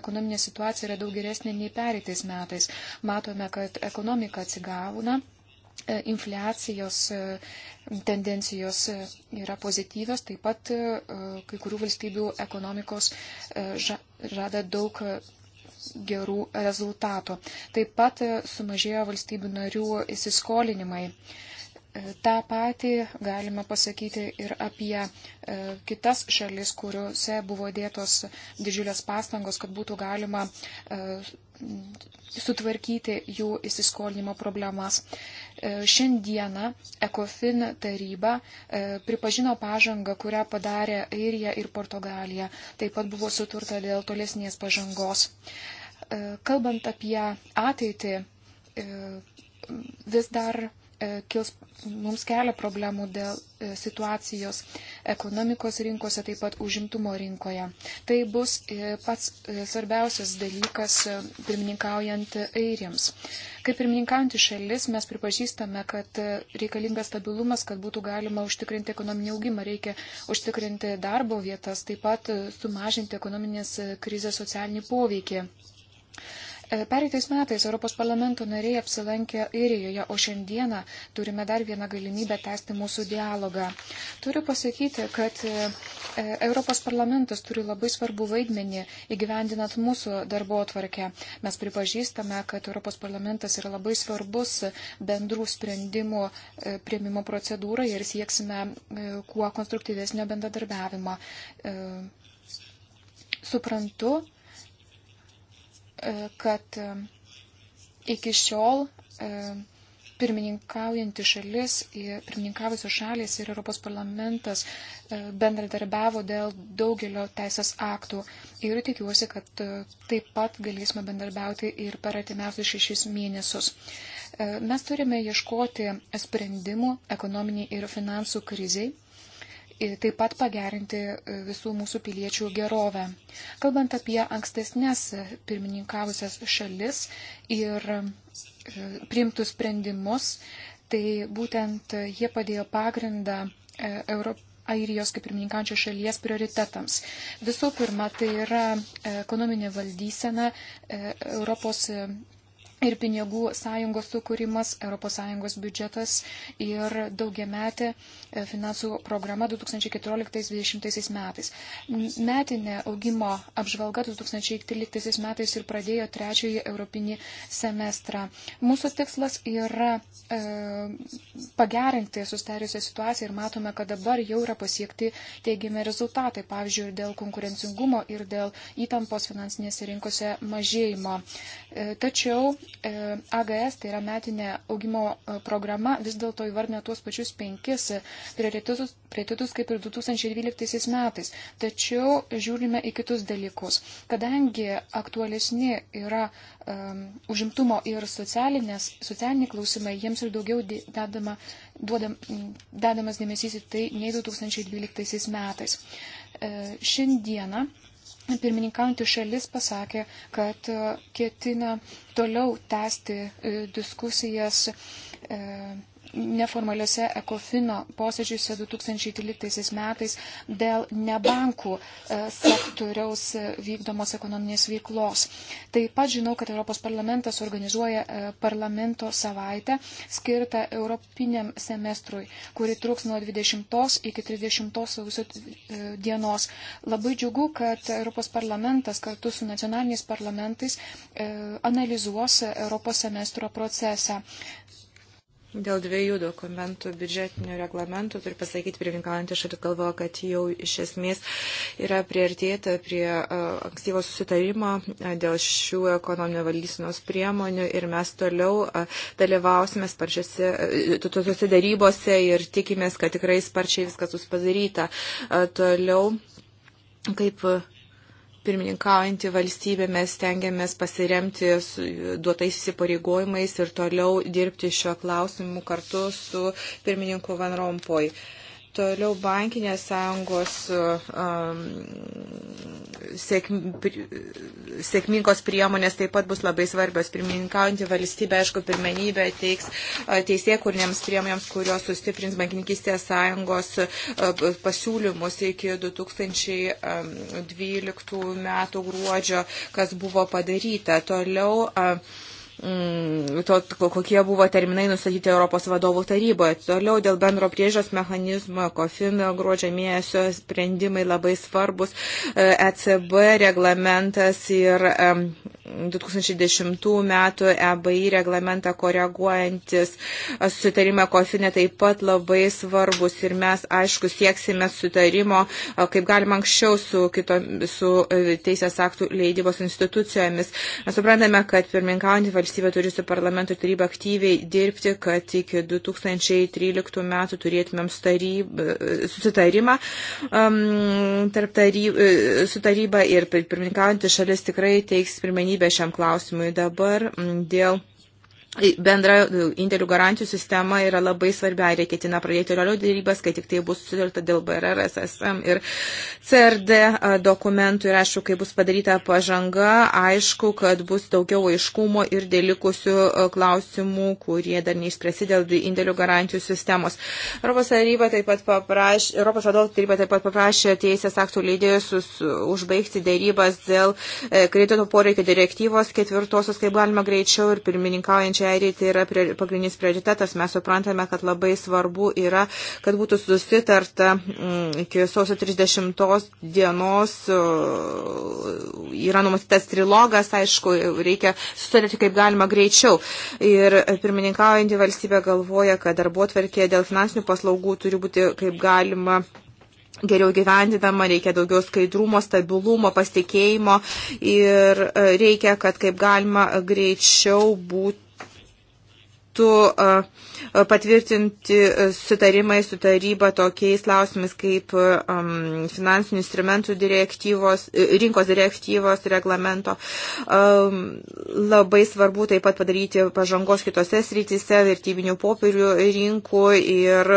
[SPEAKER 2] ekonominė situacija yra daug geresnė nei pereitais metais. Matome, kad ekonomika atsigauna e, infliacijos e, tendencijos yra pozityvios, taip pat kai kurių valstybių ekonomikos žada daug gerų rezultatų. Taip pat sumažėjo valstybių narių įsiskolinimai. Ta pati galima pasakyti ir apie e, kitas šalis, kuriuose buvo dėtos didžiulės pastangos, kad būtų galima e, sutvarkyti jų įsiskolinimo problemas. E, šiandieną ECOFIN taryba e, pripažino pažangą, kurią padarė Airija ir Portugalija. Taip pat buvo suturta dėl tolesnės pažangos. E, kalbant apie ateitį, vis dar E, kils, mums kelia problemų dėl e, situacijos ekonomikos rinkose, taip pat užimtumo rinkoje. Tai bus e, pats svarbiausias dalykas pirmininkaujant airiams. Kaip pirmininkaujantį šalis mes pripažįstame, kad reikalingas stabilumas, kad būtų galima užtikrinti ekonominį augimą, reikia užtikrinti darbo vietas, taip pat sumažinti ekonominės krizės socialinį poveikį. E, pereitais metais Europos parlamento nariai apsilankė Irijoje, o šiandieną turime dar vieną galimybę tęsti mūsų dialogą. Turiu pasakyti, kad e, e, Europos parlamentas turi labai svarbų vaidmenį įgyvendinant mūsų darbo atvarkę. Mes pripažįstame, kad Europos parlamentas yra labai svarbus bendrų sprendimų prieimimo procedūrai ir sieksime kuo konstruktyvesnio bendradarbiavimo. Suprantu, E, kad e, iki šiol e, pirmininkaujanti šalis, pirmininkavusios šalis ir Europos parlamentas bendradarbiavo dėl daugelio teisės aktų. Ir tikiuosi, kad taip pat galėsime bendradarbiauti ir per atimiausius šešis mėnesius. Mes turime ieškoti sprendimų ekonominiai ir finansų kriziai taip pat pagerinti e, visų mūsų piliečių gerovę. Kalbant apie ankstesnės pirmininkavusias šalis ir e, priimtus sprendimus, tai būtent jie padėjo pagrindą e, Europos. Airijos kaip pirmininkančios šalies prioritetams. Visų pirma, tai yra ekonominė valdysena Europos ir pinigų sąjungos sukūrimas, ES biudžetas ir daugiametė e, finansų programa 2014-2020 metais. Metinė augimo apžvalga 2013 metais ir pradėjo trečiąjį europinį semestrą. Mūsų tikslas yra e, pagerinti sustariusią situaciją ir matome, kad dabar jau yra pasiekti teigiami rezultatai, pavyzdžiui, ir dėl konkurencingumo, ir dėl įtampos finansinėse rinkose mažėjimo. E, tačiau E, AGS, tai yra metinė augimo e, programa, vis dėlto įvardina tuos pačius penkis prioritetus kaip ir 2012 metais. Tačiau žiūrime į kitus dalykus. Kadangi aktualesni yra um, užimtumo ir socialiniai klausimai, jiems ir daugiau dedama, duodam, dedamas dėmesys į tai nei 2012 metais. E, šiandieną pirmininkaujantį šalis pasakė, kad e, ketina toliau tęsti e, diskusijas e, neformaliuose ekofino posėdžiuose 2013 metais dėl nebankų e, sektoriaus vykdomos ekonominės veiklos. Taip pat žinau, kad Europos parlamentas organizuoja e, parlamento savaitę skirtą Europiniam semestrui, kuri truks nuo 20 iki 30 sausio e, dienos. Labai džiugu, kad Europos parlamentas kartu su nacionaliniais parlamentais analizuos Europos semestro procesą.
[SPEAKER 3] Dėl dviejų dokumentų biudžetinių reglamentų, turiu pasakyti, pirmininkaujantį šalį galvoja, kad jau iš esmės yra priartėta prie uh, ankstyvo susitarimo uh, dėl šių ekonominio valdysinos priemonių ir mes toliau uh, dalyvausime sparčiose, uh, tuose darybose ir tikimės, kad tikrai sparčiai viskas bus padaryta. Uh, toliau, kaip. Uh, pirmininkaujantį valstybę mes tengiamės pasiremti duotais įsipareigojimais ir toliau dirbti šiuo klausimu kartu su pirmininku Van Rompoj. Uh, Toliau bankinės sąjungos um, sėkmingos priemonės taip pat bus labai svarbios. Pirmininkaujantį valstybę, aišku, pirmenybę teiks teisėkurnėms priemonėms, kurios sustiprins bankininkistės sąjungos pasiūlymus iki 2012 metų gruodžio, kas buvo padaryta. Toliau um, Mm, to, kokie buvo terminai nustatyti Europos vadovų taryboje. Toliau dėl bendro priežos mechanizmo, kofino gruodžio mėnesio sprendimai labai svarbus, ECB e reglamentas ir 2010 metų EBI reglamentą koreguojantis sutarimą kofinė taip pat labai svarbus ir mes, aišku, sieksime sutarimo, e, kaip galima anksčiau su, kito, su e, teisės aktų leidybos institucijomis. Mes suprantame, kad pirmininkaujantį valstybė turi su parlamento taryba aktyviai dirbti, kad iki 2013 metų turėtumėm staryb, susitarimą um, tarp taryb, e, su taryba ir pirmininkaujantys šalis tikrai teiks pirmenybę šiam klausimui dabar dėl Bendra e, indėlių garantijų sistema yra labai svarbi, ir ketina pradėti toliau dėrybas, kai tik tai bus sutarta dėl BRR, SSM ir CRD e, dokumentų ir aišku, kai bus padaryta pažanga, aišku, kad bus daugiau aiškumo ir dėlikusių e, klausimų, kurie dar neišspręsi dėl indėlių garantijų sistemos. Europos, taip pat paprašė, Europos vadovų taryba taip pat paprašė teisės aktų leidėjus užbaigti dėrybas dėl kredito poreikio direktyvos ketvirtosios, kaip galima greičiau ir pirmininkaujančią šiai rytai yra pagrindinis prioritetas. Mes suprantame, kad labai svarbu yra, kad būtų susitarta mm, iki sausio 30 dienos. Yra numatytas trilogas, aišku, reikia susitarti kaip galima greičiau. Ir pirmininkaujantį valstybę galvoja, kad darbo tvarkė dėl finansinių paslaugų turi būti kaip galima geriau gyvendinama, reikia daugiau skaidrumo, stabilumo, pasitikėjimo ir e, reikia, kad kaip galima greičiau būtų metu patvirtinti sutarimai su taryba tokiais klausimais kaip finansinių instrumentų direktyvos, e, rinkos direktyvos reglamento. Labai svarbu taip pat padaryti pažangos kitose srityse, vertybinių popierių rinkų ir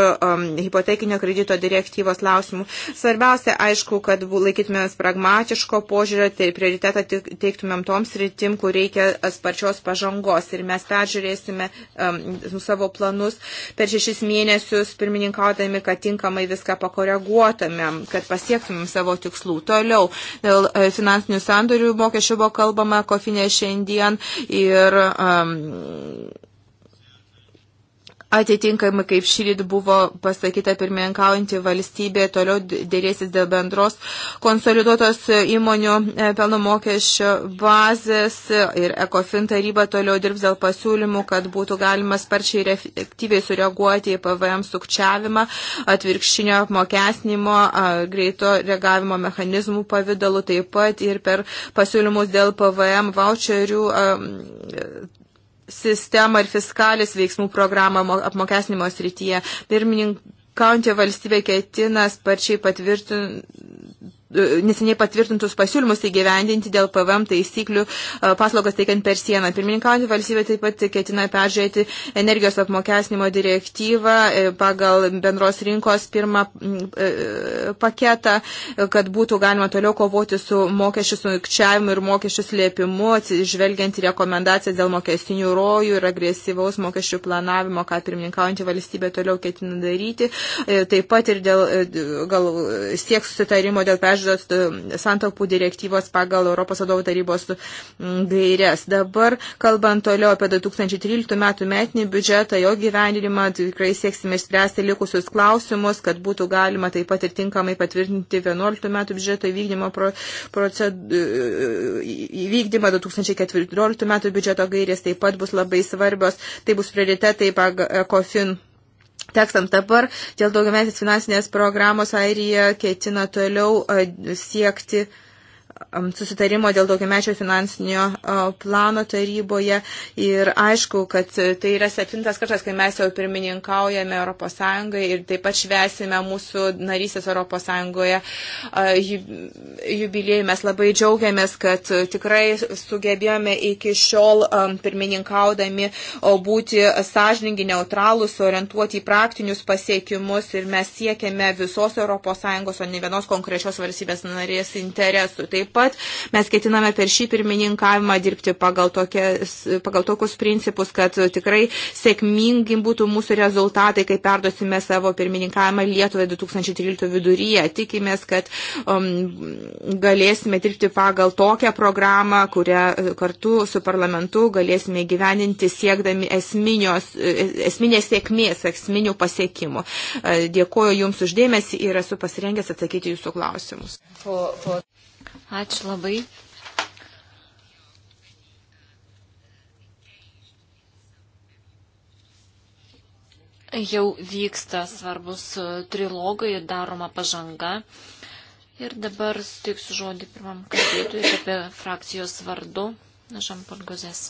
[SPEAKER 3] hipotekinio kredito direktyvos klausimų. Svarbiausia, aišku, kad laikytumės pragmatiško požiūrio, tai prioritetą teiktumėm toms rytim, kur reikia sparčios pažangos. Ir mes peržiūrėsime Um, savo planus per šešis mėnesius pirmininkautami, kad tinkamai viską pakoreguotumėm, kad pasiektumėm savo tikslų. Toliau, dėl e, finansinių sandorių mokesčių buvo kalbama kofinė šiandien ir um, Atitinkamai, kaip šįryt buvo pasakyta pirmininkaujantį valstybė, toliau dėrėsis dėl bendros konsoliduotos įmonių e, pelno mokesčio bazės ir ECOFIN taryba toliau dirbs dėl pasiūlymų, kad būtų galima sparčiai ir efektyviai sureaguoti į PVM sukčiavimą, atvirkštinio apmokesnimo, greito reagavimo mechanizmų pavydalu, taip pat ir per pasiūlymus dėl PVM voucherių sistemą ir fiskalės veiksmų programą apmokesnimo srityje. Pirmininkaujantie valstybė ketina sparčiai patvirtinti E, neseniai patvirtintus pasiūlymus įgyvendinti dėl PVM taisyklių e, paslaugas teikiant per sieną. Pirmininkaujantį valstybę taip pat ketina peržiūrėti energijos apmokesnimo direktyvą e, pagal bendros rinkos pirmą paketą, kad būtų galima toliau kovoti su mokesčių suikčiavimu ir mokesčių slėpimu, atsižvelgiant į rekomendacijas dėl mokestinių rojų ir agresyvaus mokesčių planavimo, ką pirmininkaujantį valstybę toliau ketina daryti. Taip pat ir dėl gal sieks susitarimo dėl peržiūrėti trečdalis e, santaupų direktyvos pagal Europos vadovų tarybos gairias. Dabar, kalbant toliau apie 2013 metų metinį biudžetą, jo gyvenimą, tikrai sieksime išspręsti likusius klausimus, kad būtų galima taip pat ir tinkamai patvirtinti 2011 metų biudžeto įvykdymo pro, proced, e, įvykdymą 2014 metų biudžeto gairės taip pat bus labai svarbios. Tai bus prioritetai pagal COFIN Tekstant dabar, dėl daugiametės finansinės programos Airija ketina toliau siekti uh, Um, susitarimo dėl daugiamečio finansinio uh, plano taryboje. Ir aišku, kad uh, tai yra septintas kartas, kai mes jau pirmininkaujame ES ir taip pat švesime mūsų narysės ES uh, jubiliejų. Mes labai džiaugiamės, kad tikrai sugebėjome iki šiol um, pirmininkaudami būti sąžiningi, neutralus, orientuoti į praktinius pasiekimus ir mes siekiame visos ES, o ne vienos konkrečios valstybės narės interesų. Tai Taip pat mes ketiname per šį pirmininkavimą dirbti pagal, tokias, pagal tokius principus, kad tikrai sėkmingi būtų mūsų rezultatai, kai perduosime savo pirmininkavimą Lietuvai 2013 viduryje. Tikimės, kad um, galėsime dirbti pagal tokią programą, kurią e, kartu su parlamentu galėsime gyveninti siekdami esminios, e, esminės sėkmės, esminių pasiekimų. E, dėkuoju Jums uždėmesi ir esu pasirengęs atsakyti Jūsų klausimus.
[SPEAKER 5] Po, po... Ačiū labai. Jau vyksta svarbus e, trilogai, daroma pažanga. Ir dabar sutiksiu žodį pirmam kalbėtojui apie frakcijos vardu, Žampol Gozės.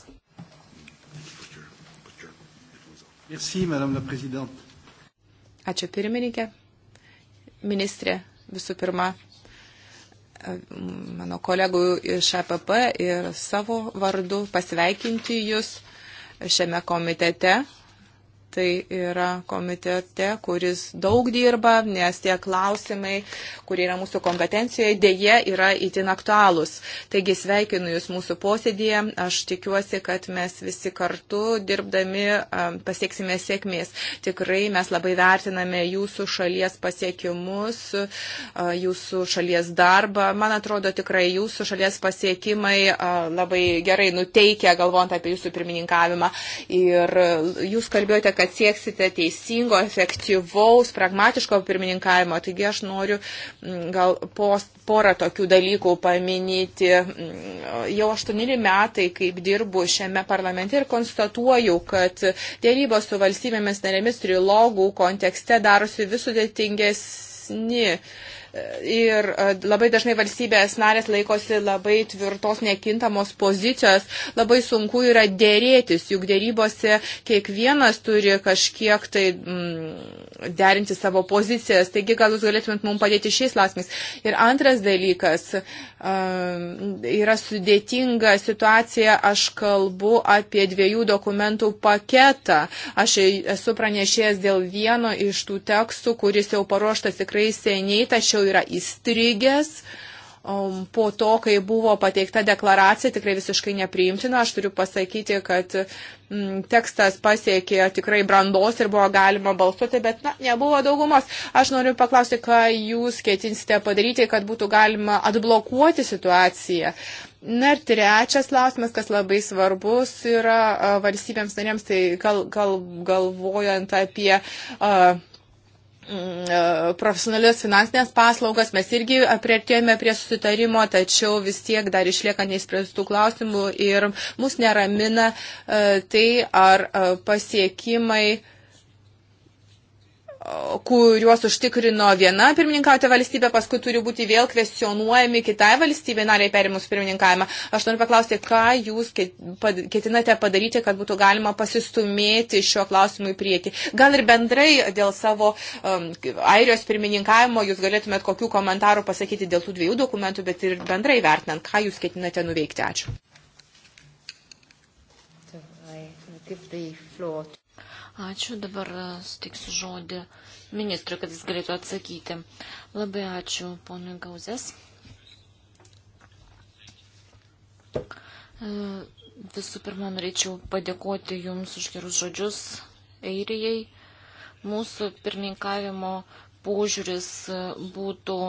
[SPEAKER 3] Ačiū pirmininkė. Ministrė, visų pirma, mano kolegų iš APP ir savo vardu pasveikinti Jūs šiame komitete tai yra komitete, kuris daug dirba, nes tie klausimai, kurie yra mūsų kompetencijoje, dėje yra itin aktualūs. Taigi sveikinu Jūs mūsų posėdėje. Aš tikiuosi, kad mes visi kartu dirbdami um, pasieksime sėkmės. Tikrai mes labai vertiname Jūsų šalies pasiekimus, uh, Jūsų šalies darbą. Man atrodo, tikrai Jūsų šalies pasiekimai uh, labai gerai nuteikia, galvojant apie Jūsų pirmininkavimą. Ir uh, Jūs kalbėjote, kad sieksite teisingo, efektyvaus, pragmatiško pirmininkavimo. Taigi aš noriu mm, gal post porą tokių dalykų paminyti. Mm, jau aštuoneri metai, kaip dirbu šiame parlamente ir konstatuoju, kad dėrybos su valstybėmis narėmis trilogų kontekste darosi vis sudėtingesni. Ir e, labai dažnai valstybės narės laikosi labai tvirtos nekintamos pozicijos. Labai sunku yra dėrėtis, juk dėrybose kiekvienas turi kažkiek tai mm, derinti savo pozicijas. Taigi gal jūs galėtumėt mums padėti šiais lasmais. Ir antras dalykas um, yra sudėtinga situacija. Aš kalbu apie dviejų dokumentų paketą. Aš esu pranešėjęs dėl vieno iš tų tekstų, kuris jau paruoštas tikrai seniai, tačiau yra įstrigęs. Uh, po to, kai buvo pateikta deklaracija, tikrai visiškai nepriimtina. Aš turiu pasakyti, kad mm, tekstas pasiekė tikrai brandos ir buvo galima balsuoti, bet na, nebuvo daugumos. Aš noriu paklausti, ką jūs ketinsite padaryti, kad būtų galima atblokuoti situaciją. Na ir trečias klausimas, kas labai svarbus yra valstybėms narėms, tai gal, gal, galvojant apie uh, Mm, e, profesionalius finansinės paslaugas, mes irgi prieartėjome prie susitarimo, tačiau vis tiek dar išlieka neįspręstų klausimų ir mus neramina e, tai, ar e, pasiekimai kuriuos užtikrino viena pirmininkauti valstybė, paskui turi būti vėl kvestionuojami kitai valstybė nariai perimus pirmininkavimą. Aš noriu paklausti, ką jūs ketinate padaryti, kad būtų galima pasistumėti šiuo klausimu į priekį. Gal ir bendrai dėl savo um, airijos pirmininkavimo jūs galėtumėt kokių komentarų pasakyti dėl tų dviejų dokumentų, bet ir bendrai vertinant, ką jūs ketinate nuveikti. Ačiū.
[SPEAKER 5] So I give the floor to Ačiū, dabar e, sutiksiu žodį ministrui, kad jis galėtų atsakyti. Labai ačiū ponui Gauzės. E, visų pirma, norėčiau padėkoti Jums už gerus žodžius Eirijai. Mūsų pirmininkavimo požiūris e, būtų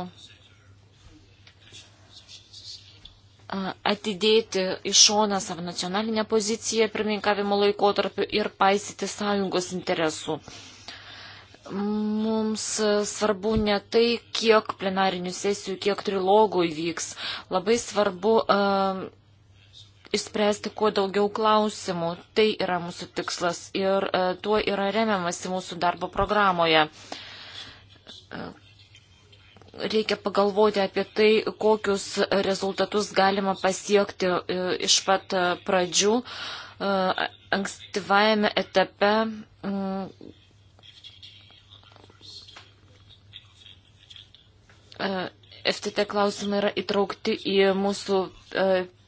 [SPEAKER 5] atidėti į šoną savo nacionalinę poziciją pirmininkavimo laikotarpiu ir paisyti sąjungos interesų. Mums svarbu ne tai, kiek plenarinių sesijų, kiek trilogų įvyks. Labai svarbu uh, išspręsti kuo daugiau klausimų. Tai yra mūsų tikslas ir uh, tuo yra remiamasi mūsų darbo programoje. Uh, reikia pagalvoti apie tai, kokius rezultatus galima pasiekti e, iš pat e, pradžių e, ankstyvajame etape. Mm, FTT klausimai yra įtraukti į mūsų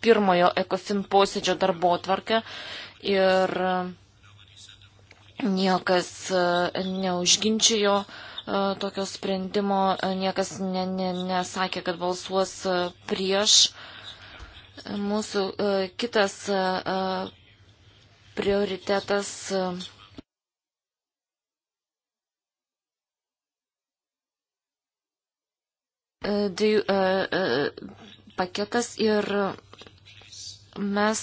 [SPEAKER 5] pirmojo ECOFIN posėdžio darbo tvarkę ir niekas neužginčijo E, tokio sprendimo, e, niekas ne, ne, nesakė, kad balsuos e, prieš. Mūsų kitas prioritetas. Dviejų paketas ir mes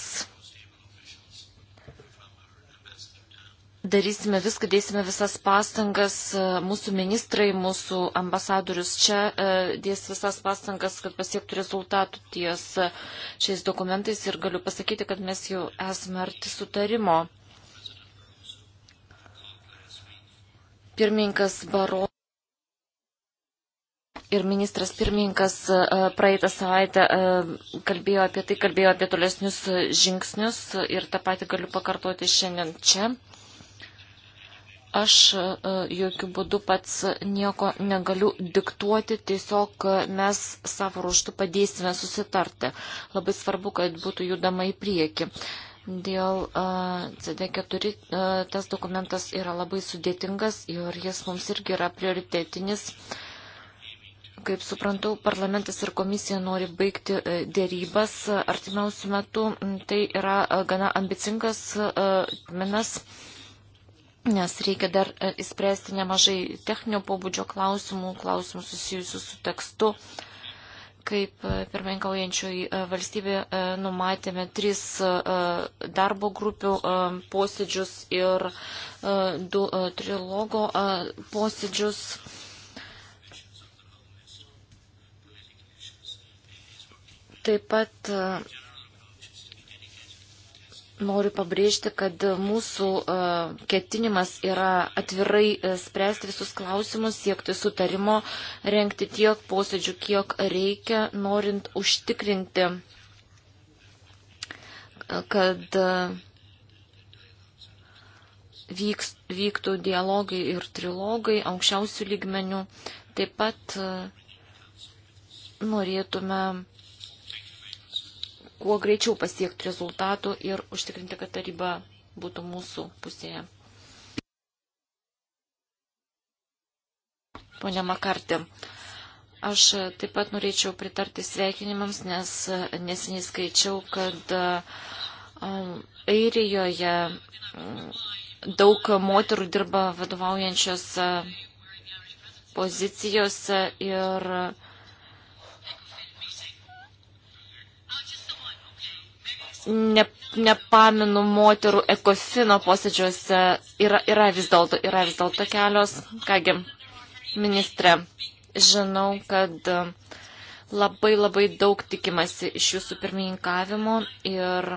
[SPEAKER 5] Darysime viską, dėsime visas pastangas, e, mūsų ministrai, mūsų ambasadorius čia e, dės visas pastangas, kad pasiektų rezultatų ties e, šiais dokumentais ir galiu pasakyti, kad mes jau esame arti sutarimo. Pirmininkas Baro ir ministras pirmininkas praeitą savaitę kalbėjo apie tai, kalbėjo apie tolesnius žingsnius ir tą patį galiu pakartoti šiandien čia. Aš e, jokių būdų pats nieko negaliu diktuoti, tiesiog mes savo ruoštų padėsime susitarti. Labai svarbu, kad būtų judama į priekį. Dėl e, CD4 e, tas dokumentas yra labai sudėtingas ir jis mums irgi yra prioritetinis. Kaip suprantu, parlamentas ir komisija nori baigti dėrybas artimiausių metų. Tai yra gana ambicingas terminas. Uh, nes reikia dar įspręsti e, nemažai techninio pobūdžio klausimų, klausimų susijusių su tekstu. Kaip e, pirmininkaujančioji e, valstybė numatėme tris darbo grupių posėdžius ir du trilogo posėdžius. Taip pat Noriu pabrėžti, kad mūsų e, ketinimas yra atvirai e, spręsti visus klausimus, siekti sutarimo, renkti tiek posėdžių, kiek reikia, norint užtikrinti, e, kad vyks, vyktų dialogai ir trilogai aukščiausių lygmenių. Taip pat norėtume kuo greičiau pasiekti rezultatų ir užtikrinti, kad taryba būtų mūsų pusėje. Pone Makartė, aš taip pat norėčiau pritarti sveikinimams, nes neseniai skaičiau, kad um, Airijoje um, daug moterų dirba vadovaujančios pozicijose ir uh, ne, nepaminu moterų ekofino posėdžiuose, yra, yra vis dėlto, yra vis dėlto kelios. Kągi, ministre, žinau, kad e, labai labai daug tikimasi iš jūsų pirmininkavimo ir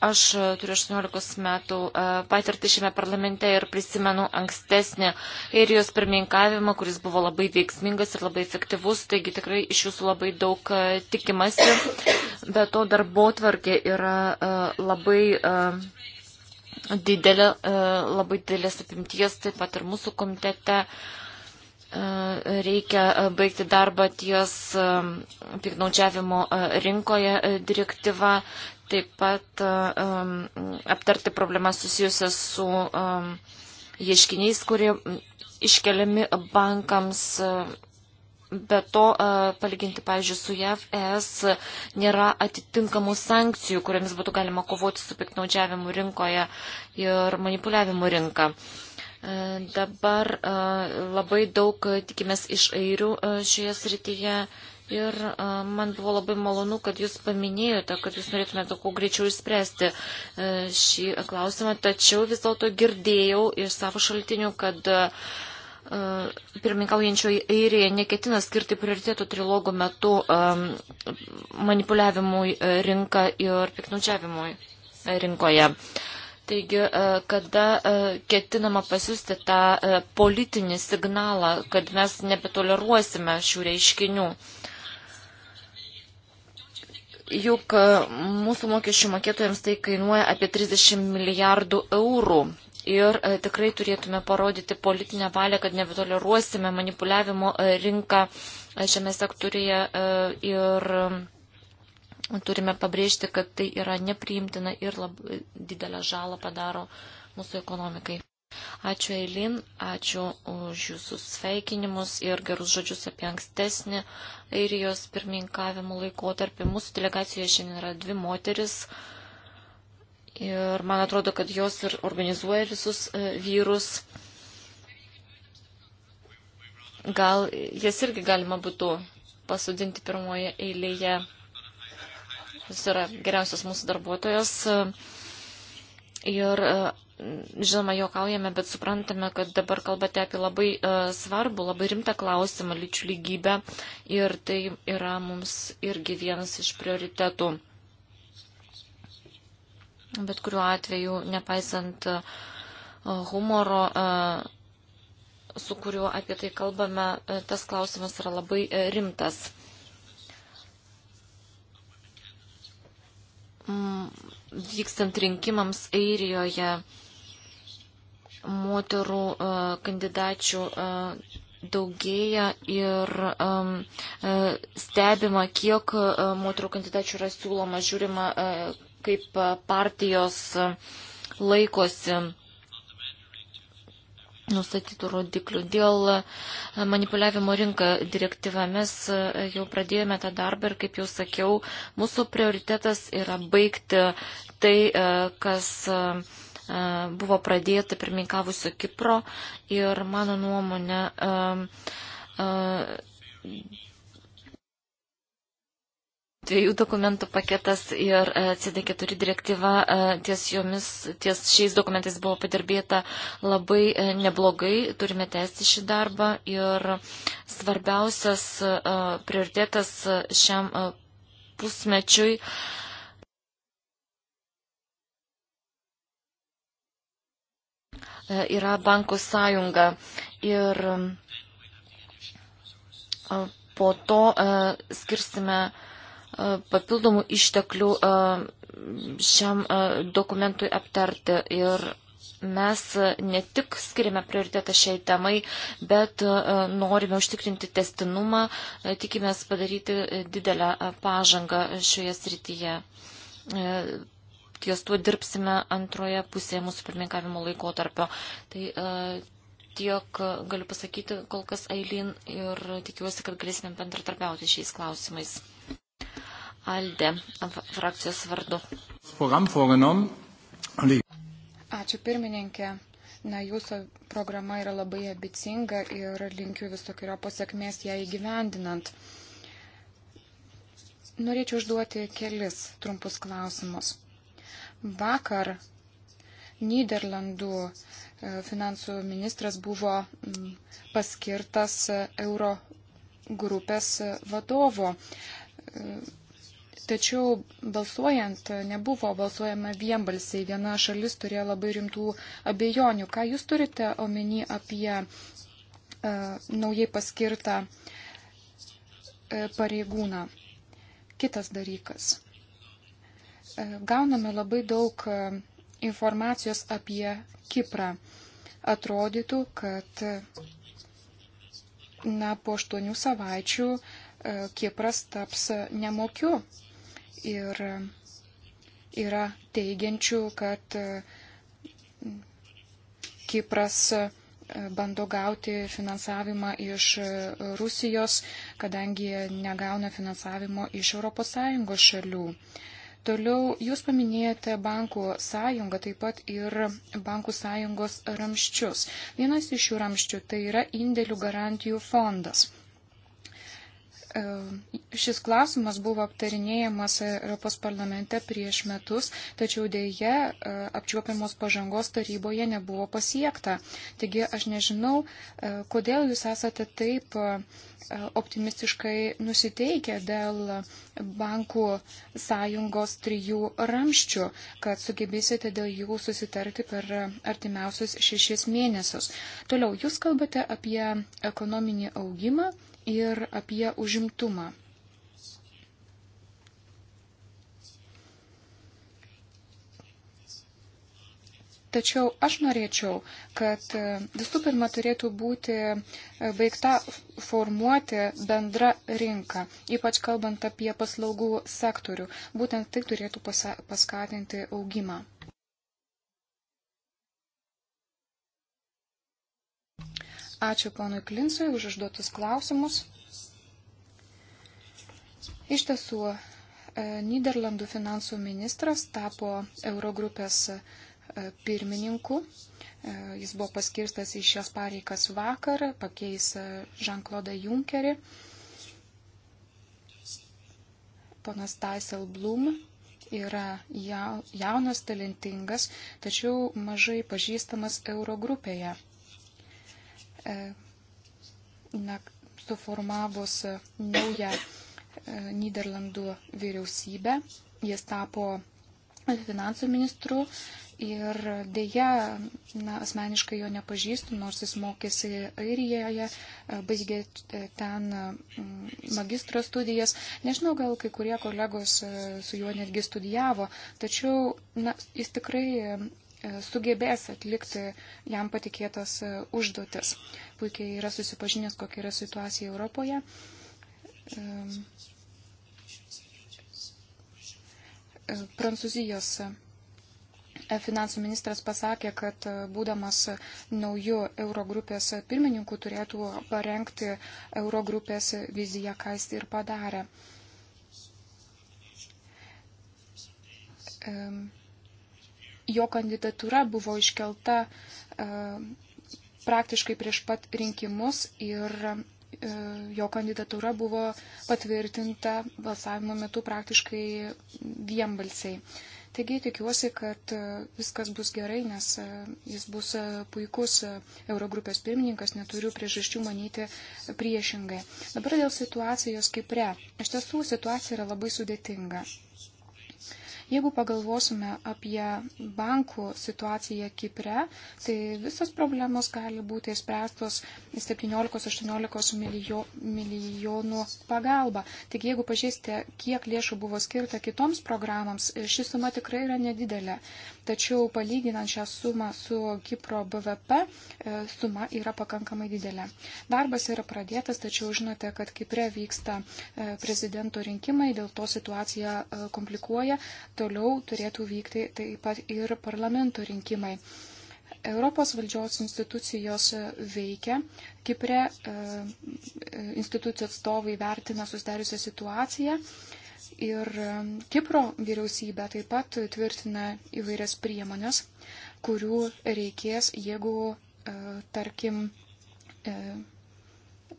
[SPEAKER 5] Aš e, turiu 18 metų e, patirtį šiame parlamente ir prisimenu ankstesnį airijos pirmininkavimą, kuris buvo labai veiksmingas ir labai efektyvus, taigi tikrai iš jūsų labai daug e, tikimasi. Be to darbo tvarkė yra labai didelė, labai didelės apimties, taip pat ir mūsų komitete reikia baigti darbą ties piknaudžiavimo rinkoje direktyva taip pat um, aptarti problemas susijusias su um, ieškiniais, kurie iškeliami bankams. Be to, uh, palyginti, pavyzdžiui, su JAV, ES nėra atitinkamų sankcijų, kuriamis būtų galima kovoti su piknaudžiavimu rinkoje ir manipuliavimu rinka. Uh, dabar uh, labai daug tikimės iš airių šioje srityje. Uh, Ir a, man buvo labai malonu, kad jūs paminėjote, kad jūs norėtumėte kuo greičiau išspręsti e, šį klausimą, tačiau vis dėlto girdėjau iš savo šaltinių, kad a, pirmininkaujančioji Airija neketina skirti prioritėtų trilogų metu um, manipuliavimui rinką ir piknaudžiavimui rinkoje. Taigi, kada ketinama pasiūsti tą politinį signalą, kad mes nebetoleruosime šių reiškinių. Uh, juk e, mūsų mokesčių mokėtojams tai kainuoja apie 30 milijardų eurų. Ir e, tikrai turėtume parodyti politinę valią, kad nebetoleruosime manipuliavimo e, rinką šiame sektorėje ir turime pabrėžti, kad tai yra nepriimtina ir labai didelę žalą padaro mūsų ekonomikai. Ačiū Eilin, ačiū už jūsų sveikinimus ir gerus žodžius apie ankstesnį Airijos pirmininkavimo laikotarpį. Mūsų delegacijoje šiandien yra dvi moteris ir man atrodo, kad jos ir organizuoja visus e, vyrus. Gal jas irgi galima būtų pasodinti pirmoje eilėje. Jis yra geriausias mūsų darbuotojas. E, ir e, žinoma, juokaujame, bet suprantame, kad dabar kalbate apie labai e, svarbu, labai rimtą klausimą - lyčių lygybę. Ir tai yra mums irgi vienas iš prioritetų. Bet kuriuo atveju, nepaisant e, humoro, e, su kuriuo apie tai kalbame, tas klausimas yra labai rimtas. Mm, vykstant rinkimams Airijoje, moterų e, kandidačių e, daugėja ir um, stebima, kiek moterų kandidačių yra siūloma, žiūrima, kaip partijos laikosi nustatytų rodiklių. Dėl manipuliavimo rinką direktyvą mes jau pradėjome tą darbą ir, kaip jau sakiau, mūsų prioritetas yra baigti tai, kas buvo pradėta pirmininkavusio Kipro ir mano nuomonė dviejų dokumentų paketas ir CD4 direktyva, ties, jomis, ties šiais dokumentais buvo padirbėta labai neblogai, turime tęsti šį darbą ir svarbiausias prioritetas šiam pusmečiui E, yra bankų sąjunga. Ir e, po to e, skirsime papildomų išteklių šiam dokumentui aptarti. Ir mes ne tik skiriame prioritetą šiai temai, bet norime užtikrinti testinumą, tikimės padaryti didelę pažangą šioje srityje ties tuo dirbsime antroje pusėje mūsų pirmininkavimo laikotarpio. Tai e, tiek galiu pasakyti kol kas Ailin ir tikiuosi, kad galėsime bendratarpiauti šiais klausimais. Alde, frakcijos vardu.
[SPEAKER 2] Ačiū pirmininkė. Na, jūsų programa yra labai abicinga ir linkiu visokio pasiekmės ją įgyvendinant. Norėčiau užduoti kelis trumpus klausimus. Vakar Niderlandų e, finansų ministras buvo paskirtas e, euro grupės e, vadovu. Tačiau balsuojant nebuvo balsuojama vienbalsiai. Viena šalis turėjo labai rimtų abejonių. Ką jūs turite omeny apie uh, naujai paskirtą uh, pareigūną? Kitas dalykas. E, gauname labai daug e, informacijos apie Kiprą. Atrodytų, kad e, na, po aštuonių savaičių Kipras taps nemokiu. Ir yra teigiančių, kad Kipras bando gauti finansavimą iš Rusijos, kadangi negauna finansavimo iš ES šalių. Toliau jūs paminėjote bankų sąjungą, taip pat ir bankų sąjungos ramščius. Vienas iš šių ramščių tai yra indėlių garantijų fondas. E, šis klausimas buvo aptarinėjamas Europos parlamente prieš metus, tačiau dėje e, apčiuopiamos pažangos taryboje nebuvo pasiekta. Taigi aš nežinau, e, kodėl jūs esate taip optimistiškai nusiteikę dėl bankų sąjungos trijų ramščių, kad sugebėsite dėl jų susitarti per artimiausius šešis mėnesius. Toliau, jūs kalbate apie ekonominį augimą ir apie užimtumą. Tačiau aš norėčiau, kad e, visų pirma turėtų būti e, baigta formuoti bendra rinka, ypač kalbant apie paslaugų sektorių. Būtent tai turėtų paskatinti augimą. Ačiū ponui Klinsui už užduotus klausimus. Iš tiesų, e, Niderlandų finansų ministras tapo Eurogrupės e, pirmininku. E, jis buvo paskirstas į šias pareikas vakar, pakeis Žanklodą Junkerį. Ponas Taisel Blum yra jaunas, talentingas, tačiau mažai pažįstamas Eurogrupėje. E, na, suformavus e, naują e, Niderlandų vyriausybę. Jis tapo finansų ministru ir dėja, na, asmeniškai jo nepažįstu, nors jis mokėsi Airijoje, baigė ten magistro studijas. Nežinau, gal kai kurie kolegos su juo netgi studijavo, tačiau na, jis tikrai E, sugebės atlikti jam patikėtas e, užduotis. Puikiai yra susipažinęs, kokia yra situacija Europoje. E, Prancūzijos finansų ministras pasakė, kad būdamas naujų Eurogrupės pirmininkų turėtų parengti Eurogrupės viziją, ką jis ir padarė. Um jo kandidatūra buvo iškelta e, praktiškai prieš pat rinkimus ir e, jo kandidatūra buvo patvirtinta balsavimo metu praktiškai vienbalsiai. Taigi tikiuosi, kad e, viskas bus gerai, nes jis bus puikus Eurogrupės pirmininkas, neturiu priežasčių manyti priešingai. Dabar dėl situacijos Kipre. Iš tiesų situacija yra labai sudėtinga. Jeigu pagalvosime apie bankų situaciją Kipre, tai visas problemos gali būti spręstos 17-18 milijo, milijonų pagalba. Tik jeigu pažiūrėsite, kiek lėšų buvo skirta kitoms programams, ši suma tikrai yra nedidelė. Tačiau palyginant šią sumą su Kipro BVP, e, suma yra pakankamai didelė. Darbas yra pradėtas, tačiau žinote, kad Kipre vyksta e, prezidento rinkimai, dėl to situacija e, komplikuoja toliau turėtų vykti taip pat ir parlamento rinkimai. Europos valdžios institucijos veikia. Kipre e, institucijų atstovai vertina susidariusią situaciją ir e, Kipro vyriausybė taip pat tvirtina įvairias priemonės, kurių reikės, jeigu, e, tarkim,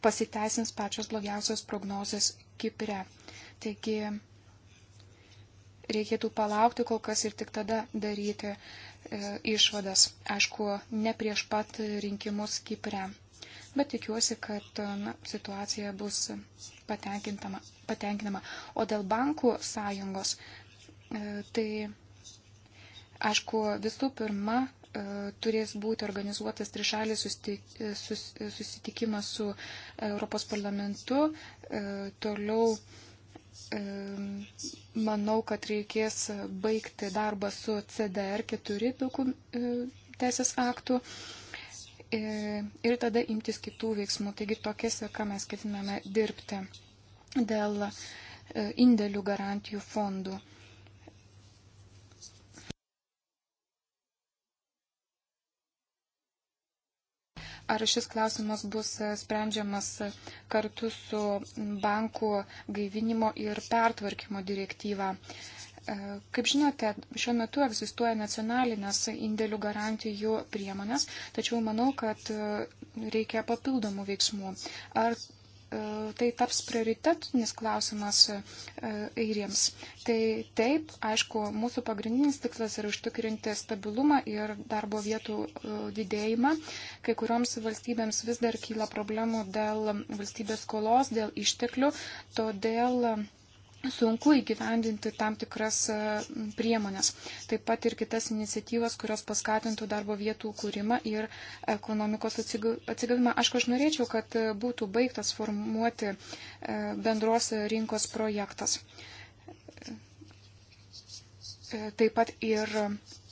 [SPEAKER 2] pasiteisins pačios blogiausios prognozės Kipre. Taigi, reikėtų palaukti kol kas ir tik tada daryti e, išvadas, aišku, ne prieš pat rinkimus Kipre. Bet tikiuosi, kad e, na, situacija bus patenkinama. O dėl bankų sąjungos, e, tai aišku, visų pirma, turės būti organizuotas trišalis susitikimas su Europos parlamentu, toliau manau, kad reikės baigti darbą su CDR 4 e, teisės aktų e, ir tada imtis kitų veiksmų. Taigi tokias, ką mes ketiname dirbti dėl e, indėlių garantijų fondų. ar šis klausimas bus e, sprendžiamas e, kartu su bankų gaivinimo ir pertvarkymo direktyva. E, kaip žinote, šiuo metu egzistuoja nacionalinės indėlių garantijų priemonės, tačiau manau, kad reikia papildomų veiksmų. Ar E, tai taps prioritetinis klausimas airiems. E, tai taip, aišku, mūsų pagrindinis tikslas yra užtikrinti stabilumą ir darbo vietų e, didėjimą. Kai kurioms valstybėms vis dar kyla problemų dėl valstybės skolos, dėl išteklių, todėl sunku įgyvendinti tam tikras e, priemonės. Taip pat ir kitas iniciatyvas, kurios paskatintų darbo vietų kūrimą ir ekonomikos atsigavimą. Aš aš norėčiau, kad e, būtų baigtas formuoti e, bendros rinkos projektas. Taip pat ir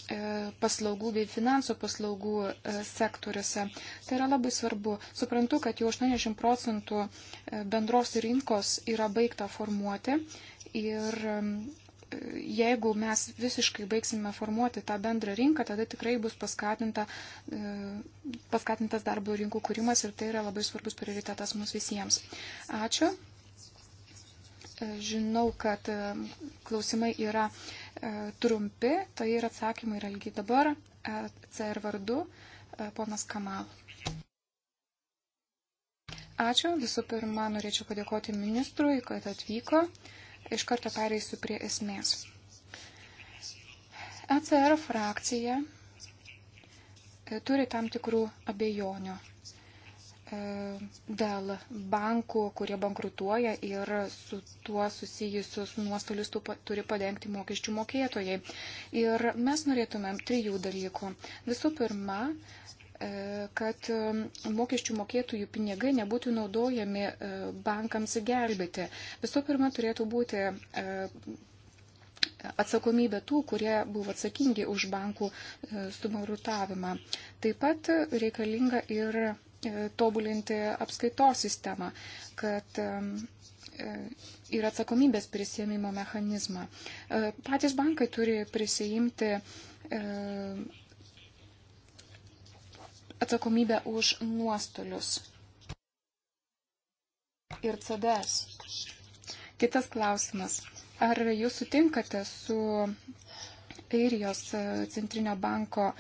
[SPEAKER 2] E, paslaugų bei finansų paslaugų e, sektoriuose. Tai yra labai svarbu. Suprantu, kad jau 80 procentų e, bendros rinkos yra baigta formuoti ir jeigu mes visiškai baigsime formuoti tą bendrą rinką, tada tikrai bus paskatinta, paskatintas darbo rinkų kūrimas ir tai yra labai svarbus prioritetas mums visiems. Ačiū. Žinau, kad klausimai yra E, trumpi, tai ir atsakymai yra ilgi. Dabar e, CR vardu e, ponas Kamal. Ačiū. Visų pirma, norėčiau padėkoti ministrui, kad atvyko. Iš karto pereisiu prie esmės. ECR frakcija turi tam tikrų abejonių dėl bankų, kurie bankrutuoja ir su tuo susijusius nuostolius turi padengti mokesčių mokėtojai. Ir mes norėtumėm trijų dalykų. Visų pirma, e, kad e, mokesčių mokėtojų pinigai nebūtų naudojami e, bankams gelbėti. Visų pirma, turėtų būti atsakomybė tų, kurie buvo atsakingi už bankų sumarutavimą. Taip pat reikalinga ir E, tobulinti apskaitos sistemą, kad e, e, ir atsakomybės prisėmimo mechanizmą. Patys bankai turi prisijimti atsakomybę už nuostolius ir CDS. Kitas klausimas. Ar jūs sutinkate su Airijos centrinio banko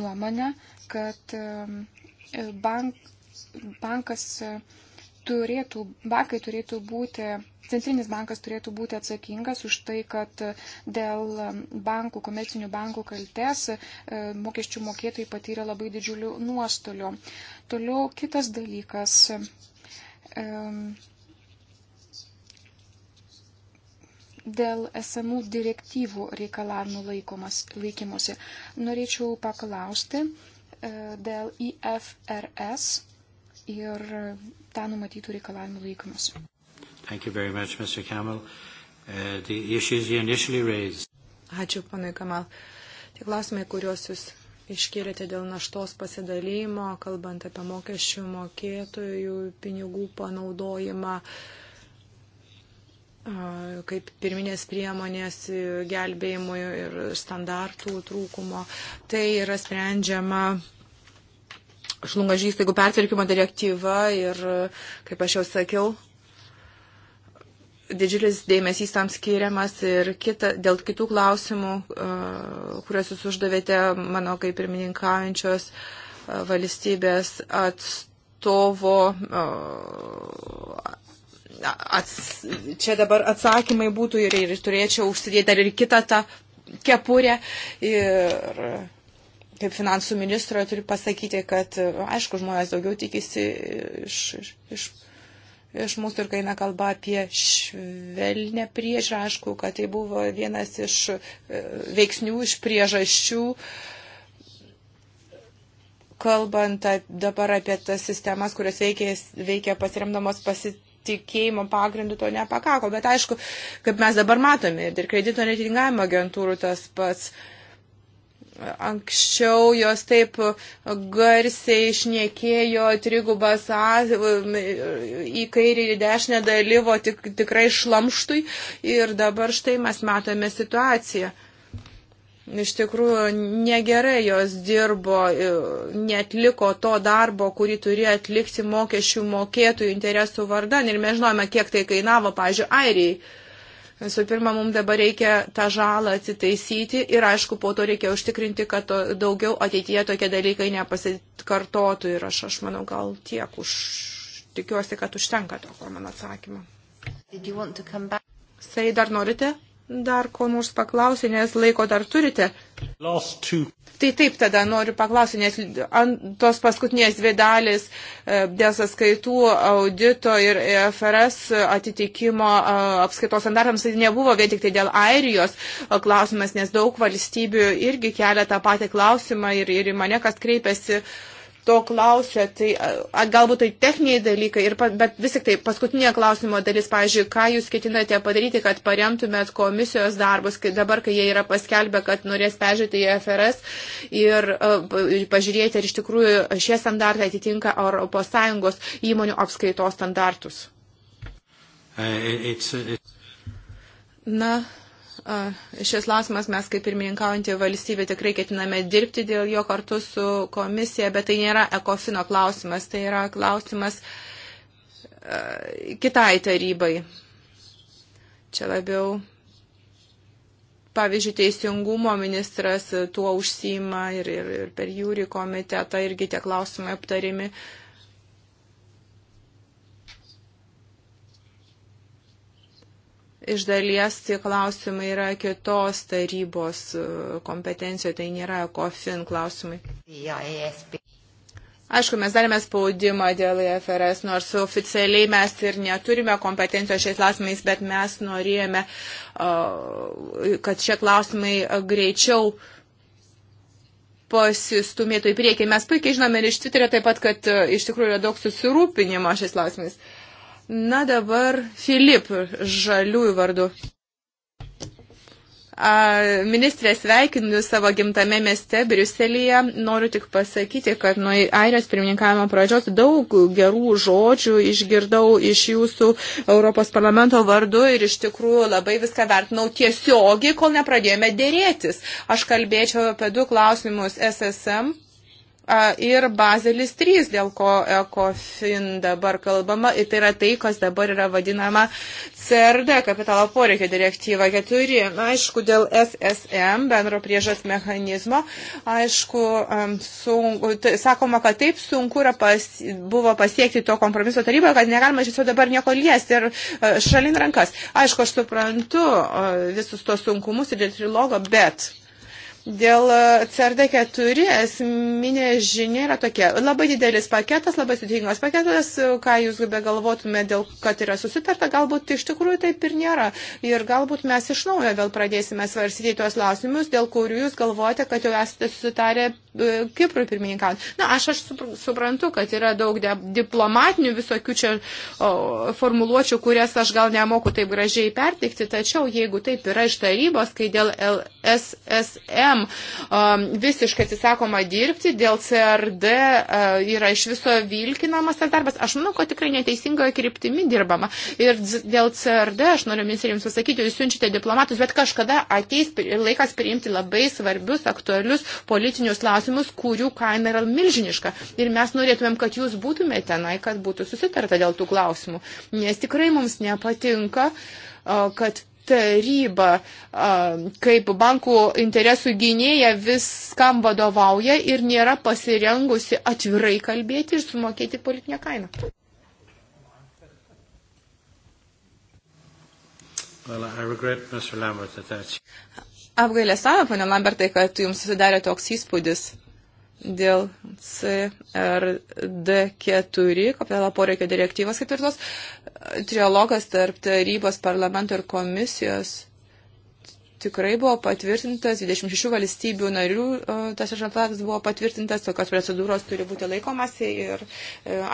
[SPEAKER 2] nuomonė, kad bank, bankas turėtų, bankai turėtų būti, centrinis bankas turėtų būti atsakingas už tai, kad dėl bankų, komercinių bankų kaltes e, mokesčių mokėtojai patyrė labai didžiulių nuostolių. Toliau kitas dalykas. Dėl esamų direktyvų reikalavimų laikymosi norėčiau paklausti, E, dėl IFRS ir tą numatytų reikalavimų laikymas.
[SPEAKER 4] Uh,
[SPEAKER 2] Ačiū, panai Kamal. Tie klausimai,
[SPEAKER 3] kuriuos jūs iškėlėte dėl naštos pasidalymo, kalbant apie mokesčių mokėtojų pinigų panaudojimą kaip pirminės priemonės gelbėjimui ir standartų trūkumo. Tai yra sprendžiama šlungažiai įstaigų pertvarkymo direktyva ir, kaip aš jau sakiau, didžiulis dėmesys tam skiriamas ir kita, dėl kitų klausimų, e, kuriuos jūs uždavėte, mano kaip pirmininkaujančios e, valstybės atstovo. E, ats, čia dabar atsakymai būtų ir, ir turėčiau užsidėti dar ir kitą tą kepurę. Ir kaip finansų ministro turiu pasakyti, kad aišku, žmonės daugiau tikisi iš, iš, iš, iš mūsų ir kai eina kalba apie švelnę priežiūrą, aišku, kad tai buvo vienas iš e, veiksnių, iš priežasčių. Kalbant dabar apie tas sistemas, kurios veikia, veikia pasiremdamos pasitikėjimu tikėjimo pagrindu to nepakako. Bet aišku, kaip mes dabar matome, ir kredito reitingavimo agentūrų tas pats. Uh, Anksčiau jos taip garsiai išniekėjo trigubas A, į kairį ir į dešinę dalyvo tik, tikrai šlamštui ir dabar štai mes matome situaciją. Iš tikrųjų, negerai jos dirbo, netliko to darbo, kurį turėjo atlikti mokesčių mokėtojų interesų vardan ir mes žinome, kiek tai kainavo, pažiūrėjau, Airijai Visų pirma, mums dabar reikia tą žalą atitaisyti ir, aišku, po to reikia užtikrinti, kad to, daugiau ateityje tokie dalykai nepasikartotų. Ir aš, aš manau, gal tiek už. Tikiuosi, kad užtenka to mano atsakymo. Said, dar norite dar ko nors paklausė, nes laiko dar turite. Tai taip tada noriu paklausyti, nes ant tos paskutinės dvi dalis e, dėl sąskaitų audito ir e FRS atitikimo e, apskaitos standartams tai nebuvo vien tik tai dėl Airijos klausimas, nes daug valstybių irgi kelia tą patį klausimą ir, ir į mane kas kreipiasi. Uh, to klausia, tai a, galbūt tai techniniai dalykai, ir, bet vis tik tai paskutinė klausimo dalis, pavyzdžiui, ką jūs ketinate padaryti, kad paremtumėt komisijos darbus, kai dabar, kai jie yra paskelbę, kad norės peržiūrėti į FRS ir a, pažiūrėti, ar iš tikrųjų šie standartai atitinka ES įmonių apskaitos standartus.
[SPEAKER 4] Uh,
[SPEAKER 3] Na, Šis klausimas mes kaip pirmininkaujantį valstybę tikrai ketiname dirbti dėl jo kartu su komisija, bet tai nėra ekofino klausimas, tai yra klausimas kitai tarybai. Čia labiau, pavyzdžiui, teisingumo ministras tuo užsima ir, ir, ir per jūrį komitetą irgi tie klausimai aptarimi. Uh, Iš dalies tie klausimai yra kitos tarybos e, kompetencijoje, tai nėra COFIN klausimai. Aišku, mes darėme spaudimą dėl IFRS, e nors oficialiai mes ir neturime kompetencijos šiais klausimais, bet mes norėjome, e, kad šie klausimai greičiau pasistumėtų į priekį. Mes puikiai žinome ir iš Twitterio taip pat, kad iš tikrųjų yra daug susirūpinimo šiais klausimais. Na dabar Filip žaliųjų vardu. A, ministrė sveikinu savo gimtame mieste Briuselėje. Noriu tik pasakyti, kad nuo Airijos pirmininkavimo pradžios daug gerų žodžių išgirdau iš jūsų Europos parlamento vardu ir iš tikrųjų labai viską vertinau tiesiogiai, kol nepradėjome dėrėtis. Aš kalbėčiau apie du klausimus SSM ir Bazelis 3, dėl ko ECOFIN dabar kalbama, tai yra tai, kas dabar yra vadinama CRD, kapitalo poreikio direktyva 4. Aišku, dėl SSM, bendro priežas mechanizmo, aišku, sunku, tai, sakoma, kad taip sunku pas, buvo pasiekti to kompromiso taryboje, kad negalima iš viso dabar nieko liesti ir e, šalin rankas. Aišku, aš suprantu e, visus tos sunkumus ir dėl trilogo, bet Dėl e, CRD4 esminė žinia yra tokia. Labai didelis paketas, labai sudėtingas paketas, e, ką jūs begalvotume, dėl kad yra susitarta, galbūt iš tikrųjų taip ir nėra. Ir galbūt mes iš naujo vėl pradėsime svarstyti tuos lausimus, dėl kurių jūs galvojate, kad jau esate susitarę e, Kiprui pirmininkant. Na, aš, aš suprantu, kad yra daug diplomatinių visokių čia o, formuluočių, kurias aš gal nemoku taip gražiai pertikti, tačiau jeigu taip yra iš tarybos, kai dėl LSSM kam visiškai atsisakoma dirbti, dėl CRD yra iš viso vilkinamas tas darbas. Aš manau, kad tikrai neteisingoje kryptimi dirbama. Ir dėl CRD, aš noriu ministeriams pasakyti, jūs siunčiate diplomatus, bet kažkada ateis laikas priimti labai svarbius, aktualius politinius klausimus, kurių kaina yra milžiniška. Ir mes norėtumėm, kad jūs būtumėte tenai, kad būtų susitarta dėl tų klausimų. Nes tikrai mums nepatinka, kad taryba kaip bankų interesų gynėja viskam vadovauja ir nėra pasirengusi atvirai kalbėti ir sumokėti politinę kainą. Well,
[SPEAKER 4] regret, Lambert,
[SPEAKER 3] Apgailę savę, ponė Lambertai, kad jums susidarė toks įspūdis dėl CRD4, kapitalo poreikio direktyvas ketvirtos, trialogas tarp tarybos, parlamento ir komisijos tikrai buvo patvirtintas, 26 valstybių narių tas rezultatas buvo patvirtintas, tokios procedūros turi būti laikomasi ir e,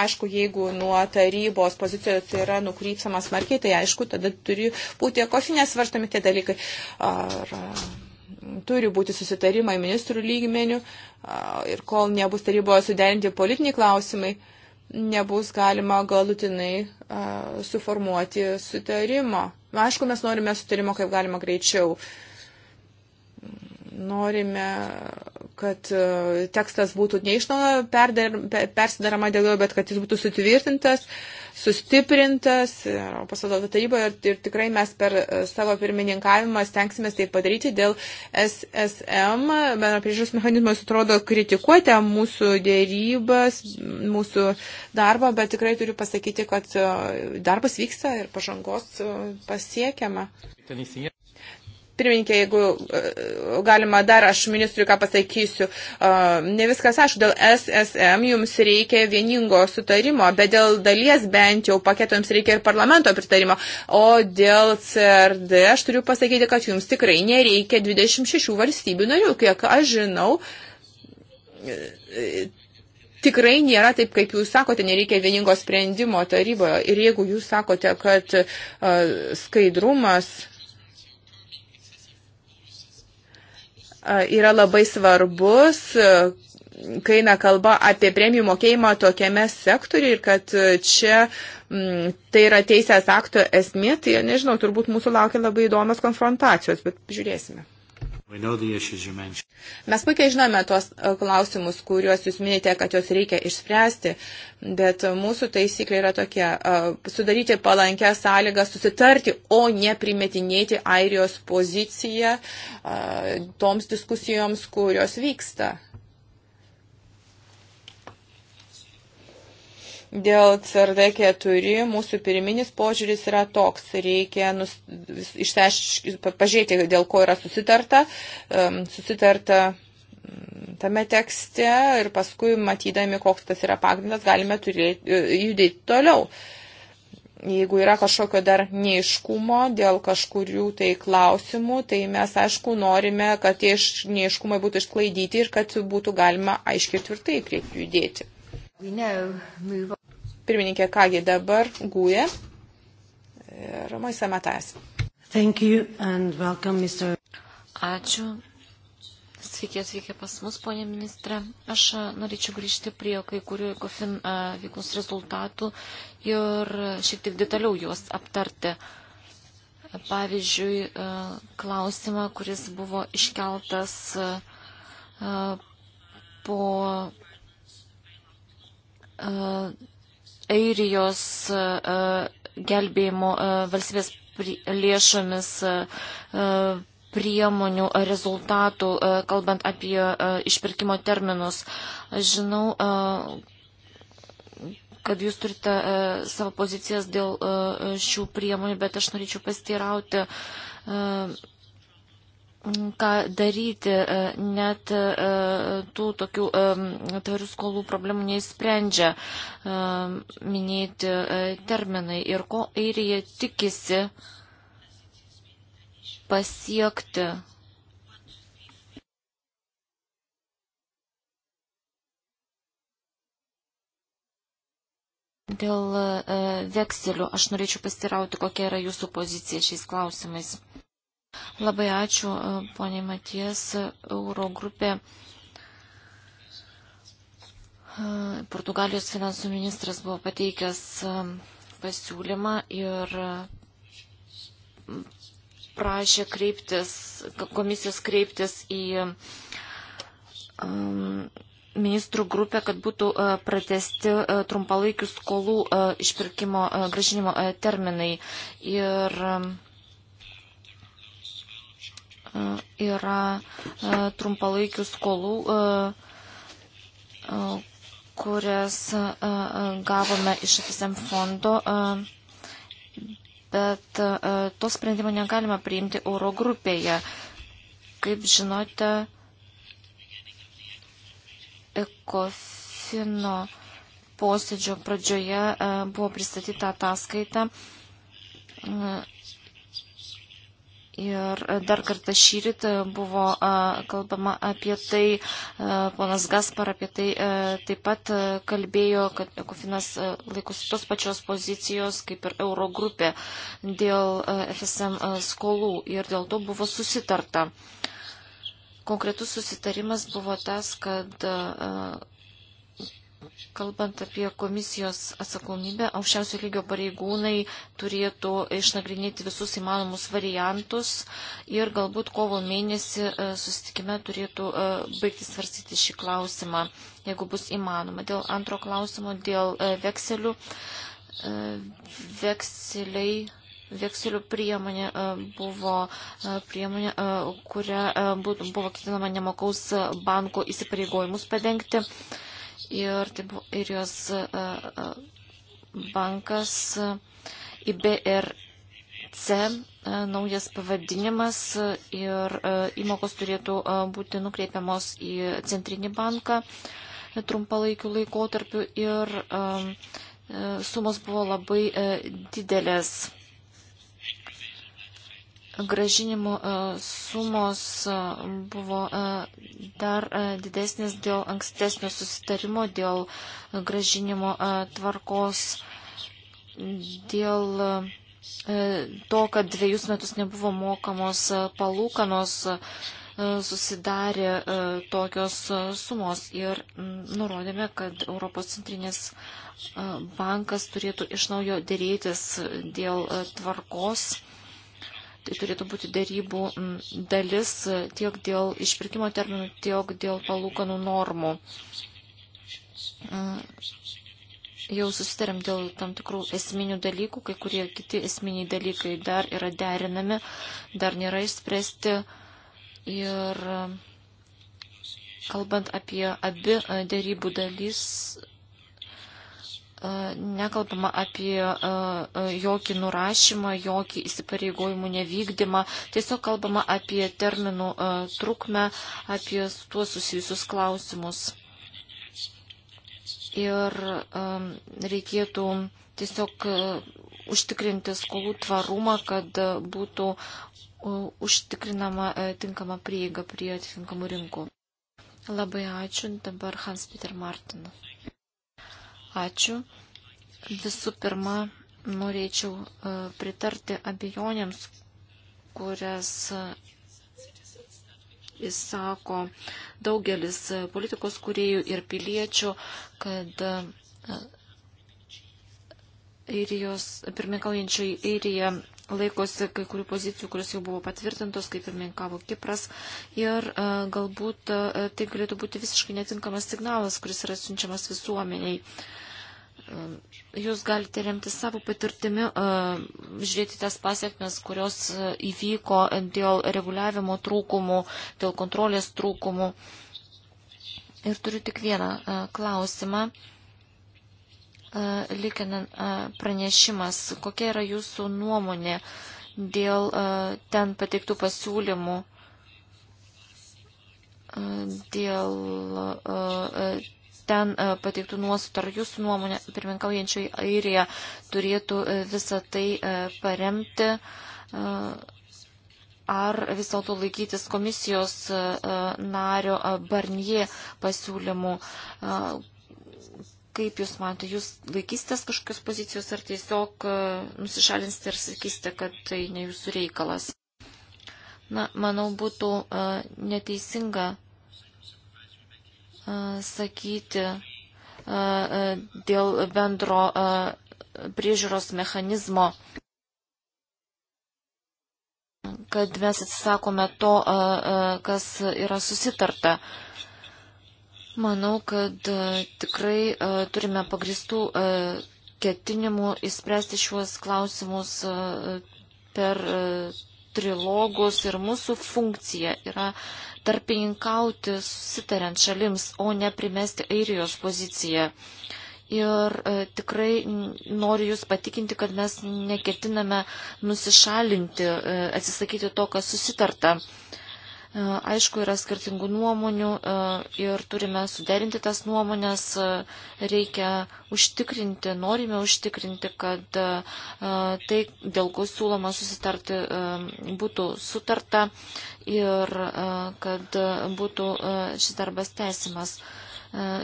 [SPEAKER 3] aišku, jeigu nuo tarybos pozicijos tai yra nukrypsamas markiai, tai aišku, tada turi būti ekofinės svarstami tie dalykai. Ar, turi būti susitarimai ministrų lygmenių ir kol nebus taryboje suderinti politiniai klausimai, nebus galima galutinai suformuoti sutarimo. Aišku, mes norime sutarimo kaip galima greičiau. Uh, norime, kad e, tekstas būtų ne iš naujo persidarama dėl jo, bet kad jis būtų sutvirtintas, sustiprintas Europos vadovų taryboje ir, ir tikrai mes per e, savo pirmininkavimą stengsime tai padaryti dėl SSM. Bendro priežiūros mechanizmas atrodo kritikuoti mūsų dėrybas, mūsų darbą, bet tikrai turiu pasakyti, kad e, darbas vyksta ir pažangos pasiekiama. Pirmininkė, jeigu e, galima dar aš ministrui ką pasakysiu, e, ne viskas aišku, dėl SSM jums reikia vieningo sutarimo, bet dėl dalies bent jau paketo jums reikia ir parlamento pritarimo, o dėl CRD aš turiu pasakyti, kad jums tikrai nereikia 26 valstybių narių, kiek aš žinau
[SPEAKER 4] e,
[SPEAKER 3] tikrai nėra taip, kaip jūs sakote, nereikia vieningo sprendimo taryboje. Ir jeigu jūs sakote, kad uh, skaidrumas yra labai svarbus, kai eina kalba apie premijų mokėjimą tokiame sektoriu ir kad čia m, tai yra teisės akto esmė, tai nežinau, turbūt mūsų laukia labai įdomios konfrontacijos, bet žiūrėsime. Mes puikiai žinome tuos e, klausimus, kuriuos jūs minite, kad juos reikia išspręsti, bet mūsų taisyklė yra tokia e, - sudaryti palankę sąlygą, susitarti, o ne primetinėti Airijos poziciją e, toms diskusijoms, kurios vyksta. Dėl CRD4 mūsų pirminis požiūris yra toks. Reikia nus, pažiūrėti, dėl ko yra susitarta. Um, susitarta mm, tame tekste ir paskui matydami, koks tas yra pagrindas, galime turėti, e, judėti toliau. Jeigu yra kažkokio dar neiškumo dėl kažkurių tai klausimų, tai mes aišku norime, kad tie neiškumai būtų išklaidyti ir kad būtų galima aiškiai ir tvirtai prieki judėti.
[SPEAKER 1] Pirmininkė,
[SPEAKER 3] kągi dabar gūja ir Moisa Matas.
[SPEAKER 4] Welcome, Mr.
[SPEAKER 5] Ačiū. Sveiki atvykę pas mus, ponė ministrė. Aš norėčiau grįžti prie kai kurių kofin veiklos rezultatų ir šiek tiek detaliau juos aptarti. Pavyzdžiui, klausimą, kuris buvo iškeltas po E, Airijos e, e, gelbėjimo valstybės lėšomis priemonių rezultatų, kalbant apie išpirkimo terminus. Žinau, kad jūs turite savo pozicijas dėl šių priemonių, bet aš norėčiau pastirauti ką daryti, e, net e, tų tokių e, tvarių skolų problemų neįsprendžia minėti terminai ir ko Airija tikisi pasiekti. Dėl vekselių aš norėčiau pasirauti, kokia yra jūsų pozicija šiais klausimais. Labai ačiū, e, poniai Maties, e, Eurogrupė. E, Portugalijos finansų ministras buvo pateikęs pasiūlymą ir prašė kreiptis, komisijos kreiptis į um, ministrų grupę, kad būtų uh, pratesti uh, trumpalaikių skolų uh, išpirkimo uh, gražinimo uh, terminai. Ir, um, yra e, trumpalaikių skolų, e, e, kurias gavome iš FSM fondo, bet to sprendimo negalima priimti euro grupėje. Kaip žinote, ekofino posėdžio pradžioje buvo pristatyta ataskaita Ir dar kartą šyrit e, buvo e, kalbama apie tai, e, ponas Gaspar apie tai taip pat kalbėjo, kad Ekofinas laikosi tos pačios pozicijos kaip ir Eurogrupė dėl FSM skolų ir dėl to buvo susitarta. Konkretus susitarimas buvo tas, kad Kalbant apie komisijos atsakomybę, aukščiausio lygio pareigūnai turėtų išnagrinėti visus įmanomus variantus ir galbūt kovo mėnesį e, susitikime turėtų e, baigti svarstyti šį klausimą, jeigu bus įmanoma. Dėl antro klausimo, dėl e, vekselių, vekseliai vekselių priemonė buvo priemonė, kuria buvo ketinama nemokaus banko įsipareigojimus padengti ir, tai buvo, ir jos e, e, bankas e, IBRC naujas pavadinimas ir įmokos turėtų būti nukreipiamos į centrinį banką trumpalaikiu laikotarpiu ir sumos buvo labai didelės gražinimų e, sumos e, buvo e, dar didesnės dėl ankstesnio susitarimo, dėl gražinimo tvarkos, dėl to, kad dviejus metus nebuvo mokamos palūkanos, susidarė tokios sumos ir nurodėme, kad Europos centrinės bankas turėtų iš naujo dėrėtis dėl tvarkos Tai turėtų būti dėrybų mm, dalis tiek dėl išpirkimo terminų, tiek dėl palūkanų normų. Mm, jau susitarėm dėl tam tikrų esminių dalykų, kai kurie kiti esminiai dalykai dar yra derinami, dar nėra išspręsti. Ir mm, kalbant apie abi e, dėrybų dalis, Nekalbama apie jokį nurašymą, jokį įsipareigojimų nevykdymą, tiesiog kalbama apie terminų trukmę, apie tuos susijusius klausimus. Ir reikėtų tiesiog užtikrinti skolų tvarumą, kad būtų užtikrinama tinkama prieiga prie atitinkamų rinkų. Labai ačiū. Dabar Hans Peter Martinas. Ačiū. Visų pirma, norėčiau e, pritarti abejonėms, kurias e, įsako daugelis politikos kuriejų ir piliečių, kad e, airijos, pirmikaujančioji airija laikosi kai kurių pozicijų, kurios jau buvo patvirtintos, kaip ir menkavo Kipras. Ir e, galbūt e, tai galėtų būti visiškai netinkamas signalas, kuris yra siunčiamas visuomeniai. E, jūs galite remti savo patirtimi, žiūrėti tas pasiekmes, kurios įvyko dėl reguliavimo trūkumų, dėl kontrolės trūkumų. Ir turiu tik vieną klausimą Likinen pranešimas. Kokia yra jūsų nuomonė dėl ten pateiktų pasiūlymų, dėl ten pateiktų nuostatų, ar jūsų nuomonė pirminkaujančioji Airija turėtų visą tai paremti, ar vis dėlto laikytis komisijos nario Barnie pasiūlymų, Kaip Jūs matote, Jūs laikysitės kažkokios pozicijos ar tiesiog e, nusišalinsite ir sakysite, kad tai ne Jūsų reikalas? Na, manau, būtų uh, neteisinga uh, sakyti uh, dėl bendro priežiūros mechanizmo, kad mes atsisakome to, kas yra susitarta. Manau, kad e, tikrai e, turime pagristų e, ketinimų įspręsti šiuos klausimus per trilogus ir mūsų funkcija yra tarpininkauti susitariant šalims, o ne primesti Airijos poziciją. Ir e, tikrai noriu Jūs patikinti, kad mes neketiname nusišalinti, e, atsisakyti to, kas susitarta. E, E, aišku, yra skirtingų nuomonių e, ir turime suderinti tas nuomonės, e, reikia užtikrinti, norime užtikrinti, kad tai, dėl ko siūloma susitarti, būtų sutarta ir kad būtų šis darbas tęsimas.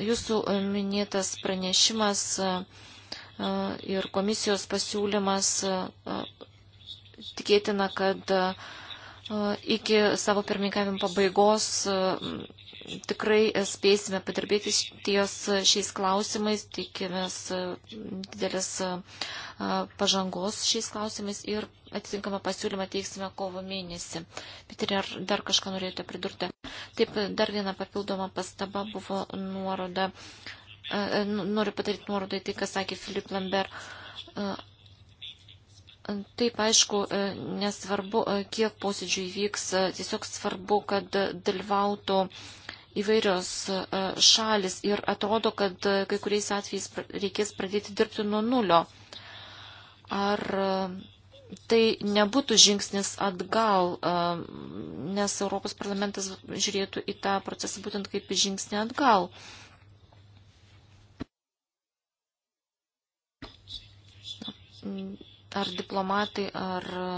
[SPEAKER 5] Jūsų minėtas pranešimas ir komisijos pasiūlymas tikėtina, kad iki savo pirmininkavimo pabaigos tikrai spėsime padirbėti ties šiais klausimais, tikimės e, didelės e, pažangos šiais klausimais ir atitinkamą pasiūlymą teiksime kovo mėnesį. Piteri, ar dar kažką norėjote pridurti? Taip, dar viena papildoma pastaba buvo nuoroda. E, noriu padaryti nuorodą į tai, ką sakė Filip Lambert Taip, aišku, e, nesvarbu, e, kiek posėdžių įvyks, e, tiesiog svarbu, kad dalyvautų įvairios šalis ir atrodo, kad kai kuriais atvejais reikės pradėti dirbti nuo nulio. Ar tai nebūtų žingsnis atgal, nes Europos parlamentas žiūrėtų į tą procesą būtent kaip žingsnį atgal? ar diplomatai, ar e,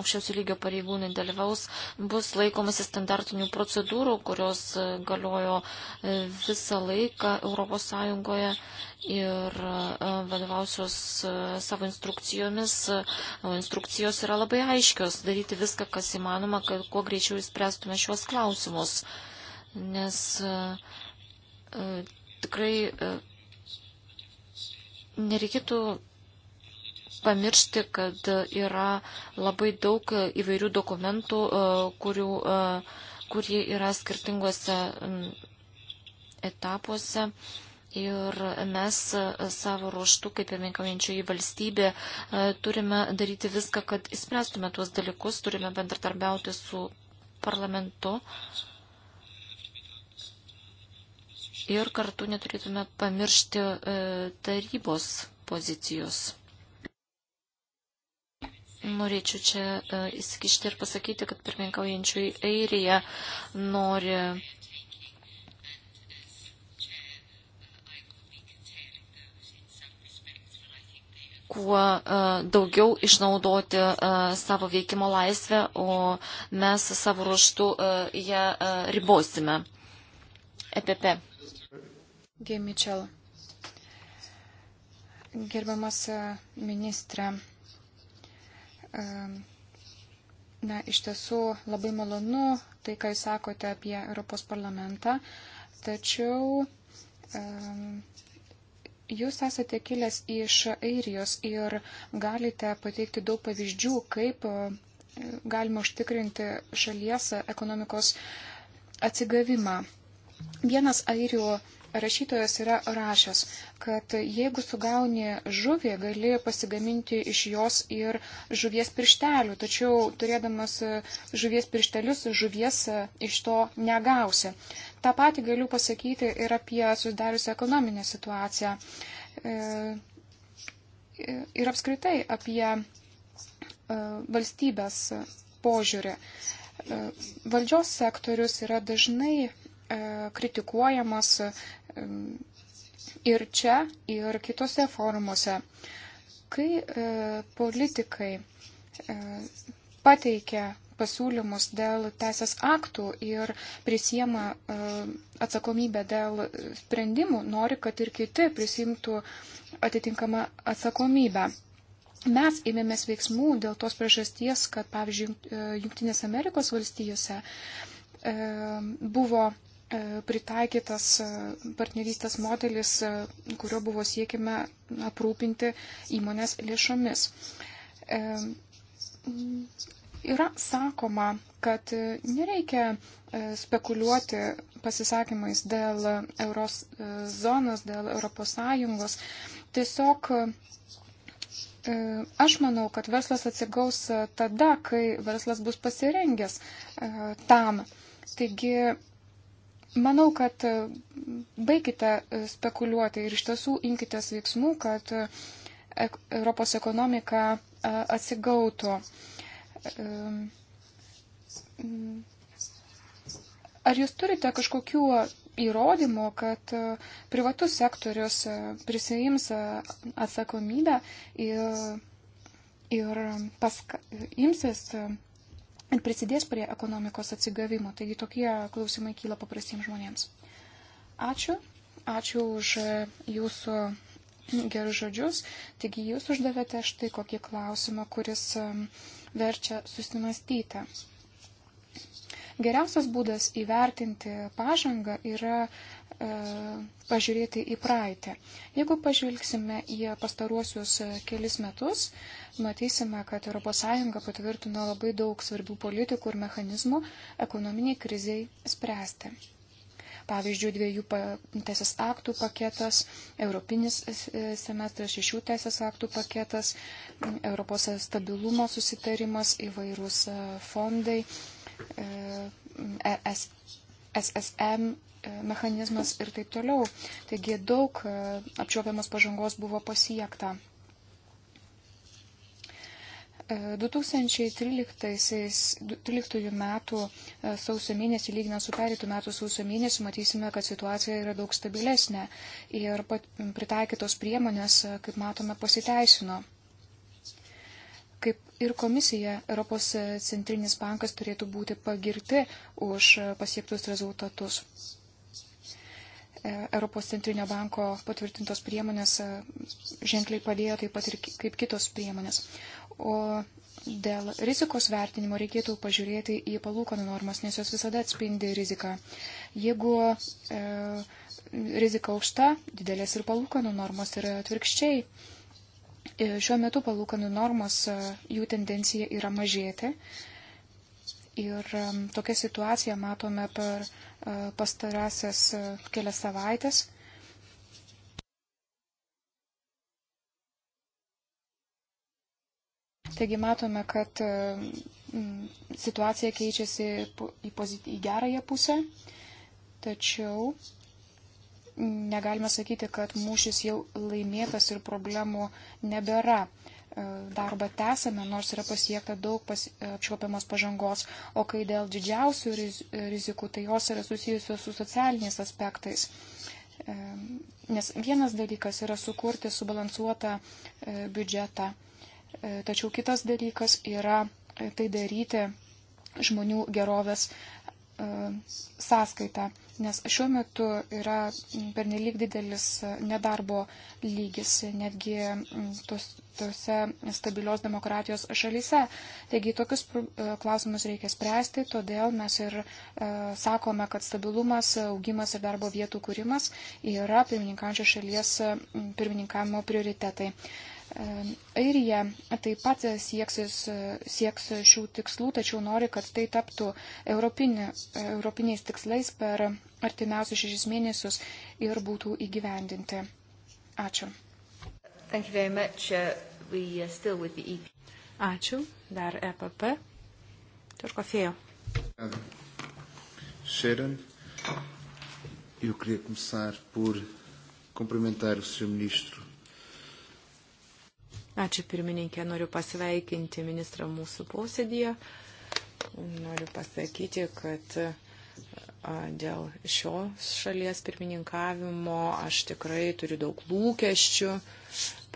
[SPEAKER 5] aukščiausio lygio pareigūnai dalyvaus, bus laikomasi standartinių procedūrų, kurios e, galiojo e, visą laiką ES ir vadovausios savo instrukcijomis. Instrukcijos yra labai aiškios - daryti viską, kas įmanoma, kad kuo greičiau įspręstume šios klausimus. Nes tikrai nereikėtų pamiršti, kad yra labai daug įvairių dokumentų, e, kurių, e, kurie yra skirtinguose etapuose. Ir mes savo ruoštų, kaip pirmininkaujančio į valstybę, e, turime daryti viską, kad įspręstume tuos dalykus, turime bendratarbiauti su parlamentu. Ir kartu neturėtume pamiršti tarybos pozicijos. Norėčiau čia e, įsikišti ir pasakyti, kad pirmininkaujančiui Airija nori kuo e, daugiau išnaudoti e, savo veikimo laisvę, o mes savo ruoštų ją ribosime. EPP. Gėmičel. Gerbiamas
[SPEAKER 2] ministrė, na, iš tiesų labai malonu tai, ką jūs sakote apie Europos parlamentą, tačiau jūs esate kilęs iš Airijos ir galite pateikti daug pavyzdžių, kaip e, galima užtikrinti šalies ekonomikos atsigavimą. Vienas airių rašytojas yra rašęs, kad jeigu sugauni žuvį, gali pasigaminti iš jos ir žuvies pirštelių, tačiau turėdamas žuvies pirštelius, žuvies iš to negausi. Ta pati galiu pasakyti ir apie susidariusią ekonominę situaciją. E, ir apskritai apie e, valstybės požiūrį. E, valdžios sektorius yra dažnai kritikuojamas ir čia, ir kitose forumuose. Kai e, politikai e, pateikia pasiūlymus dėl teisės aktų ir prisiema e, atsakomybę dėl sprendimų, nori, kad ir kiti prisimtų atitinkamą atsakomybę. Mes ėmėmės veiksmų dėl tos priežasties, kad, pavyzdžiui, Junktinės Amerikos valstijose e, buvo E, pritaikytas e, partnerystės modelis, e, kurio buvo siekime aprūpinti įmonės lėšomis. Yra sakoma, kad nereikia spekuliuoti pasisakymais dėl euros zonos, dėl Europos Sąjungos. Tiesiog Aš manau, kad verslas atsigaus tada, kai verslas bus pasirengęs tam. Taigi Manau, kad e, baikite e, spekuliuoti ir iš tiesų imkite veiksmų, kad e, Europos ekonomika atsigautų. Mm, ar jūs turite kažkokių įrodymų, kad privatus sektorius prisijims atsakomybę ir, ir paska, imsis ir prisidės prie ekonomikos atsigavimo. Taigi tokie klausimai kyla paprastiems žmonėms. Ačiū. Ačiū už jūsų gerus žodžius. Taigi jūs uždavėte štai kokį klausimą, kuris um, verčia susimastyti. Geriausias būdas įvertinti pažangą yra E, pažiūrėti į praeitį. Jeigu pažvelgsime į pastaruosius kelis metus, matysime, kad ES patvirtino labai daug svarbių politikų ir mechanizmų ekonominiai kriziai spręsti. Pavyzdžiui, dviejų teisės aktų paketas, Europinis e, semestras šešių teisės aktų paketas, Europos stabilumo susitarimas, įvairūs e, fondai, ES SSM mechanizmas ir taip toliau. Taigi daug e, apčiuopiamos pažangos buvo pasiekta. 2013 e, metų e, sausio mėnesį, lyginant su pereitų metų sausio mėnesį, matysime, kad situacija yra daug stabilesnė ir pritaikytos priemonės, kaip matome, pasiteisino. Kaip ir komisija, Europos centrinis bankas turėtų būti pagirti už pasiektus rezultatus. E, Europos centrinio banko patvirtintos priemonės e, ženkliai padėjo taip pat ir kaip kitos priemonės. O dėl rizikos vertinimo reikėtų pažiūrėti į palūkanų normas, nes jos visada atspindi riziką. Jeigu e, rizika aukšta, didelės ir palūkanų normos yra atvirkščiai. E, šiuo metu palūkanų normos, jų tendencija yra mažėti. E, Ir tokia situacija matome per e, pastarąsias e, kelias savaitės. Taigi matome, kad e, situacija keičiasi į, pozit... į gerąją pusę, tačiau negalime sakyti, kad mūšis jau laimėtas ir problemų nebėra. E, darbą tęsame, nors yra pasiekta daug pas, e, apčiuopiamos pažangos, o kai dėl didžiausių riz, rizikų, tai jos yra susijusios su socialiniais aspektais. E, nes vienas dalykas yra sukurti subalansuotą biudžetą, tačiau kitas dalykas yra tai daryti žmonių gerovės E, sąskaitą, nes šiuo metu yra pernelyg didelis e, nedarbo lygis netgi tos, tose stabilios demokratijos šalyse. Taigi tokius e, klausimus reikia spręsti, todėl mes ir e, sakome, kad stabilumas, augimas ir darbo vietų kūrimas yra pirmininkančio šalies pirmininkavimo prioritetai. Airija taip pat sieksis, sieks šių tikslų, tačiau nori, kad tai taptų europinė, europiniais tikslais per artimiausius šešis mėnesius ir būtų įgyvendinti. Ačiū.
[SPEAKER 1] Uh, e Ačiū. Dar EPP.
[SPEAKER 3] Turko Fejo.
[SPEAKER 4] Sharon, eu queria começar por cumprimentar o Sr. Ministro
[SPEAKER 3] Ačiū pirmininkė, noriu pasveikinti ministrą mūsų posėdėje. Noriu pasakyti, kad dėl šios šalies pirmininkavimo aš tikrai turiu daug lūkesčių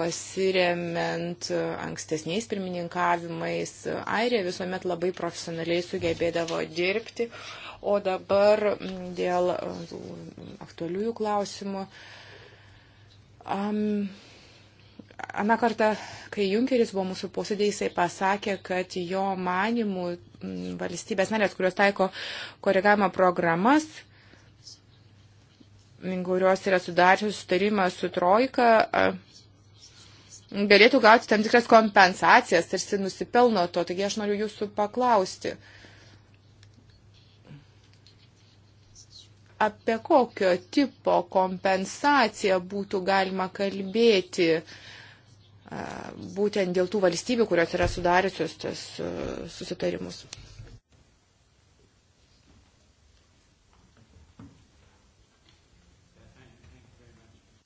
[SPEAKER 3] pasiremiant ankstesniais pirmininkavimais, Airija visuomet labai profesionaliai sugebėdavo dirbti, o dabar dėl aktualiųjų klausimų. Um, Aną kartą, kai Junkeris buvo mūsų posėdė, jisai pasakė, kad jo manimų valstybės narės, kurios taiko koregavimo programas, kurios yra sudarčios sutarimą su Trojka, galėtų gauti tam tikras kompensacijas, tarsi nusipelno to. Taigi aš noriu jūsų paklausti. Apie kokio tipo kompensaciją būtų galima kalbėti? Uh, būtent dėl tų valstybių, kurios yra sudariusios tas susitarimus.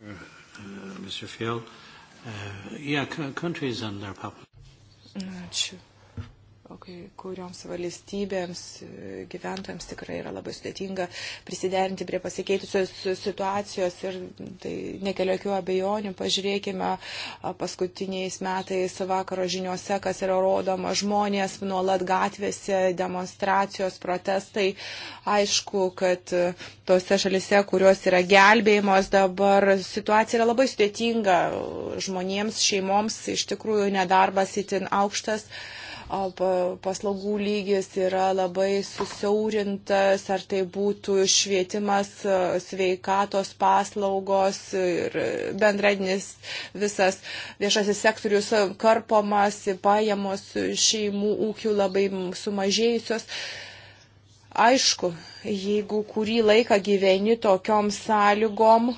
[SPEAKER 4] Uh,
[SPEAKER 2] uh, Ačiū
[SPEAKER 3] kai kurioms valstybėms, gyventojams tikrai yra labai sudėtinga prisiderinti prie pasikeitusios situacijos ir tai nekelia jokių abejonių. Pažiūrėkime paskutiniais metais vakaro žiniuose, kas yra rodoma žmonės nuolat gatvėse, demonstracijos, protestai. Aišku, kad tose šalise, kurios yra gelbėjimos dabar, situacija yra labai sudėtinga žmonėms, šeimoms, iš tikrųjų nedarbas itin aukštas. Thank you paslaugų lygis yra labai susiaurintas, ar tai būtų švietimas, sveikatos paslaugos ir bendradinis visas viešasis sektorius karpomas, pajamos šeimų ūkių labai sumažėjusios. Aišku, jeigu kurį laiką gyveni tokiom sąlygom,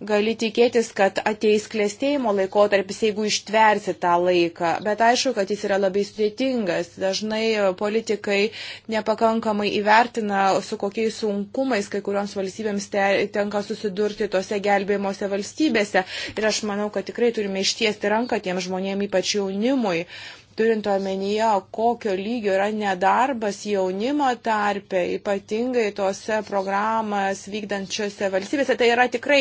[SPEAKER 3] gali tikėtis, kad ateis klėstėjimo laikotarpis, jeigu ištversi tą laiką. Bet aišku, kad jis yra labai sudėtingas. Dažnai e, politikai nepakankamai įvertina, su kokiais sunkumais kai kurioms valstybėms te, tenka susidurti tose gelbėjimuose valstybėse. Ir aš manau, kad tikrai turime ištiesti ranką tiem žmonėm, ypač jaunimui. Uh, turint omenyje, kokio lygio yra nedarbas jaunimo tarpe, ypatingai tose programas vykdančiose valstybėse. Tai yra tikrai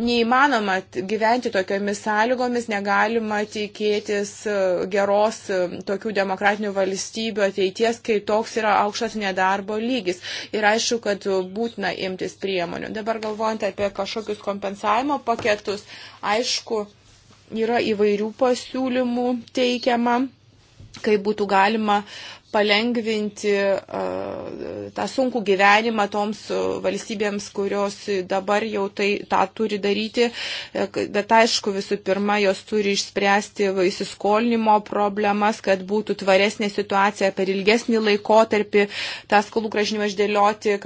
[SPEAKER 3] neįmanoma gyventi tokiomis sąlygomis, negalima tikėtis e, geros e, tokių demokratinių valstybių ateities, kai toks yra aukštas nedarbo lygis. Ir aišku, kad būtina imtis priemonių. Dabar galvojant apie kažkokius kompensavimo paketus, aišku, yra įvairių pasiūlymų teikiama kaip būtų galima palengvinti uh, tą sunkų gyvenimą toms valstybėms, kurios dabar jau tai, tą turi daryti. E, bet aišku, visų pirma, jos turi išspręsti įsiskolinimo problemas, kad būtų tvaresnė situacija per ilgesnį laikotarpį, tą skolų gražinimą išdėlioti,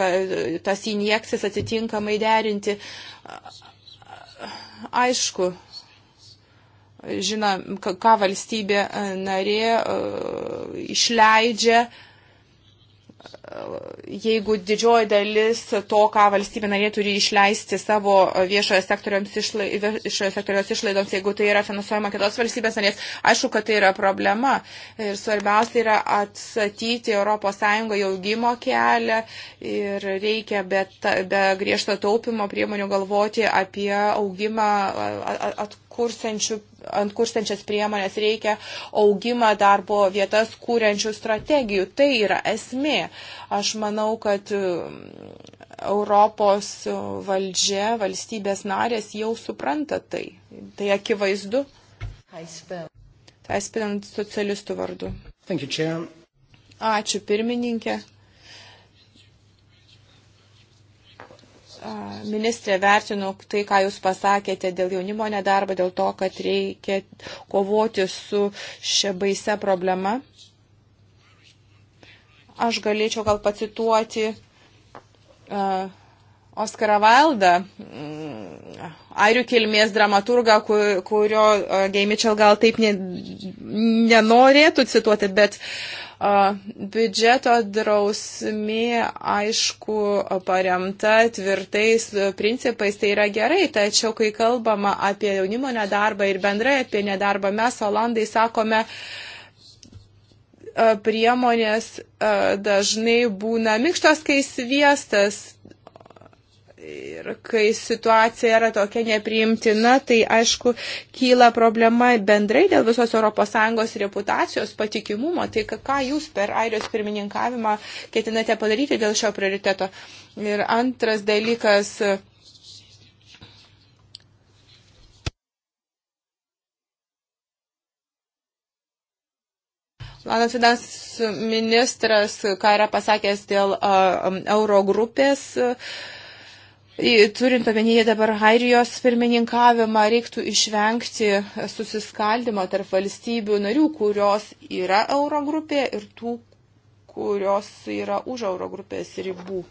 [SPEAKER 3] tas injekcijas atitinkamai derinti. Aišku, žino, ką valstybė e, narė e, išleidžia, e, jeigu didžioji dalis to, ką valstybė narė turi išleisti savo viešojo, išla, viešojo sektoriaus išlaidoms, jeigu tai yra finansuojama kitos valstybės narės, aišku, kad tai yra problema. Ir svarbiausia yra atsatyti ES jaugimo kelią ir reikia be, be griežto taupimo priemonių galvoti apie augimą atkursiančių antkurštančias priemonės, reikia augimą darbo vietas kūrenčių strategijų. Tai yra esmė. Aš manau, kad um, Europos valdžia, valstybės narės jau supranta tai. Tai akivaizdu.
[SPEAKER 1] Tai
[SPEAKER 3] spinant socialistų vardu. Thank you, Chair. Ačiū pirmininkė. ministrė, vertinu tai, ką Jūs pasakėte dėl jaunimo nedarbo, dėl to, kad reikia kovoti su šia baise problema. Aš galėčiau gal pacituoti uh, Oskarą Vaildą, mm, airių kilmės dramaturgą, kurio Gay Mitchell gal taip ne, nenorėtų cituoti, bet uh, Biudžeto drausmė, aišku, paremta tvirtais principais, tai yra gerai, tačiau kai kalbama apie jaunimo nedarbą ir bendrai apie nedarbą, mes Olandai sakome, priemonės dažnai būna mikštos, kai sviestas Ir kai situacija yra tokia nepriimtina, tai aišku, kyla problema bendrai dėl visos ES reputacijos patikimumo. Tai ką jūs per Airijos pirmininkavimą ketinate padaryti dėl šio prioriteto? Ir antras dalykas. Mano finansų ministras, ką yra pasakęs dėl uh, euro grupės. Uh, Turint omenyje dabar Hairijos pirmininkavimą, reiktų išvengti susiskaldimo tarp valstybių narių, kurios yra Eurogrupėje ir tų, kurios yra už Eurogrupės ribų.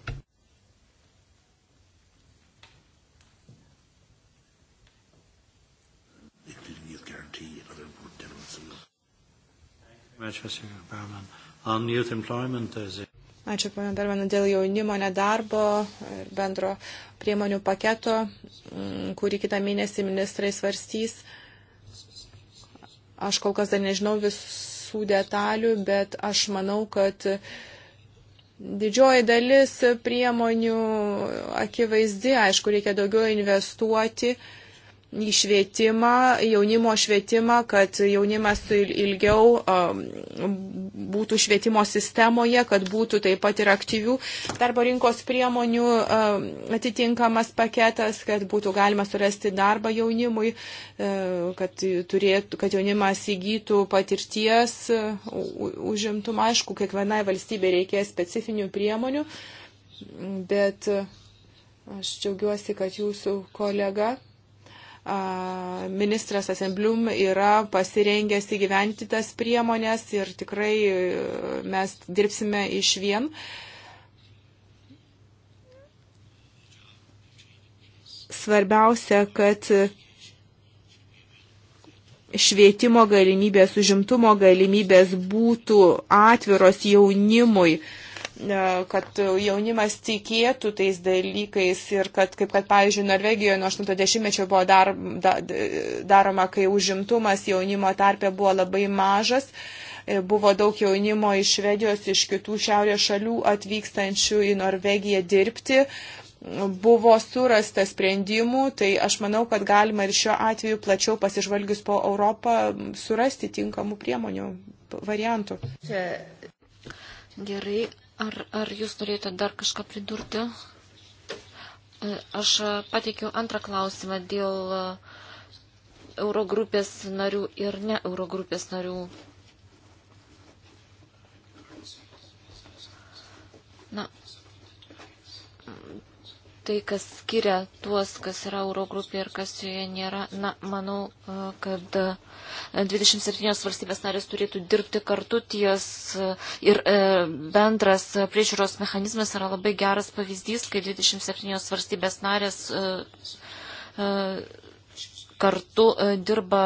[SPEAKER 4] much, Mr. Berman. On youth employment, there's a...
[SPEAKER 3] Ačiū, pana Bermanu, dėl jaunimo nedarbo ir bendro priemonių paketo, mm, kurį kitą mėnesį ministrai svarstys. Aš kol kas dar nežinau visų detalių, bet aš manau, kad didžioji dalis priemonių akivaizdi, aišku, reikia daugiau investuoti. Uh, į švietimą, jaunimo švietimą, kad jaunimas ilgiau um, būtų švietimo sistemoje, kad būtų taip pat ir aktyvių darbo rinkos priemonių um, atitinkamas paketas, kad būtų galima surasti darbą jaunimui, uh, kad, turėtų, kad jaunimas įgytų patirties uh, užimtumą. Aišku, kiekvienai valstybei reikės specifinių priemonių, bet uh, aš džiaugiuosi, kad jūsų kolega ministras Asemblium yra pasirengęs įgyventi tas priemonės ir tikrai e, mes dirbsime iš vien. Svarbiausia, kad švietimo galimybės, užimtumo galimybės būtų atviros jaunimui E, kad jaunimas tikėtų tais dalykais ir kad, kaip kad, pavyzdžiui, Norvegijoje nuo 80-mečio buvo dar, da, daroma, kai užimtumas jaunimo tarpė buvo labai mažas, e, buvo daug jaunimo iš Švedijos, iš kitų šiaurės šalių atvykstančių į Norvegiją dirbti. Buvo surasta sprendimų, tai aš manau, kad galima ir šiuo atveju plačiau pasižvalgius po Europą surasti tinkamų priemonių variantų.
[SPEAKER 5] Gerai, Ar, ar jūs norėjote dar kažką pridurti? E, aš pateikiu antrą klausimą dėl e, Eurogrupės narių ir ne Eurogrupės narių. tai, kas skiria tuos, kas yra Eurogrupė ir kas joje nėra, na, manau, e, kad 27 e, valstybės narės turėtų dirbti kartu ties e, ir bendras priežiūros mechanizmas yra labai geras pavyzdys, kai 27 valstybės narės kartu dirba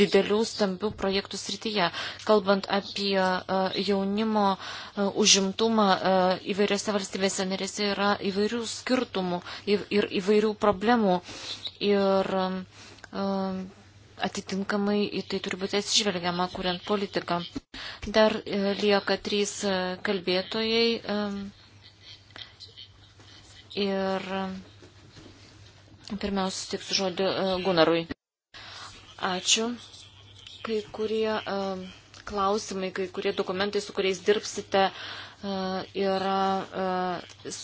[SPEAKER 5] didelių stambių projektų srityje. Kalbant apie e, jaunimo e, užimtumą, e, įvairiose valstybėse narėse yra įvairių skirtumų ir įvairių problemų. Ir atitinkamai į tai turi būti atsižvelgiama, kuriant politiką. Dar lieka trys kalbėtojai. Ir pirmiausia, tik su žodžiu Gunarui. Ačiū. Kai kurie uh, klausimai, kai kurie dokumentai, su kuriais dirbsite, uh, yra, uh,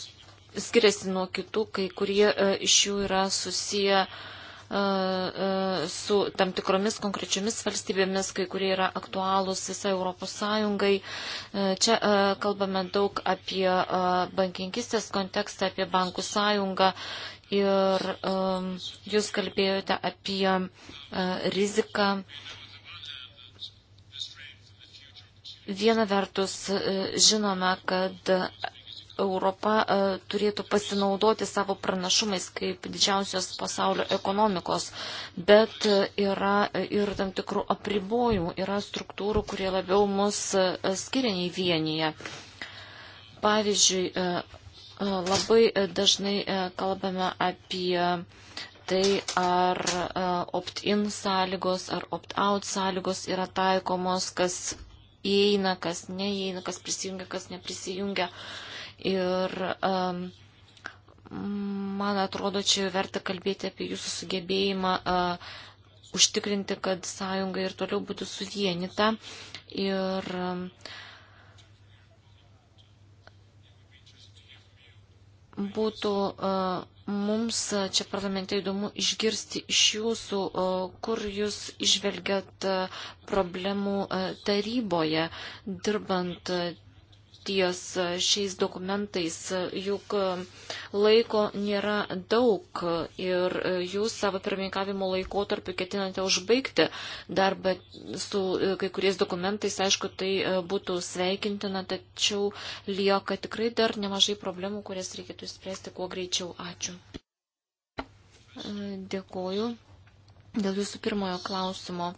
[SPEAKER 5] skiriasi nuo kitų, kai kurie uh, iš jų yra susiję su tam tikromis konkrečiomis valstybėmis, kai kurie yra aktualūs visai Europos Sąjungai. Čia kalbame daug apie bankininkistės kontekstą, apie bankų sąjungą ir um, jūs kalbėjote apie uh, riziką. Viena vertus uh, žinome, kad Europa uh, turėtų pasinaudoti savo pranašumais kaip didžiausios pasaulio ekonomikos, bet uh, yra ir tam tikrų apribojimų, yra struktūrų, kurie labiau mus skiria nei vienyje. Pavyzdžiui, Labai e, dažnai e, kalbame apie tai, ar e, opt-in sąlygos, ar opt-out sąlygos yra taikomos, kas įeina, kas neįeina, kas prisijungia, kas neprisijungia. Ir um, man atrodo, čia verta kalbėti apie jūsų sugebėjimą uh, užtikrinti, kad sąjunga ir toliau būtų suvienita. Ir uh, būtų e, mums čia parlamente įdomu išgirsti iš jūsų, e, kur jūs išvelgiat e, problemų taryboje, dirbant ties e, šiais dokumentais, e, juk e, laiko nėra daug ir jūs savo pirmininkavimo laikotarpiu ketinate užbaigti darbą su kai kuriais dokumentais, aišku, tai būtų sveikintina, tačiau lieka tikrai dar nemažai problemų, kurias reikėtų išspręsti kuo greičiau. Ačiū. Dėkuoju. Dėl jūsų pirmojo klausimo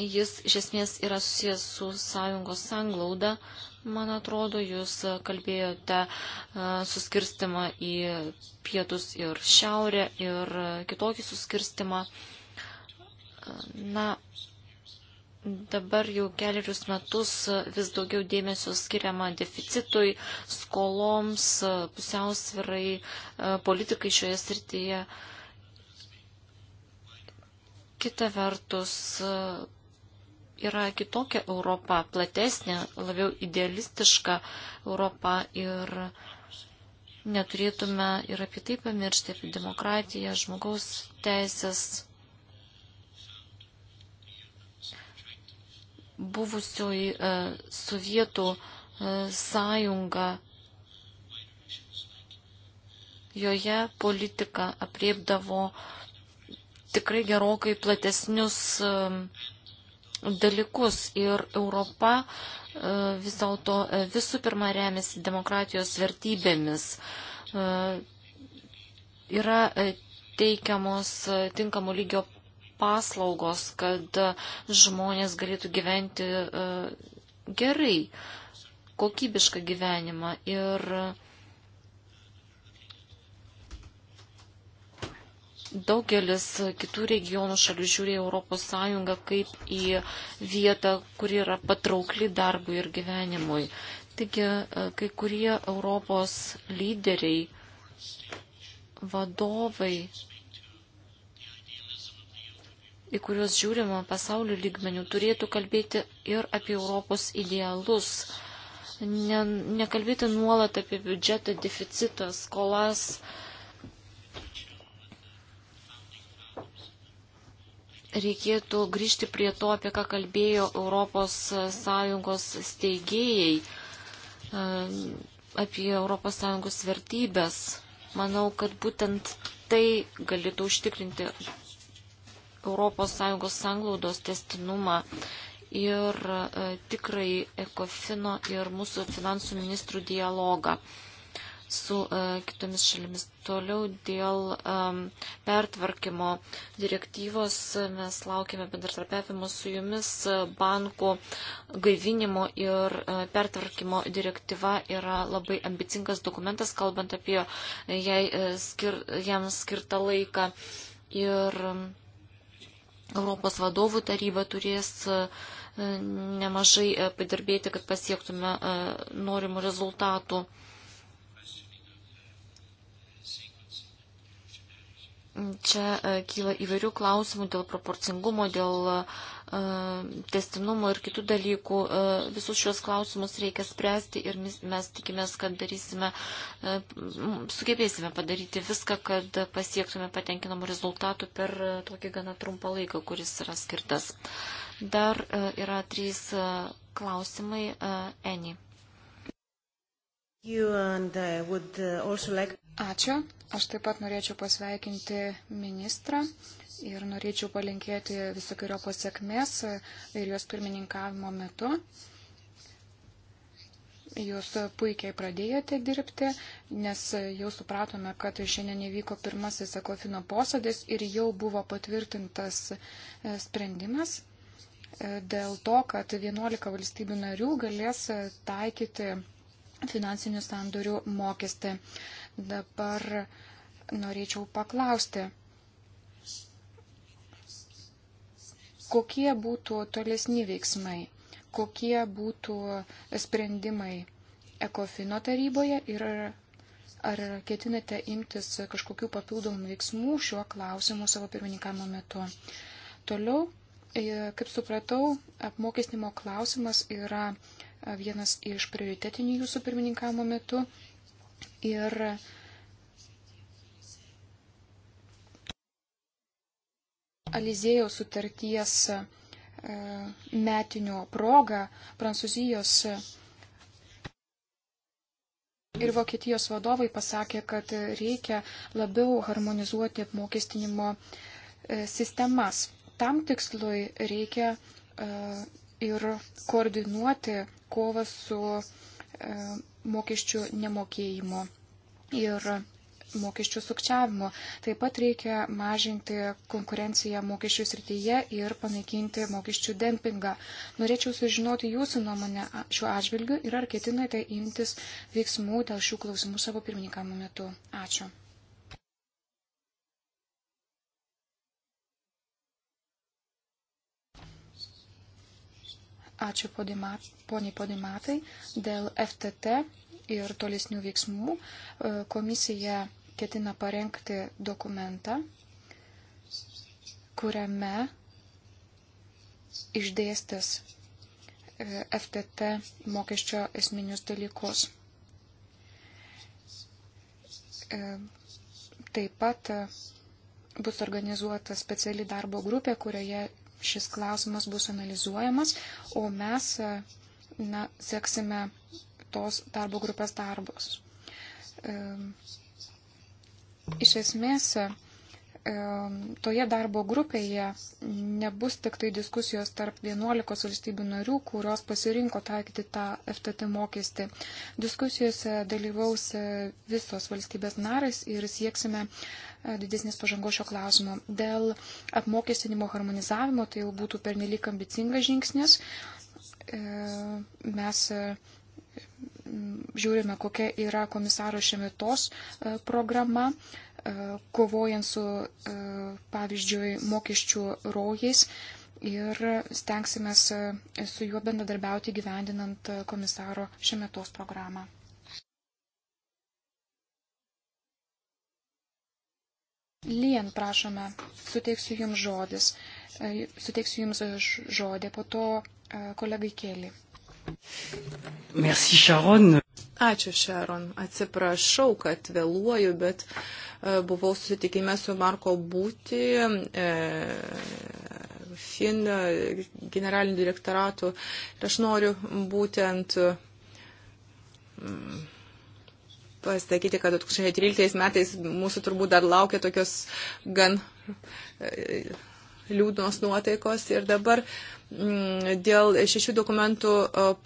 [SPEAKER 5] Jis iš esmės yra susijęs su sąjungos sanglauda. Man atrodo, jūs kalbėjote e, suskirstimą į pietus ir šiaurę ir kitokį suskirstimą. E, na, dabar jau keliarius metus vis daugiau dėmesio skiriama deficitui, skoloms, pusiausvirai, e, politikai šioje srityje. Kita vertus, yra kitokia Europa, platesnė, labiau idealistiška Europa ir neturėtume ir apie tai pamiršti, apie demokratiją, žmogaus teisės, buvusioji e, sovietų e, sąjunga. Joje politika apriepdavo tikrai gerokai platesnius e, dalykus ir Europa e, vis dėlto e, visų pirma remiasi demokratijos vertybėmis. E, yra teikiamos tinkamų lygio paslaugos, kad žmonės galėtų gyventi gerai, kokybišką gyvenimą ir uh, Daugelis kitų regionų šalių žiūri Europos Sąjungą kaip į vietą, kuri yra patraukli darbui ir gyvenimui. Taigi, e, kai kurie Europos lyderiai, vadovai, į kuriuos žiūrima pasaulio lygmenių, turėtų kalbėti ir apie Europos idealus. Ne, nekalbėti nuolat apie biudžetą, deficitą, skolas, uh, reikėtų grįžti prie to, apie ką kalbėjo ES steigėjai, e, apie ES vertybės. Manau, kad būtent tai galėtų užtikrinti ES sanglaudos testinumą ir e, tikrai ekofino ir mūsų finansų ministrų dialogą su e, kitomis šalimis. Toliau dėl e, pertvarkymo direktyvos mes laukime bendratarpiavimo su jumis. Bankų gaivinimo ir e, pertvarkymo direktyva yra labai ambicingas dokumentas, kalbant apie jai, skir, jam skirtą laiką. Ir Europos vadovų taryba turės nemažai padirbėti, kad pasiektume norimų rezultatų. Čia e, kyla įvairių klausimų dėl proporcingumo, dėl e, testinumo ir kitų dalykų. E, visus šios klausimus reikia spręsti ir mes tikimės, kad darysime, sugebėsime padaryti viską, kad pasiektume patenkinamų rezultatų per tokį gana trumpą laiką, kuris yra skirtas. Dar yra trys klausimai. Eni. Uh,
[SPEAKER 2] like... Ačiū. Aš taip pat norėčiau pasveikinti ministrą ir norėčiau palinkėti visokiojo pasiekmės ir jos pirmininkavimo metu. Jūs puikiai pradėjote dirbti, nes jau supratome, kad šiandien įvyko pirmasis ekofino posėdis ir jau buvo patvirtintas e, sprendimas e, dėl to, kad 11 valstybių narių galės e, taikyti finansinių sandorių mokestį. Dabar norėčiau paklausti, kokie būtų tolesni veiksmai, kokie būtų sprendimai ekofino taryboje ir ar ketinate imtis kažkokių papildomų veiksmų šiuo klausimu savo pirmininkamo metu. Toliau, e, kaip supratau, apmokestinimo klausimas yra vienas iš prioritetinių jūsų pirmininkamo metu. Ir Alizėjo sutarties metinio proga Prancūzijos ir Vokietijos vadovai pasakė, kad reikia labiau harmonizuoti apmokestinimo sistemas. Tam tikslui reikia ir koordinuoti kovą su e, mokesčių nemokėjimu ir mokesčių sukčiavimu. Taip pat reikia mažinti konkurenciją mokesčių srityje ir panaikinti mokesčių dempingą. Norėčiau sužinoti jūsų nuomonę šiuo atžvilgiu ir ar ketinate imtis veiksmų dėl šių klausimų savo pirmininkamo metu. Ačiū. Ačiū poniai Podimatai dėl FTT ir tolesnių veiksmų. E, komisija ketina parengti dokumentą, kuriame išdėstis e, FTT mokesčio esminius dalykus. E, taip pat bus organizuota speciali darbo grupė, kurioje šis klausimas bus analizuojamas, o mes e, na, seksime tos darbo grupės darbus. Iš esmės, toje darbo grupėje nebus tik tai diskusijos tarp 11 valstybių narių, kurios pasirinko taikyti tą FTT mokestį. Diskusijose dalyvaus e, visos valstybės narės ir sieksime e, didesnės pažangos šio klausimo. Dėl apmokestinimo harmonizavimo tai jau būtų pernelyg ambicingas žingsnis. E, mes žiūrime, kokia yra komisaro šemetos programa. E, kovojant su, e, pavyzdžiui, mokesčių rojais ir stengsime su juo bendradarbiauti gyvendinant komisaro šiemetos programą. Lien, prašome, suteiksiu jums žodis. E, suteiksiu jums žodį, po to kolegai kėlį.
[SPEAKER 3] Merci, Sharon.
[SPEAKER 2] Ačiū, Šeron. Atsiprašau,
[SPEAKER 3] kad vėluoju, bet e, buvau susitikime su Marko Būti, e, FIN generaliniu direktoratu. Ir aš noriu būtent mm, pasakyti, kad 2013 metais mūsų turbūt dar laukia tokios gan e, liūdnos nuotaikos ir dabar mm, dėl šešių dokumentų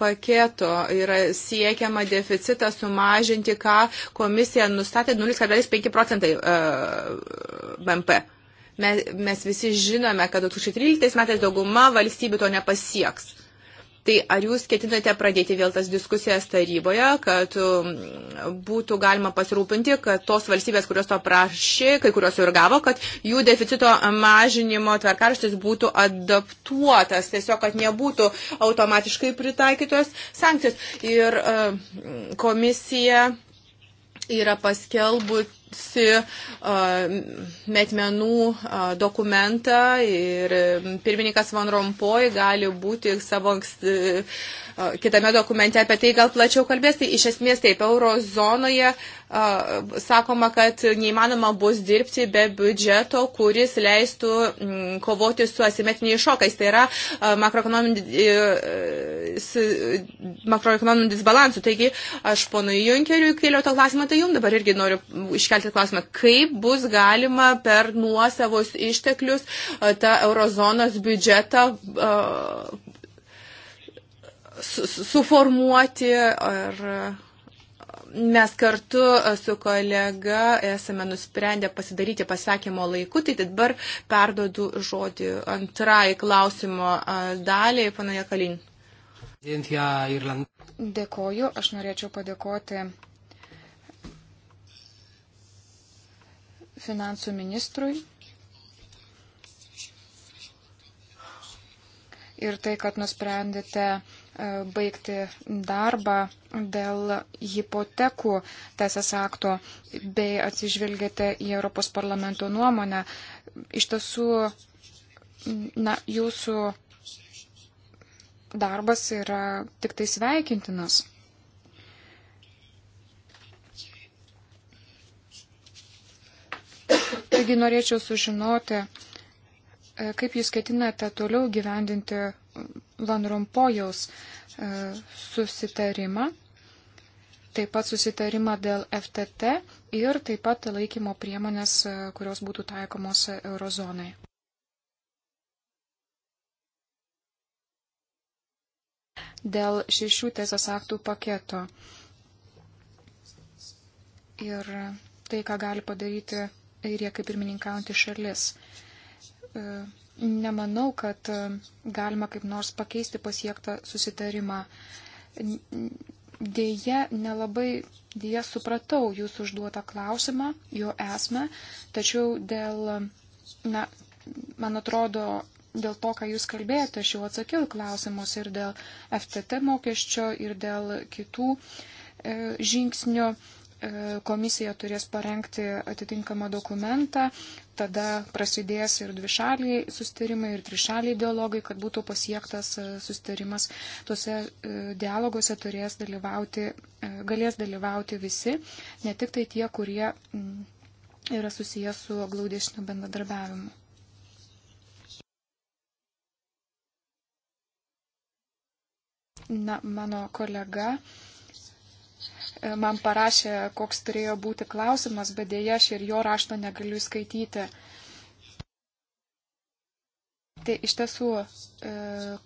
[SPEAKER 3] paketo yra siekiama deficitą sumažinti, ką komisija nustatė 0,5 procentai e, BMP. Mes, mes visi žinome, kad 2013 metais dauguma valstybių to nepasieks. Tai ar jūs ketinate pradėti vėl tas diskusijas taryboje, kad um, būtų galima pasirūpinti, kad tos valstybės, kurios to prašė, kai kurios jau ir gavo, kad jų deficito mažinimo tvarkarštis būtų adaptuotas, tiesiog, kad nebūtų automatiškai pritaikytos sankcijos. Ir um, komisija yra paskelbusi metmenų dokumentą ir pirmininkas Van Rompoj gali būti savo kitame dokumente apie tai gal plačiau kalbės. Tai iš esmės taip, eurozonoje sakoma, kad neįmanoma bus dirbti be biudžeto, kuris leistų kovoti su asimetriniais šokais. Tai yra e, makroekonominių disbalansų. Taigi aš ponui Junkeriui kėliau to klausimą, tai jums dabar irgi noriu iškelti kelti klausimą, kaip bus galima per nuosavus išteklius tą eurozonos biudžetą suformuoti. Ar, mes kartu su kolega esame nusprendę pasidaryti pasakymo laiku, tai dabar perdodu žodį antrai klausimo daliai, panaja Kalin.
[SPEAKER 2] Dėkoju, aš norėčiau padėkoti finansų ministrui. Ir tai, kad nusprendėte e, baigti darbą dėl hipotekų teisės akto bei atsižvelgėte į Europos parlamento nuomonę. Iš tiesų, na, jūsų darbas yra tik tai sveikintinas. Taigi norėčiau sužinoti, e, kaip jūs ketinate toliau gyvendinti Van Rompojaus e, susitarimą, taip pat susitarimą dėl FTT ir taip pat laikymo priemonės, e, kurios būtų taikomos eurozonai. Dėl šešių teisės aktų paketo. Ir tai, ką gali padaryti Airija kaip pirmininkaujantį šalis. E, nemanau, kad e, galima kaip nors pakeisti pasiektą susitarimą. Deja, nelabai dėja supratau jūsų užduotą klausimą, jo esmę, tačiau dėl, na, man atrodo, dėl to, ką jūs kalbėjote, aš jau atsakiau klausimus ir dėl FTT mokesčio, ir dėl kitų e, žingsnių. E, E, komisija turės parengti atitinkamą dokumentą, tada prasidės ir dvišaliai sustarimai, ir trišaliai dialogai, kad būtų pasiektas e, sustarimas. Tuose e, dialoguose turės dalyvauti, galės dalyvauti visi, ne tik tai tie, kurie yra susijęs su glaudesniu bendradarbiavimu. Na, mano kolega uh, E, man parašė, koks turėjo būti klausimas, bet dėja aš ir jo rašto negaliu skaityti. Tai iš tiesų e,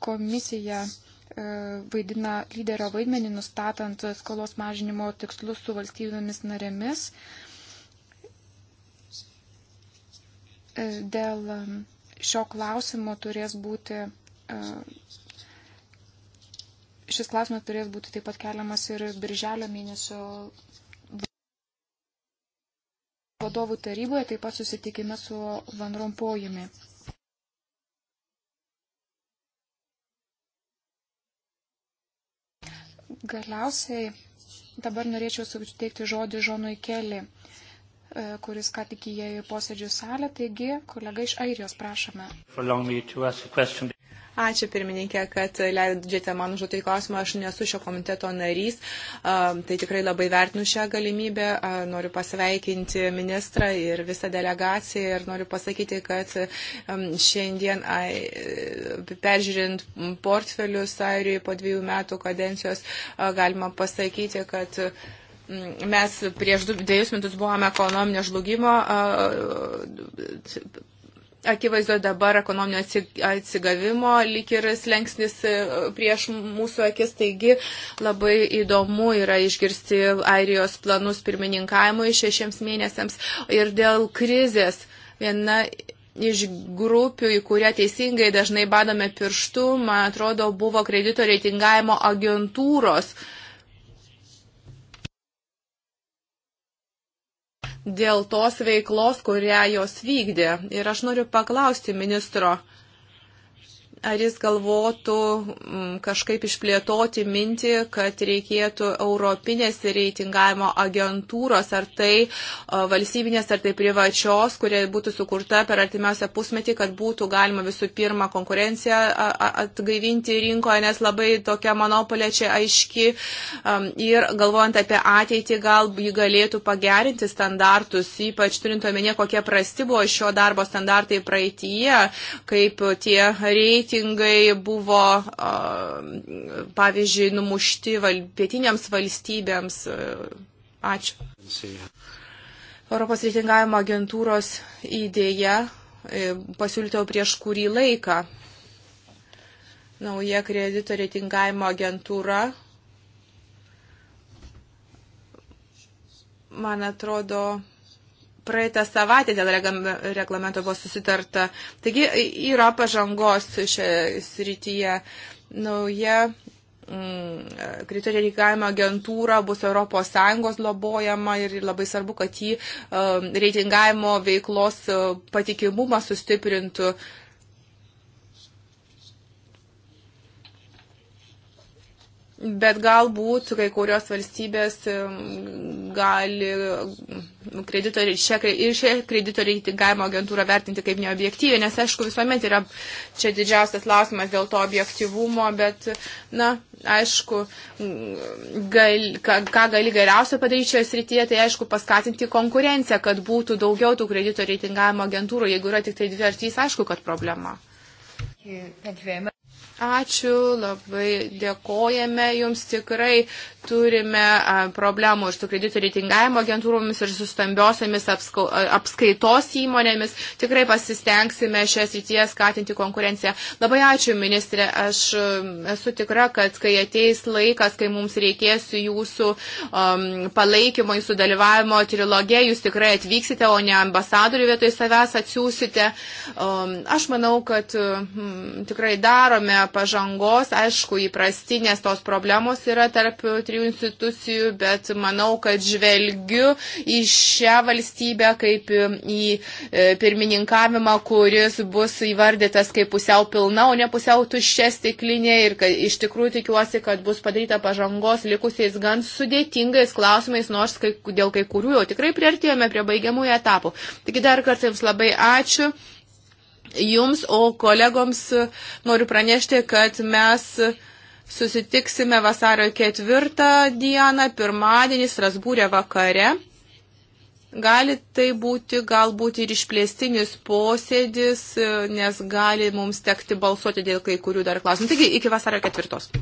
[SPEAKER 2] komisija e, vaidina lyderio vaidmenį, nustatant skolos mažinimo tikslus su valstybėmis narėmis. Dėl šio klausimo turės būti Šis klausimas turės būti taip pat keliamas ir birželio mėnesio vadovų taryboje, taip pat susitikime su Van Rompojumi. Galiausiai dabar norėčiau suteikti žodį Žonui Keli E, kuris ką tik įėjo į posėdžių salę. Taigi, kolega iš Airijos, prašome. Ačiū pirmininkė, kad leidžiate man užduoti
[SPEAKER 3] klausimą. Aš nesu šio komiteto narys. Tai tikrai labai vertinu šią galimybę. Noriu pasveikinti ministrą ir visą delegaciją ir noriu pasakyti, kad šiandien e, peržiūrint portfelius Airijai po dviejų metų kadencijos galima pasakyti, kad Mes prieš dviejus metus buvome ekonominio žlugimo akivaizdu dabar ekonominio atsigavimo lik ir slengsnis e, prieš mūsų akis, taigi labai įdomu yra išgirsti Airijos planus pirmininkavimui šešiems mėnesiams ir dėl krizės viena iš grupių, į kurią teisingai dažnai badame pirštų, man atrodo, buvo kredito reitingavimo agentūros. Uh, dėl tos veiklos, kurią jos vykdė. Ir aš noriu paklausti ministro, ar jis galvotų mm, kažkaip išplėtoti mintį, kad reikėtų Europinės reitingavimo agentūros, ar tai valstybinės, ar tai privačios, kurie būtų sukurta per artimiausią pusmetį, kad būtų galima visų pirma konkurenciją atgaivinti rinkoje, nes labai tokia monopolė čia aiški ir galvojant apie ateitį, gal jį galėtų pagerinti standartus, ypač turint omenyje, kokie prasti buvo šio darbo standartai praeitie, kaip tie reitingai reitingai buvo, pavyzdžiui, numušti val, pietiniams valstybėms. Ačiū. Europos reitingavimo agentūros idėja e, pasiūlytau prieš kurį laiką. Nauja kredito reitingavimo agentūra, man atrodo, praeitą savaitę dėl reglamento buvo susitarta. Taigi yra pažangos šioje srityje. Nauja mm, kriterijų reikalavimo agentūra bus ES lobojama ir labai svarbu, kad jį um, reitingavimo veiklos uh, patikimumą sustiprintų. Uh, bet galbūt kai kurios valstybės gali kreditoriai, šią, ir šią kredito reitingavimo agentūrą vertinti kaip neobjektyvę, nes aišku visuomet yra čia didžiausias klausimas dėl to objektivumo, bet, na, aišku, gal, ką, ką gali geriausia padaryti šioje srityje, tai aišku paskatinti konkurenciją, kad būtų daugiau tų kredito reitingavimo agentūrų, jeigu yra tik tai dvi ar trys, aišku, kad problema.
[SPEAKER 2] Thank you. Thank you Ačiū, labai dėkojame
[SPEAKER 3] jums tikrai. Turime problemų ir su kreditų reitingavimo agentūromis ir su stambiosiomis apskaitos įmonėmis. Tikrai pasistengsime šias įties skatinti konkurenciją. Labai ačiū, ministrė. Aš esu tikra, kad kai ateis laikas, kai mums reikės jūsų um, palaikymo, jūsų dalyvavimo trilogė, jūs tikrai atvyksite, o ne ambasadorių vietoj savęs atsiūsite. Um, aš manau, kad um, tikrai darome pažangos. Aišku, įprastinės tos problemos yra tarp trijų institucijų, bet manau, kad žvelgiu į šią valstybę kaip į e, pirmininkavimą, kuris bus įvardytas kaip pusiau pilna, o ne pusiau tuščia stiklinė ir kad, iš tikrųjų tikiuosi, kad bus padaryta pažangos likusiais gan sudėtingais klausimais, nors kai, dėl kai kurių jau tikrai priartėjome prie baigiamųjų etapų. Taigi dar kartą Jums labai ačiū jums, o kolegoms e, noriu pranešti, kad mes susitiksime vasario ketvirtą dieną, pirmadienį Strasbūrė vakare. Gali tai būti galbūt ir išplėstinis posėdis, e, nes gali mums tekti balsuoti dėl kai kurių dar klausimų. Taigi iki vasario ketvirtos.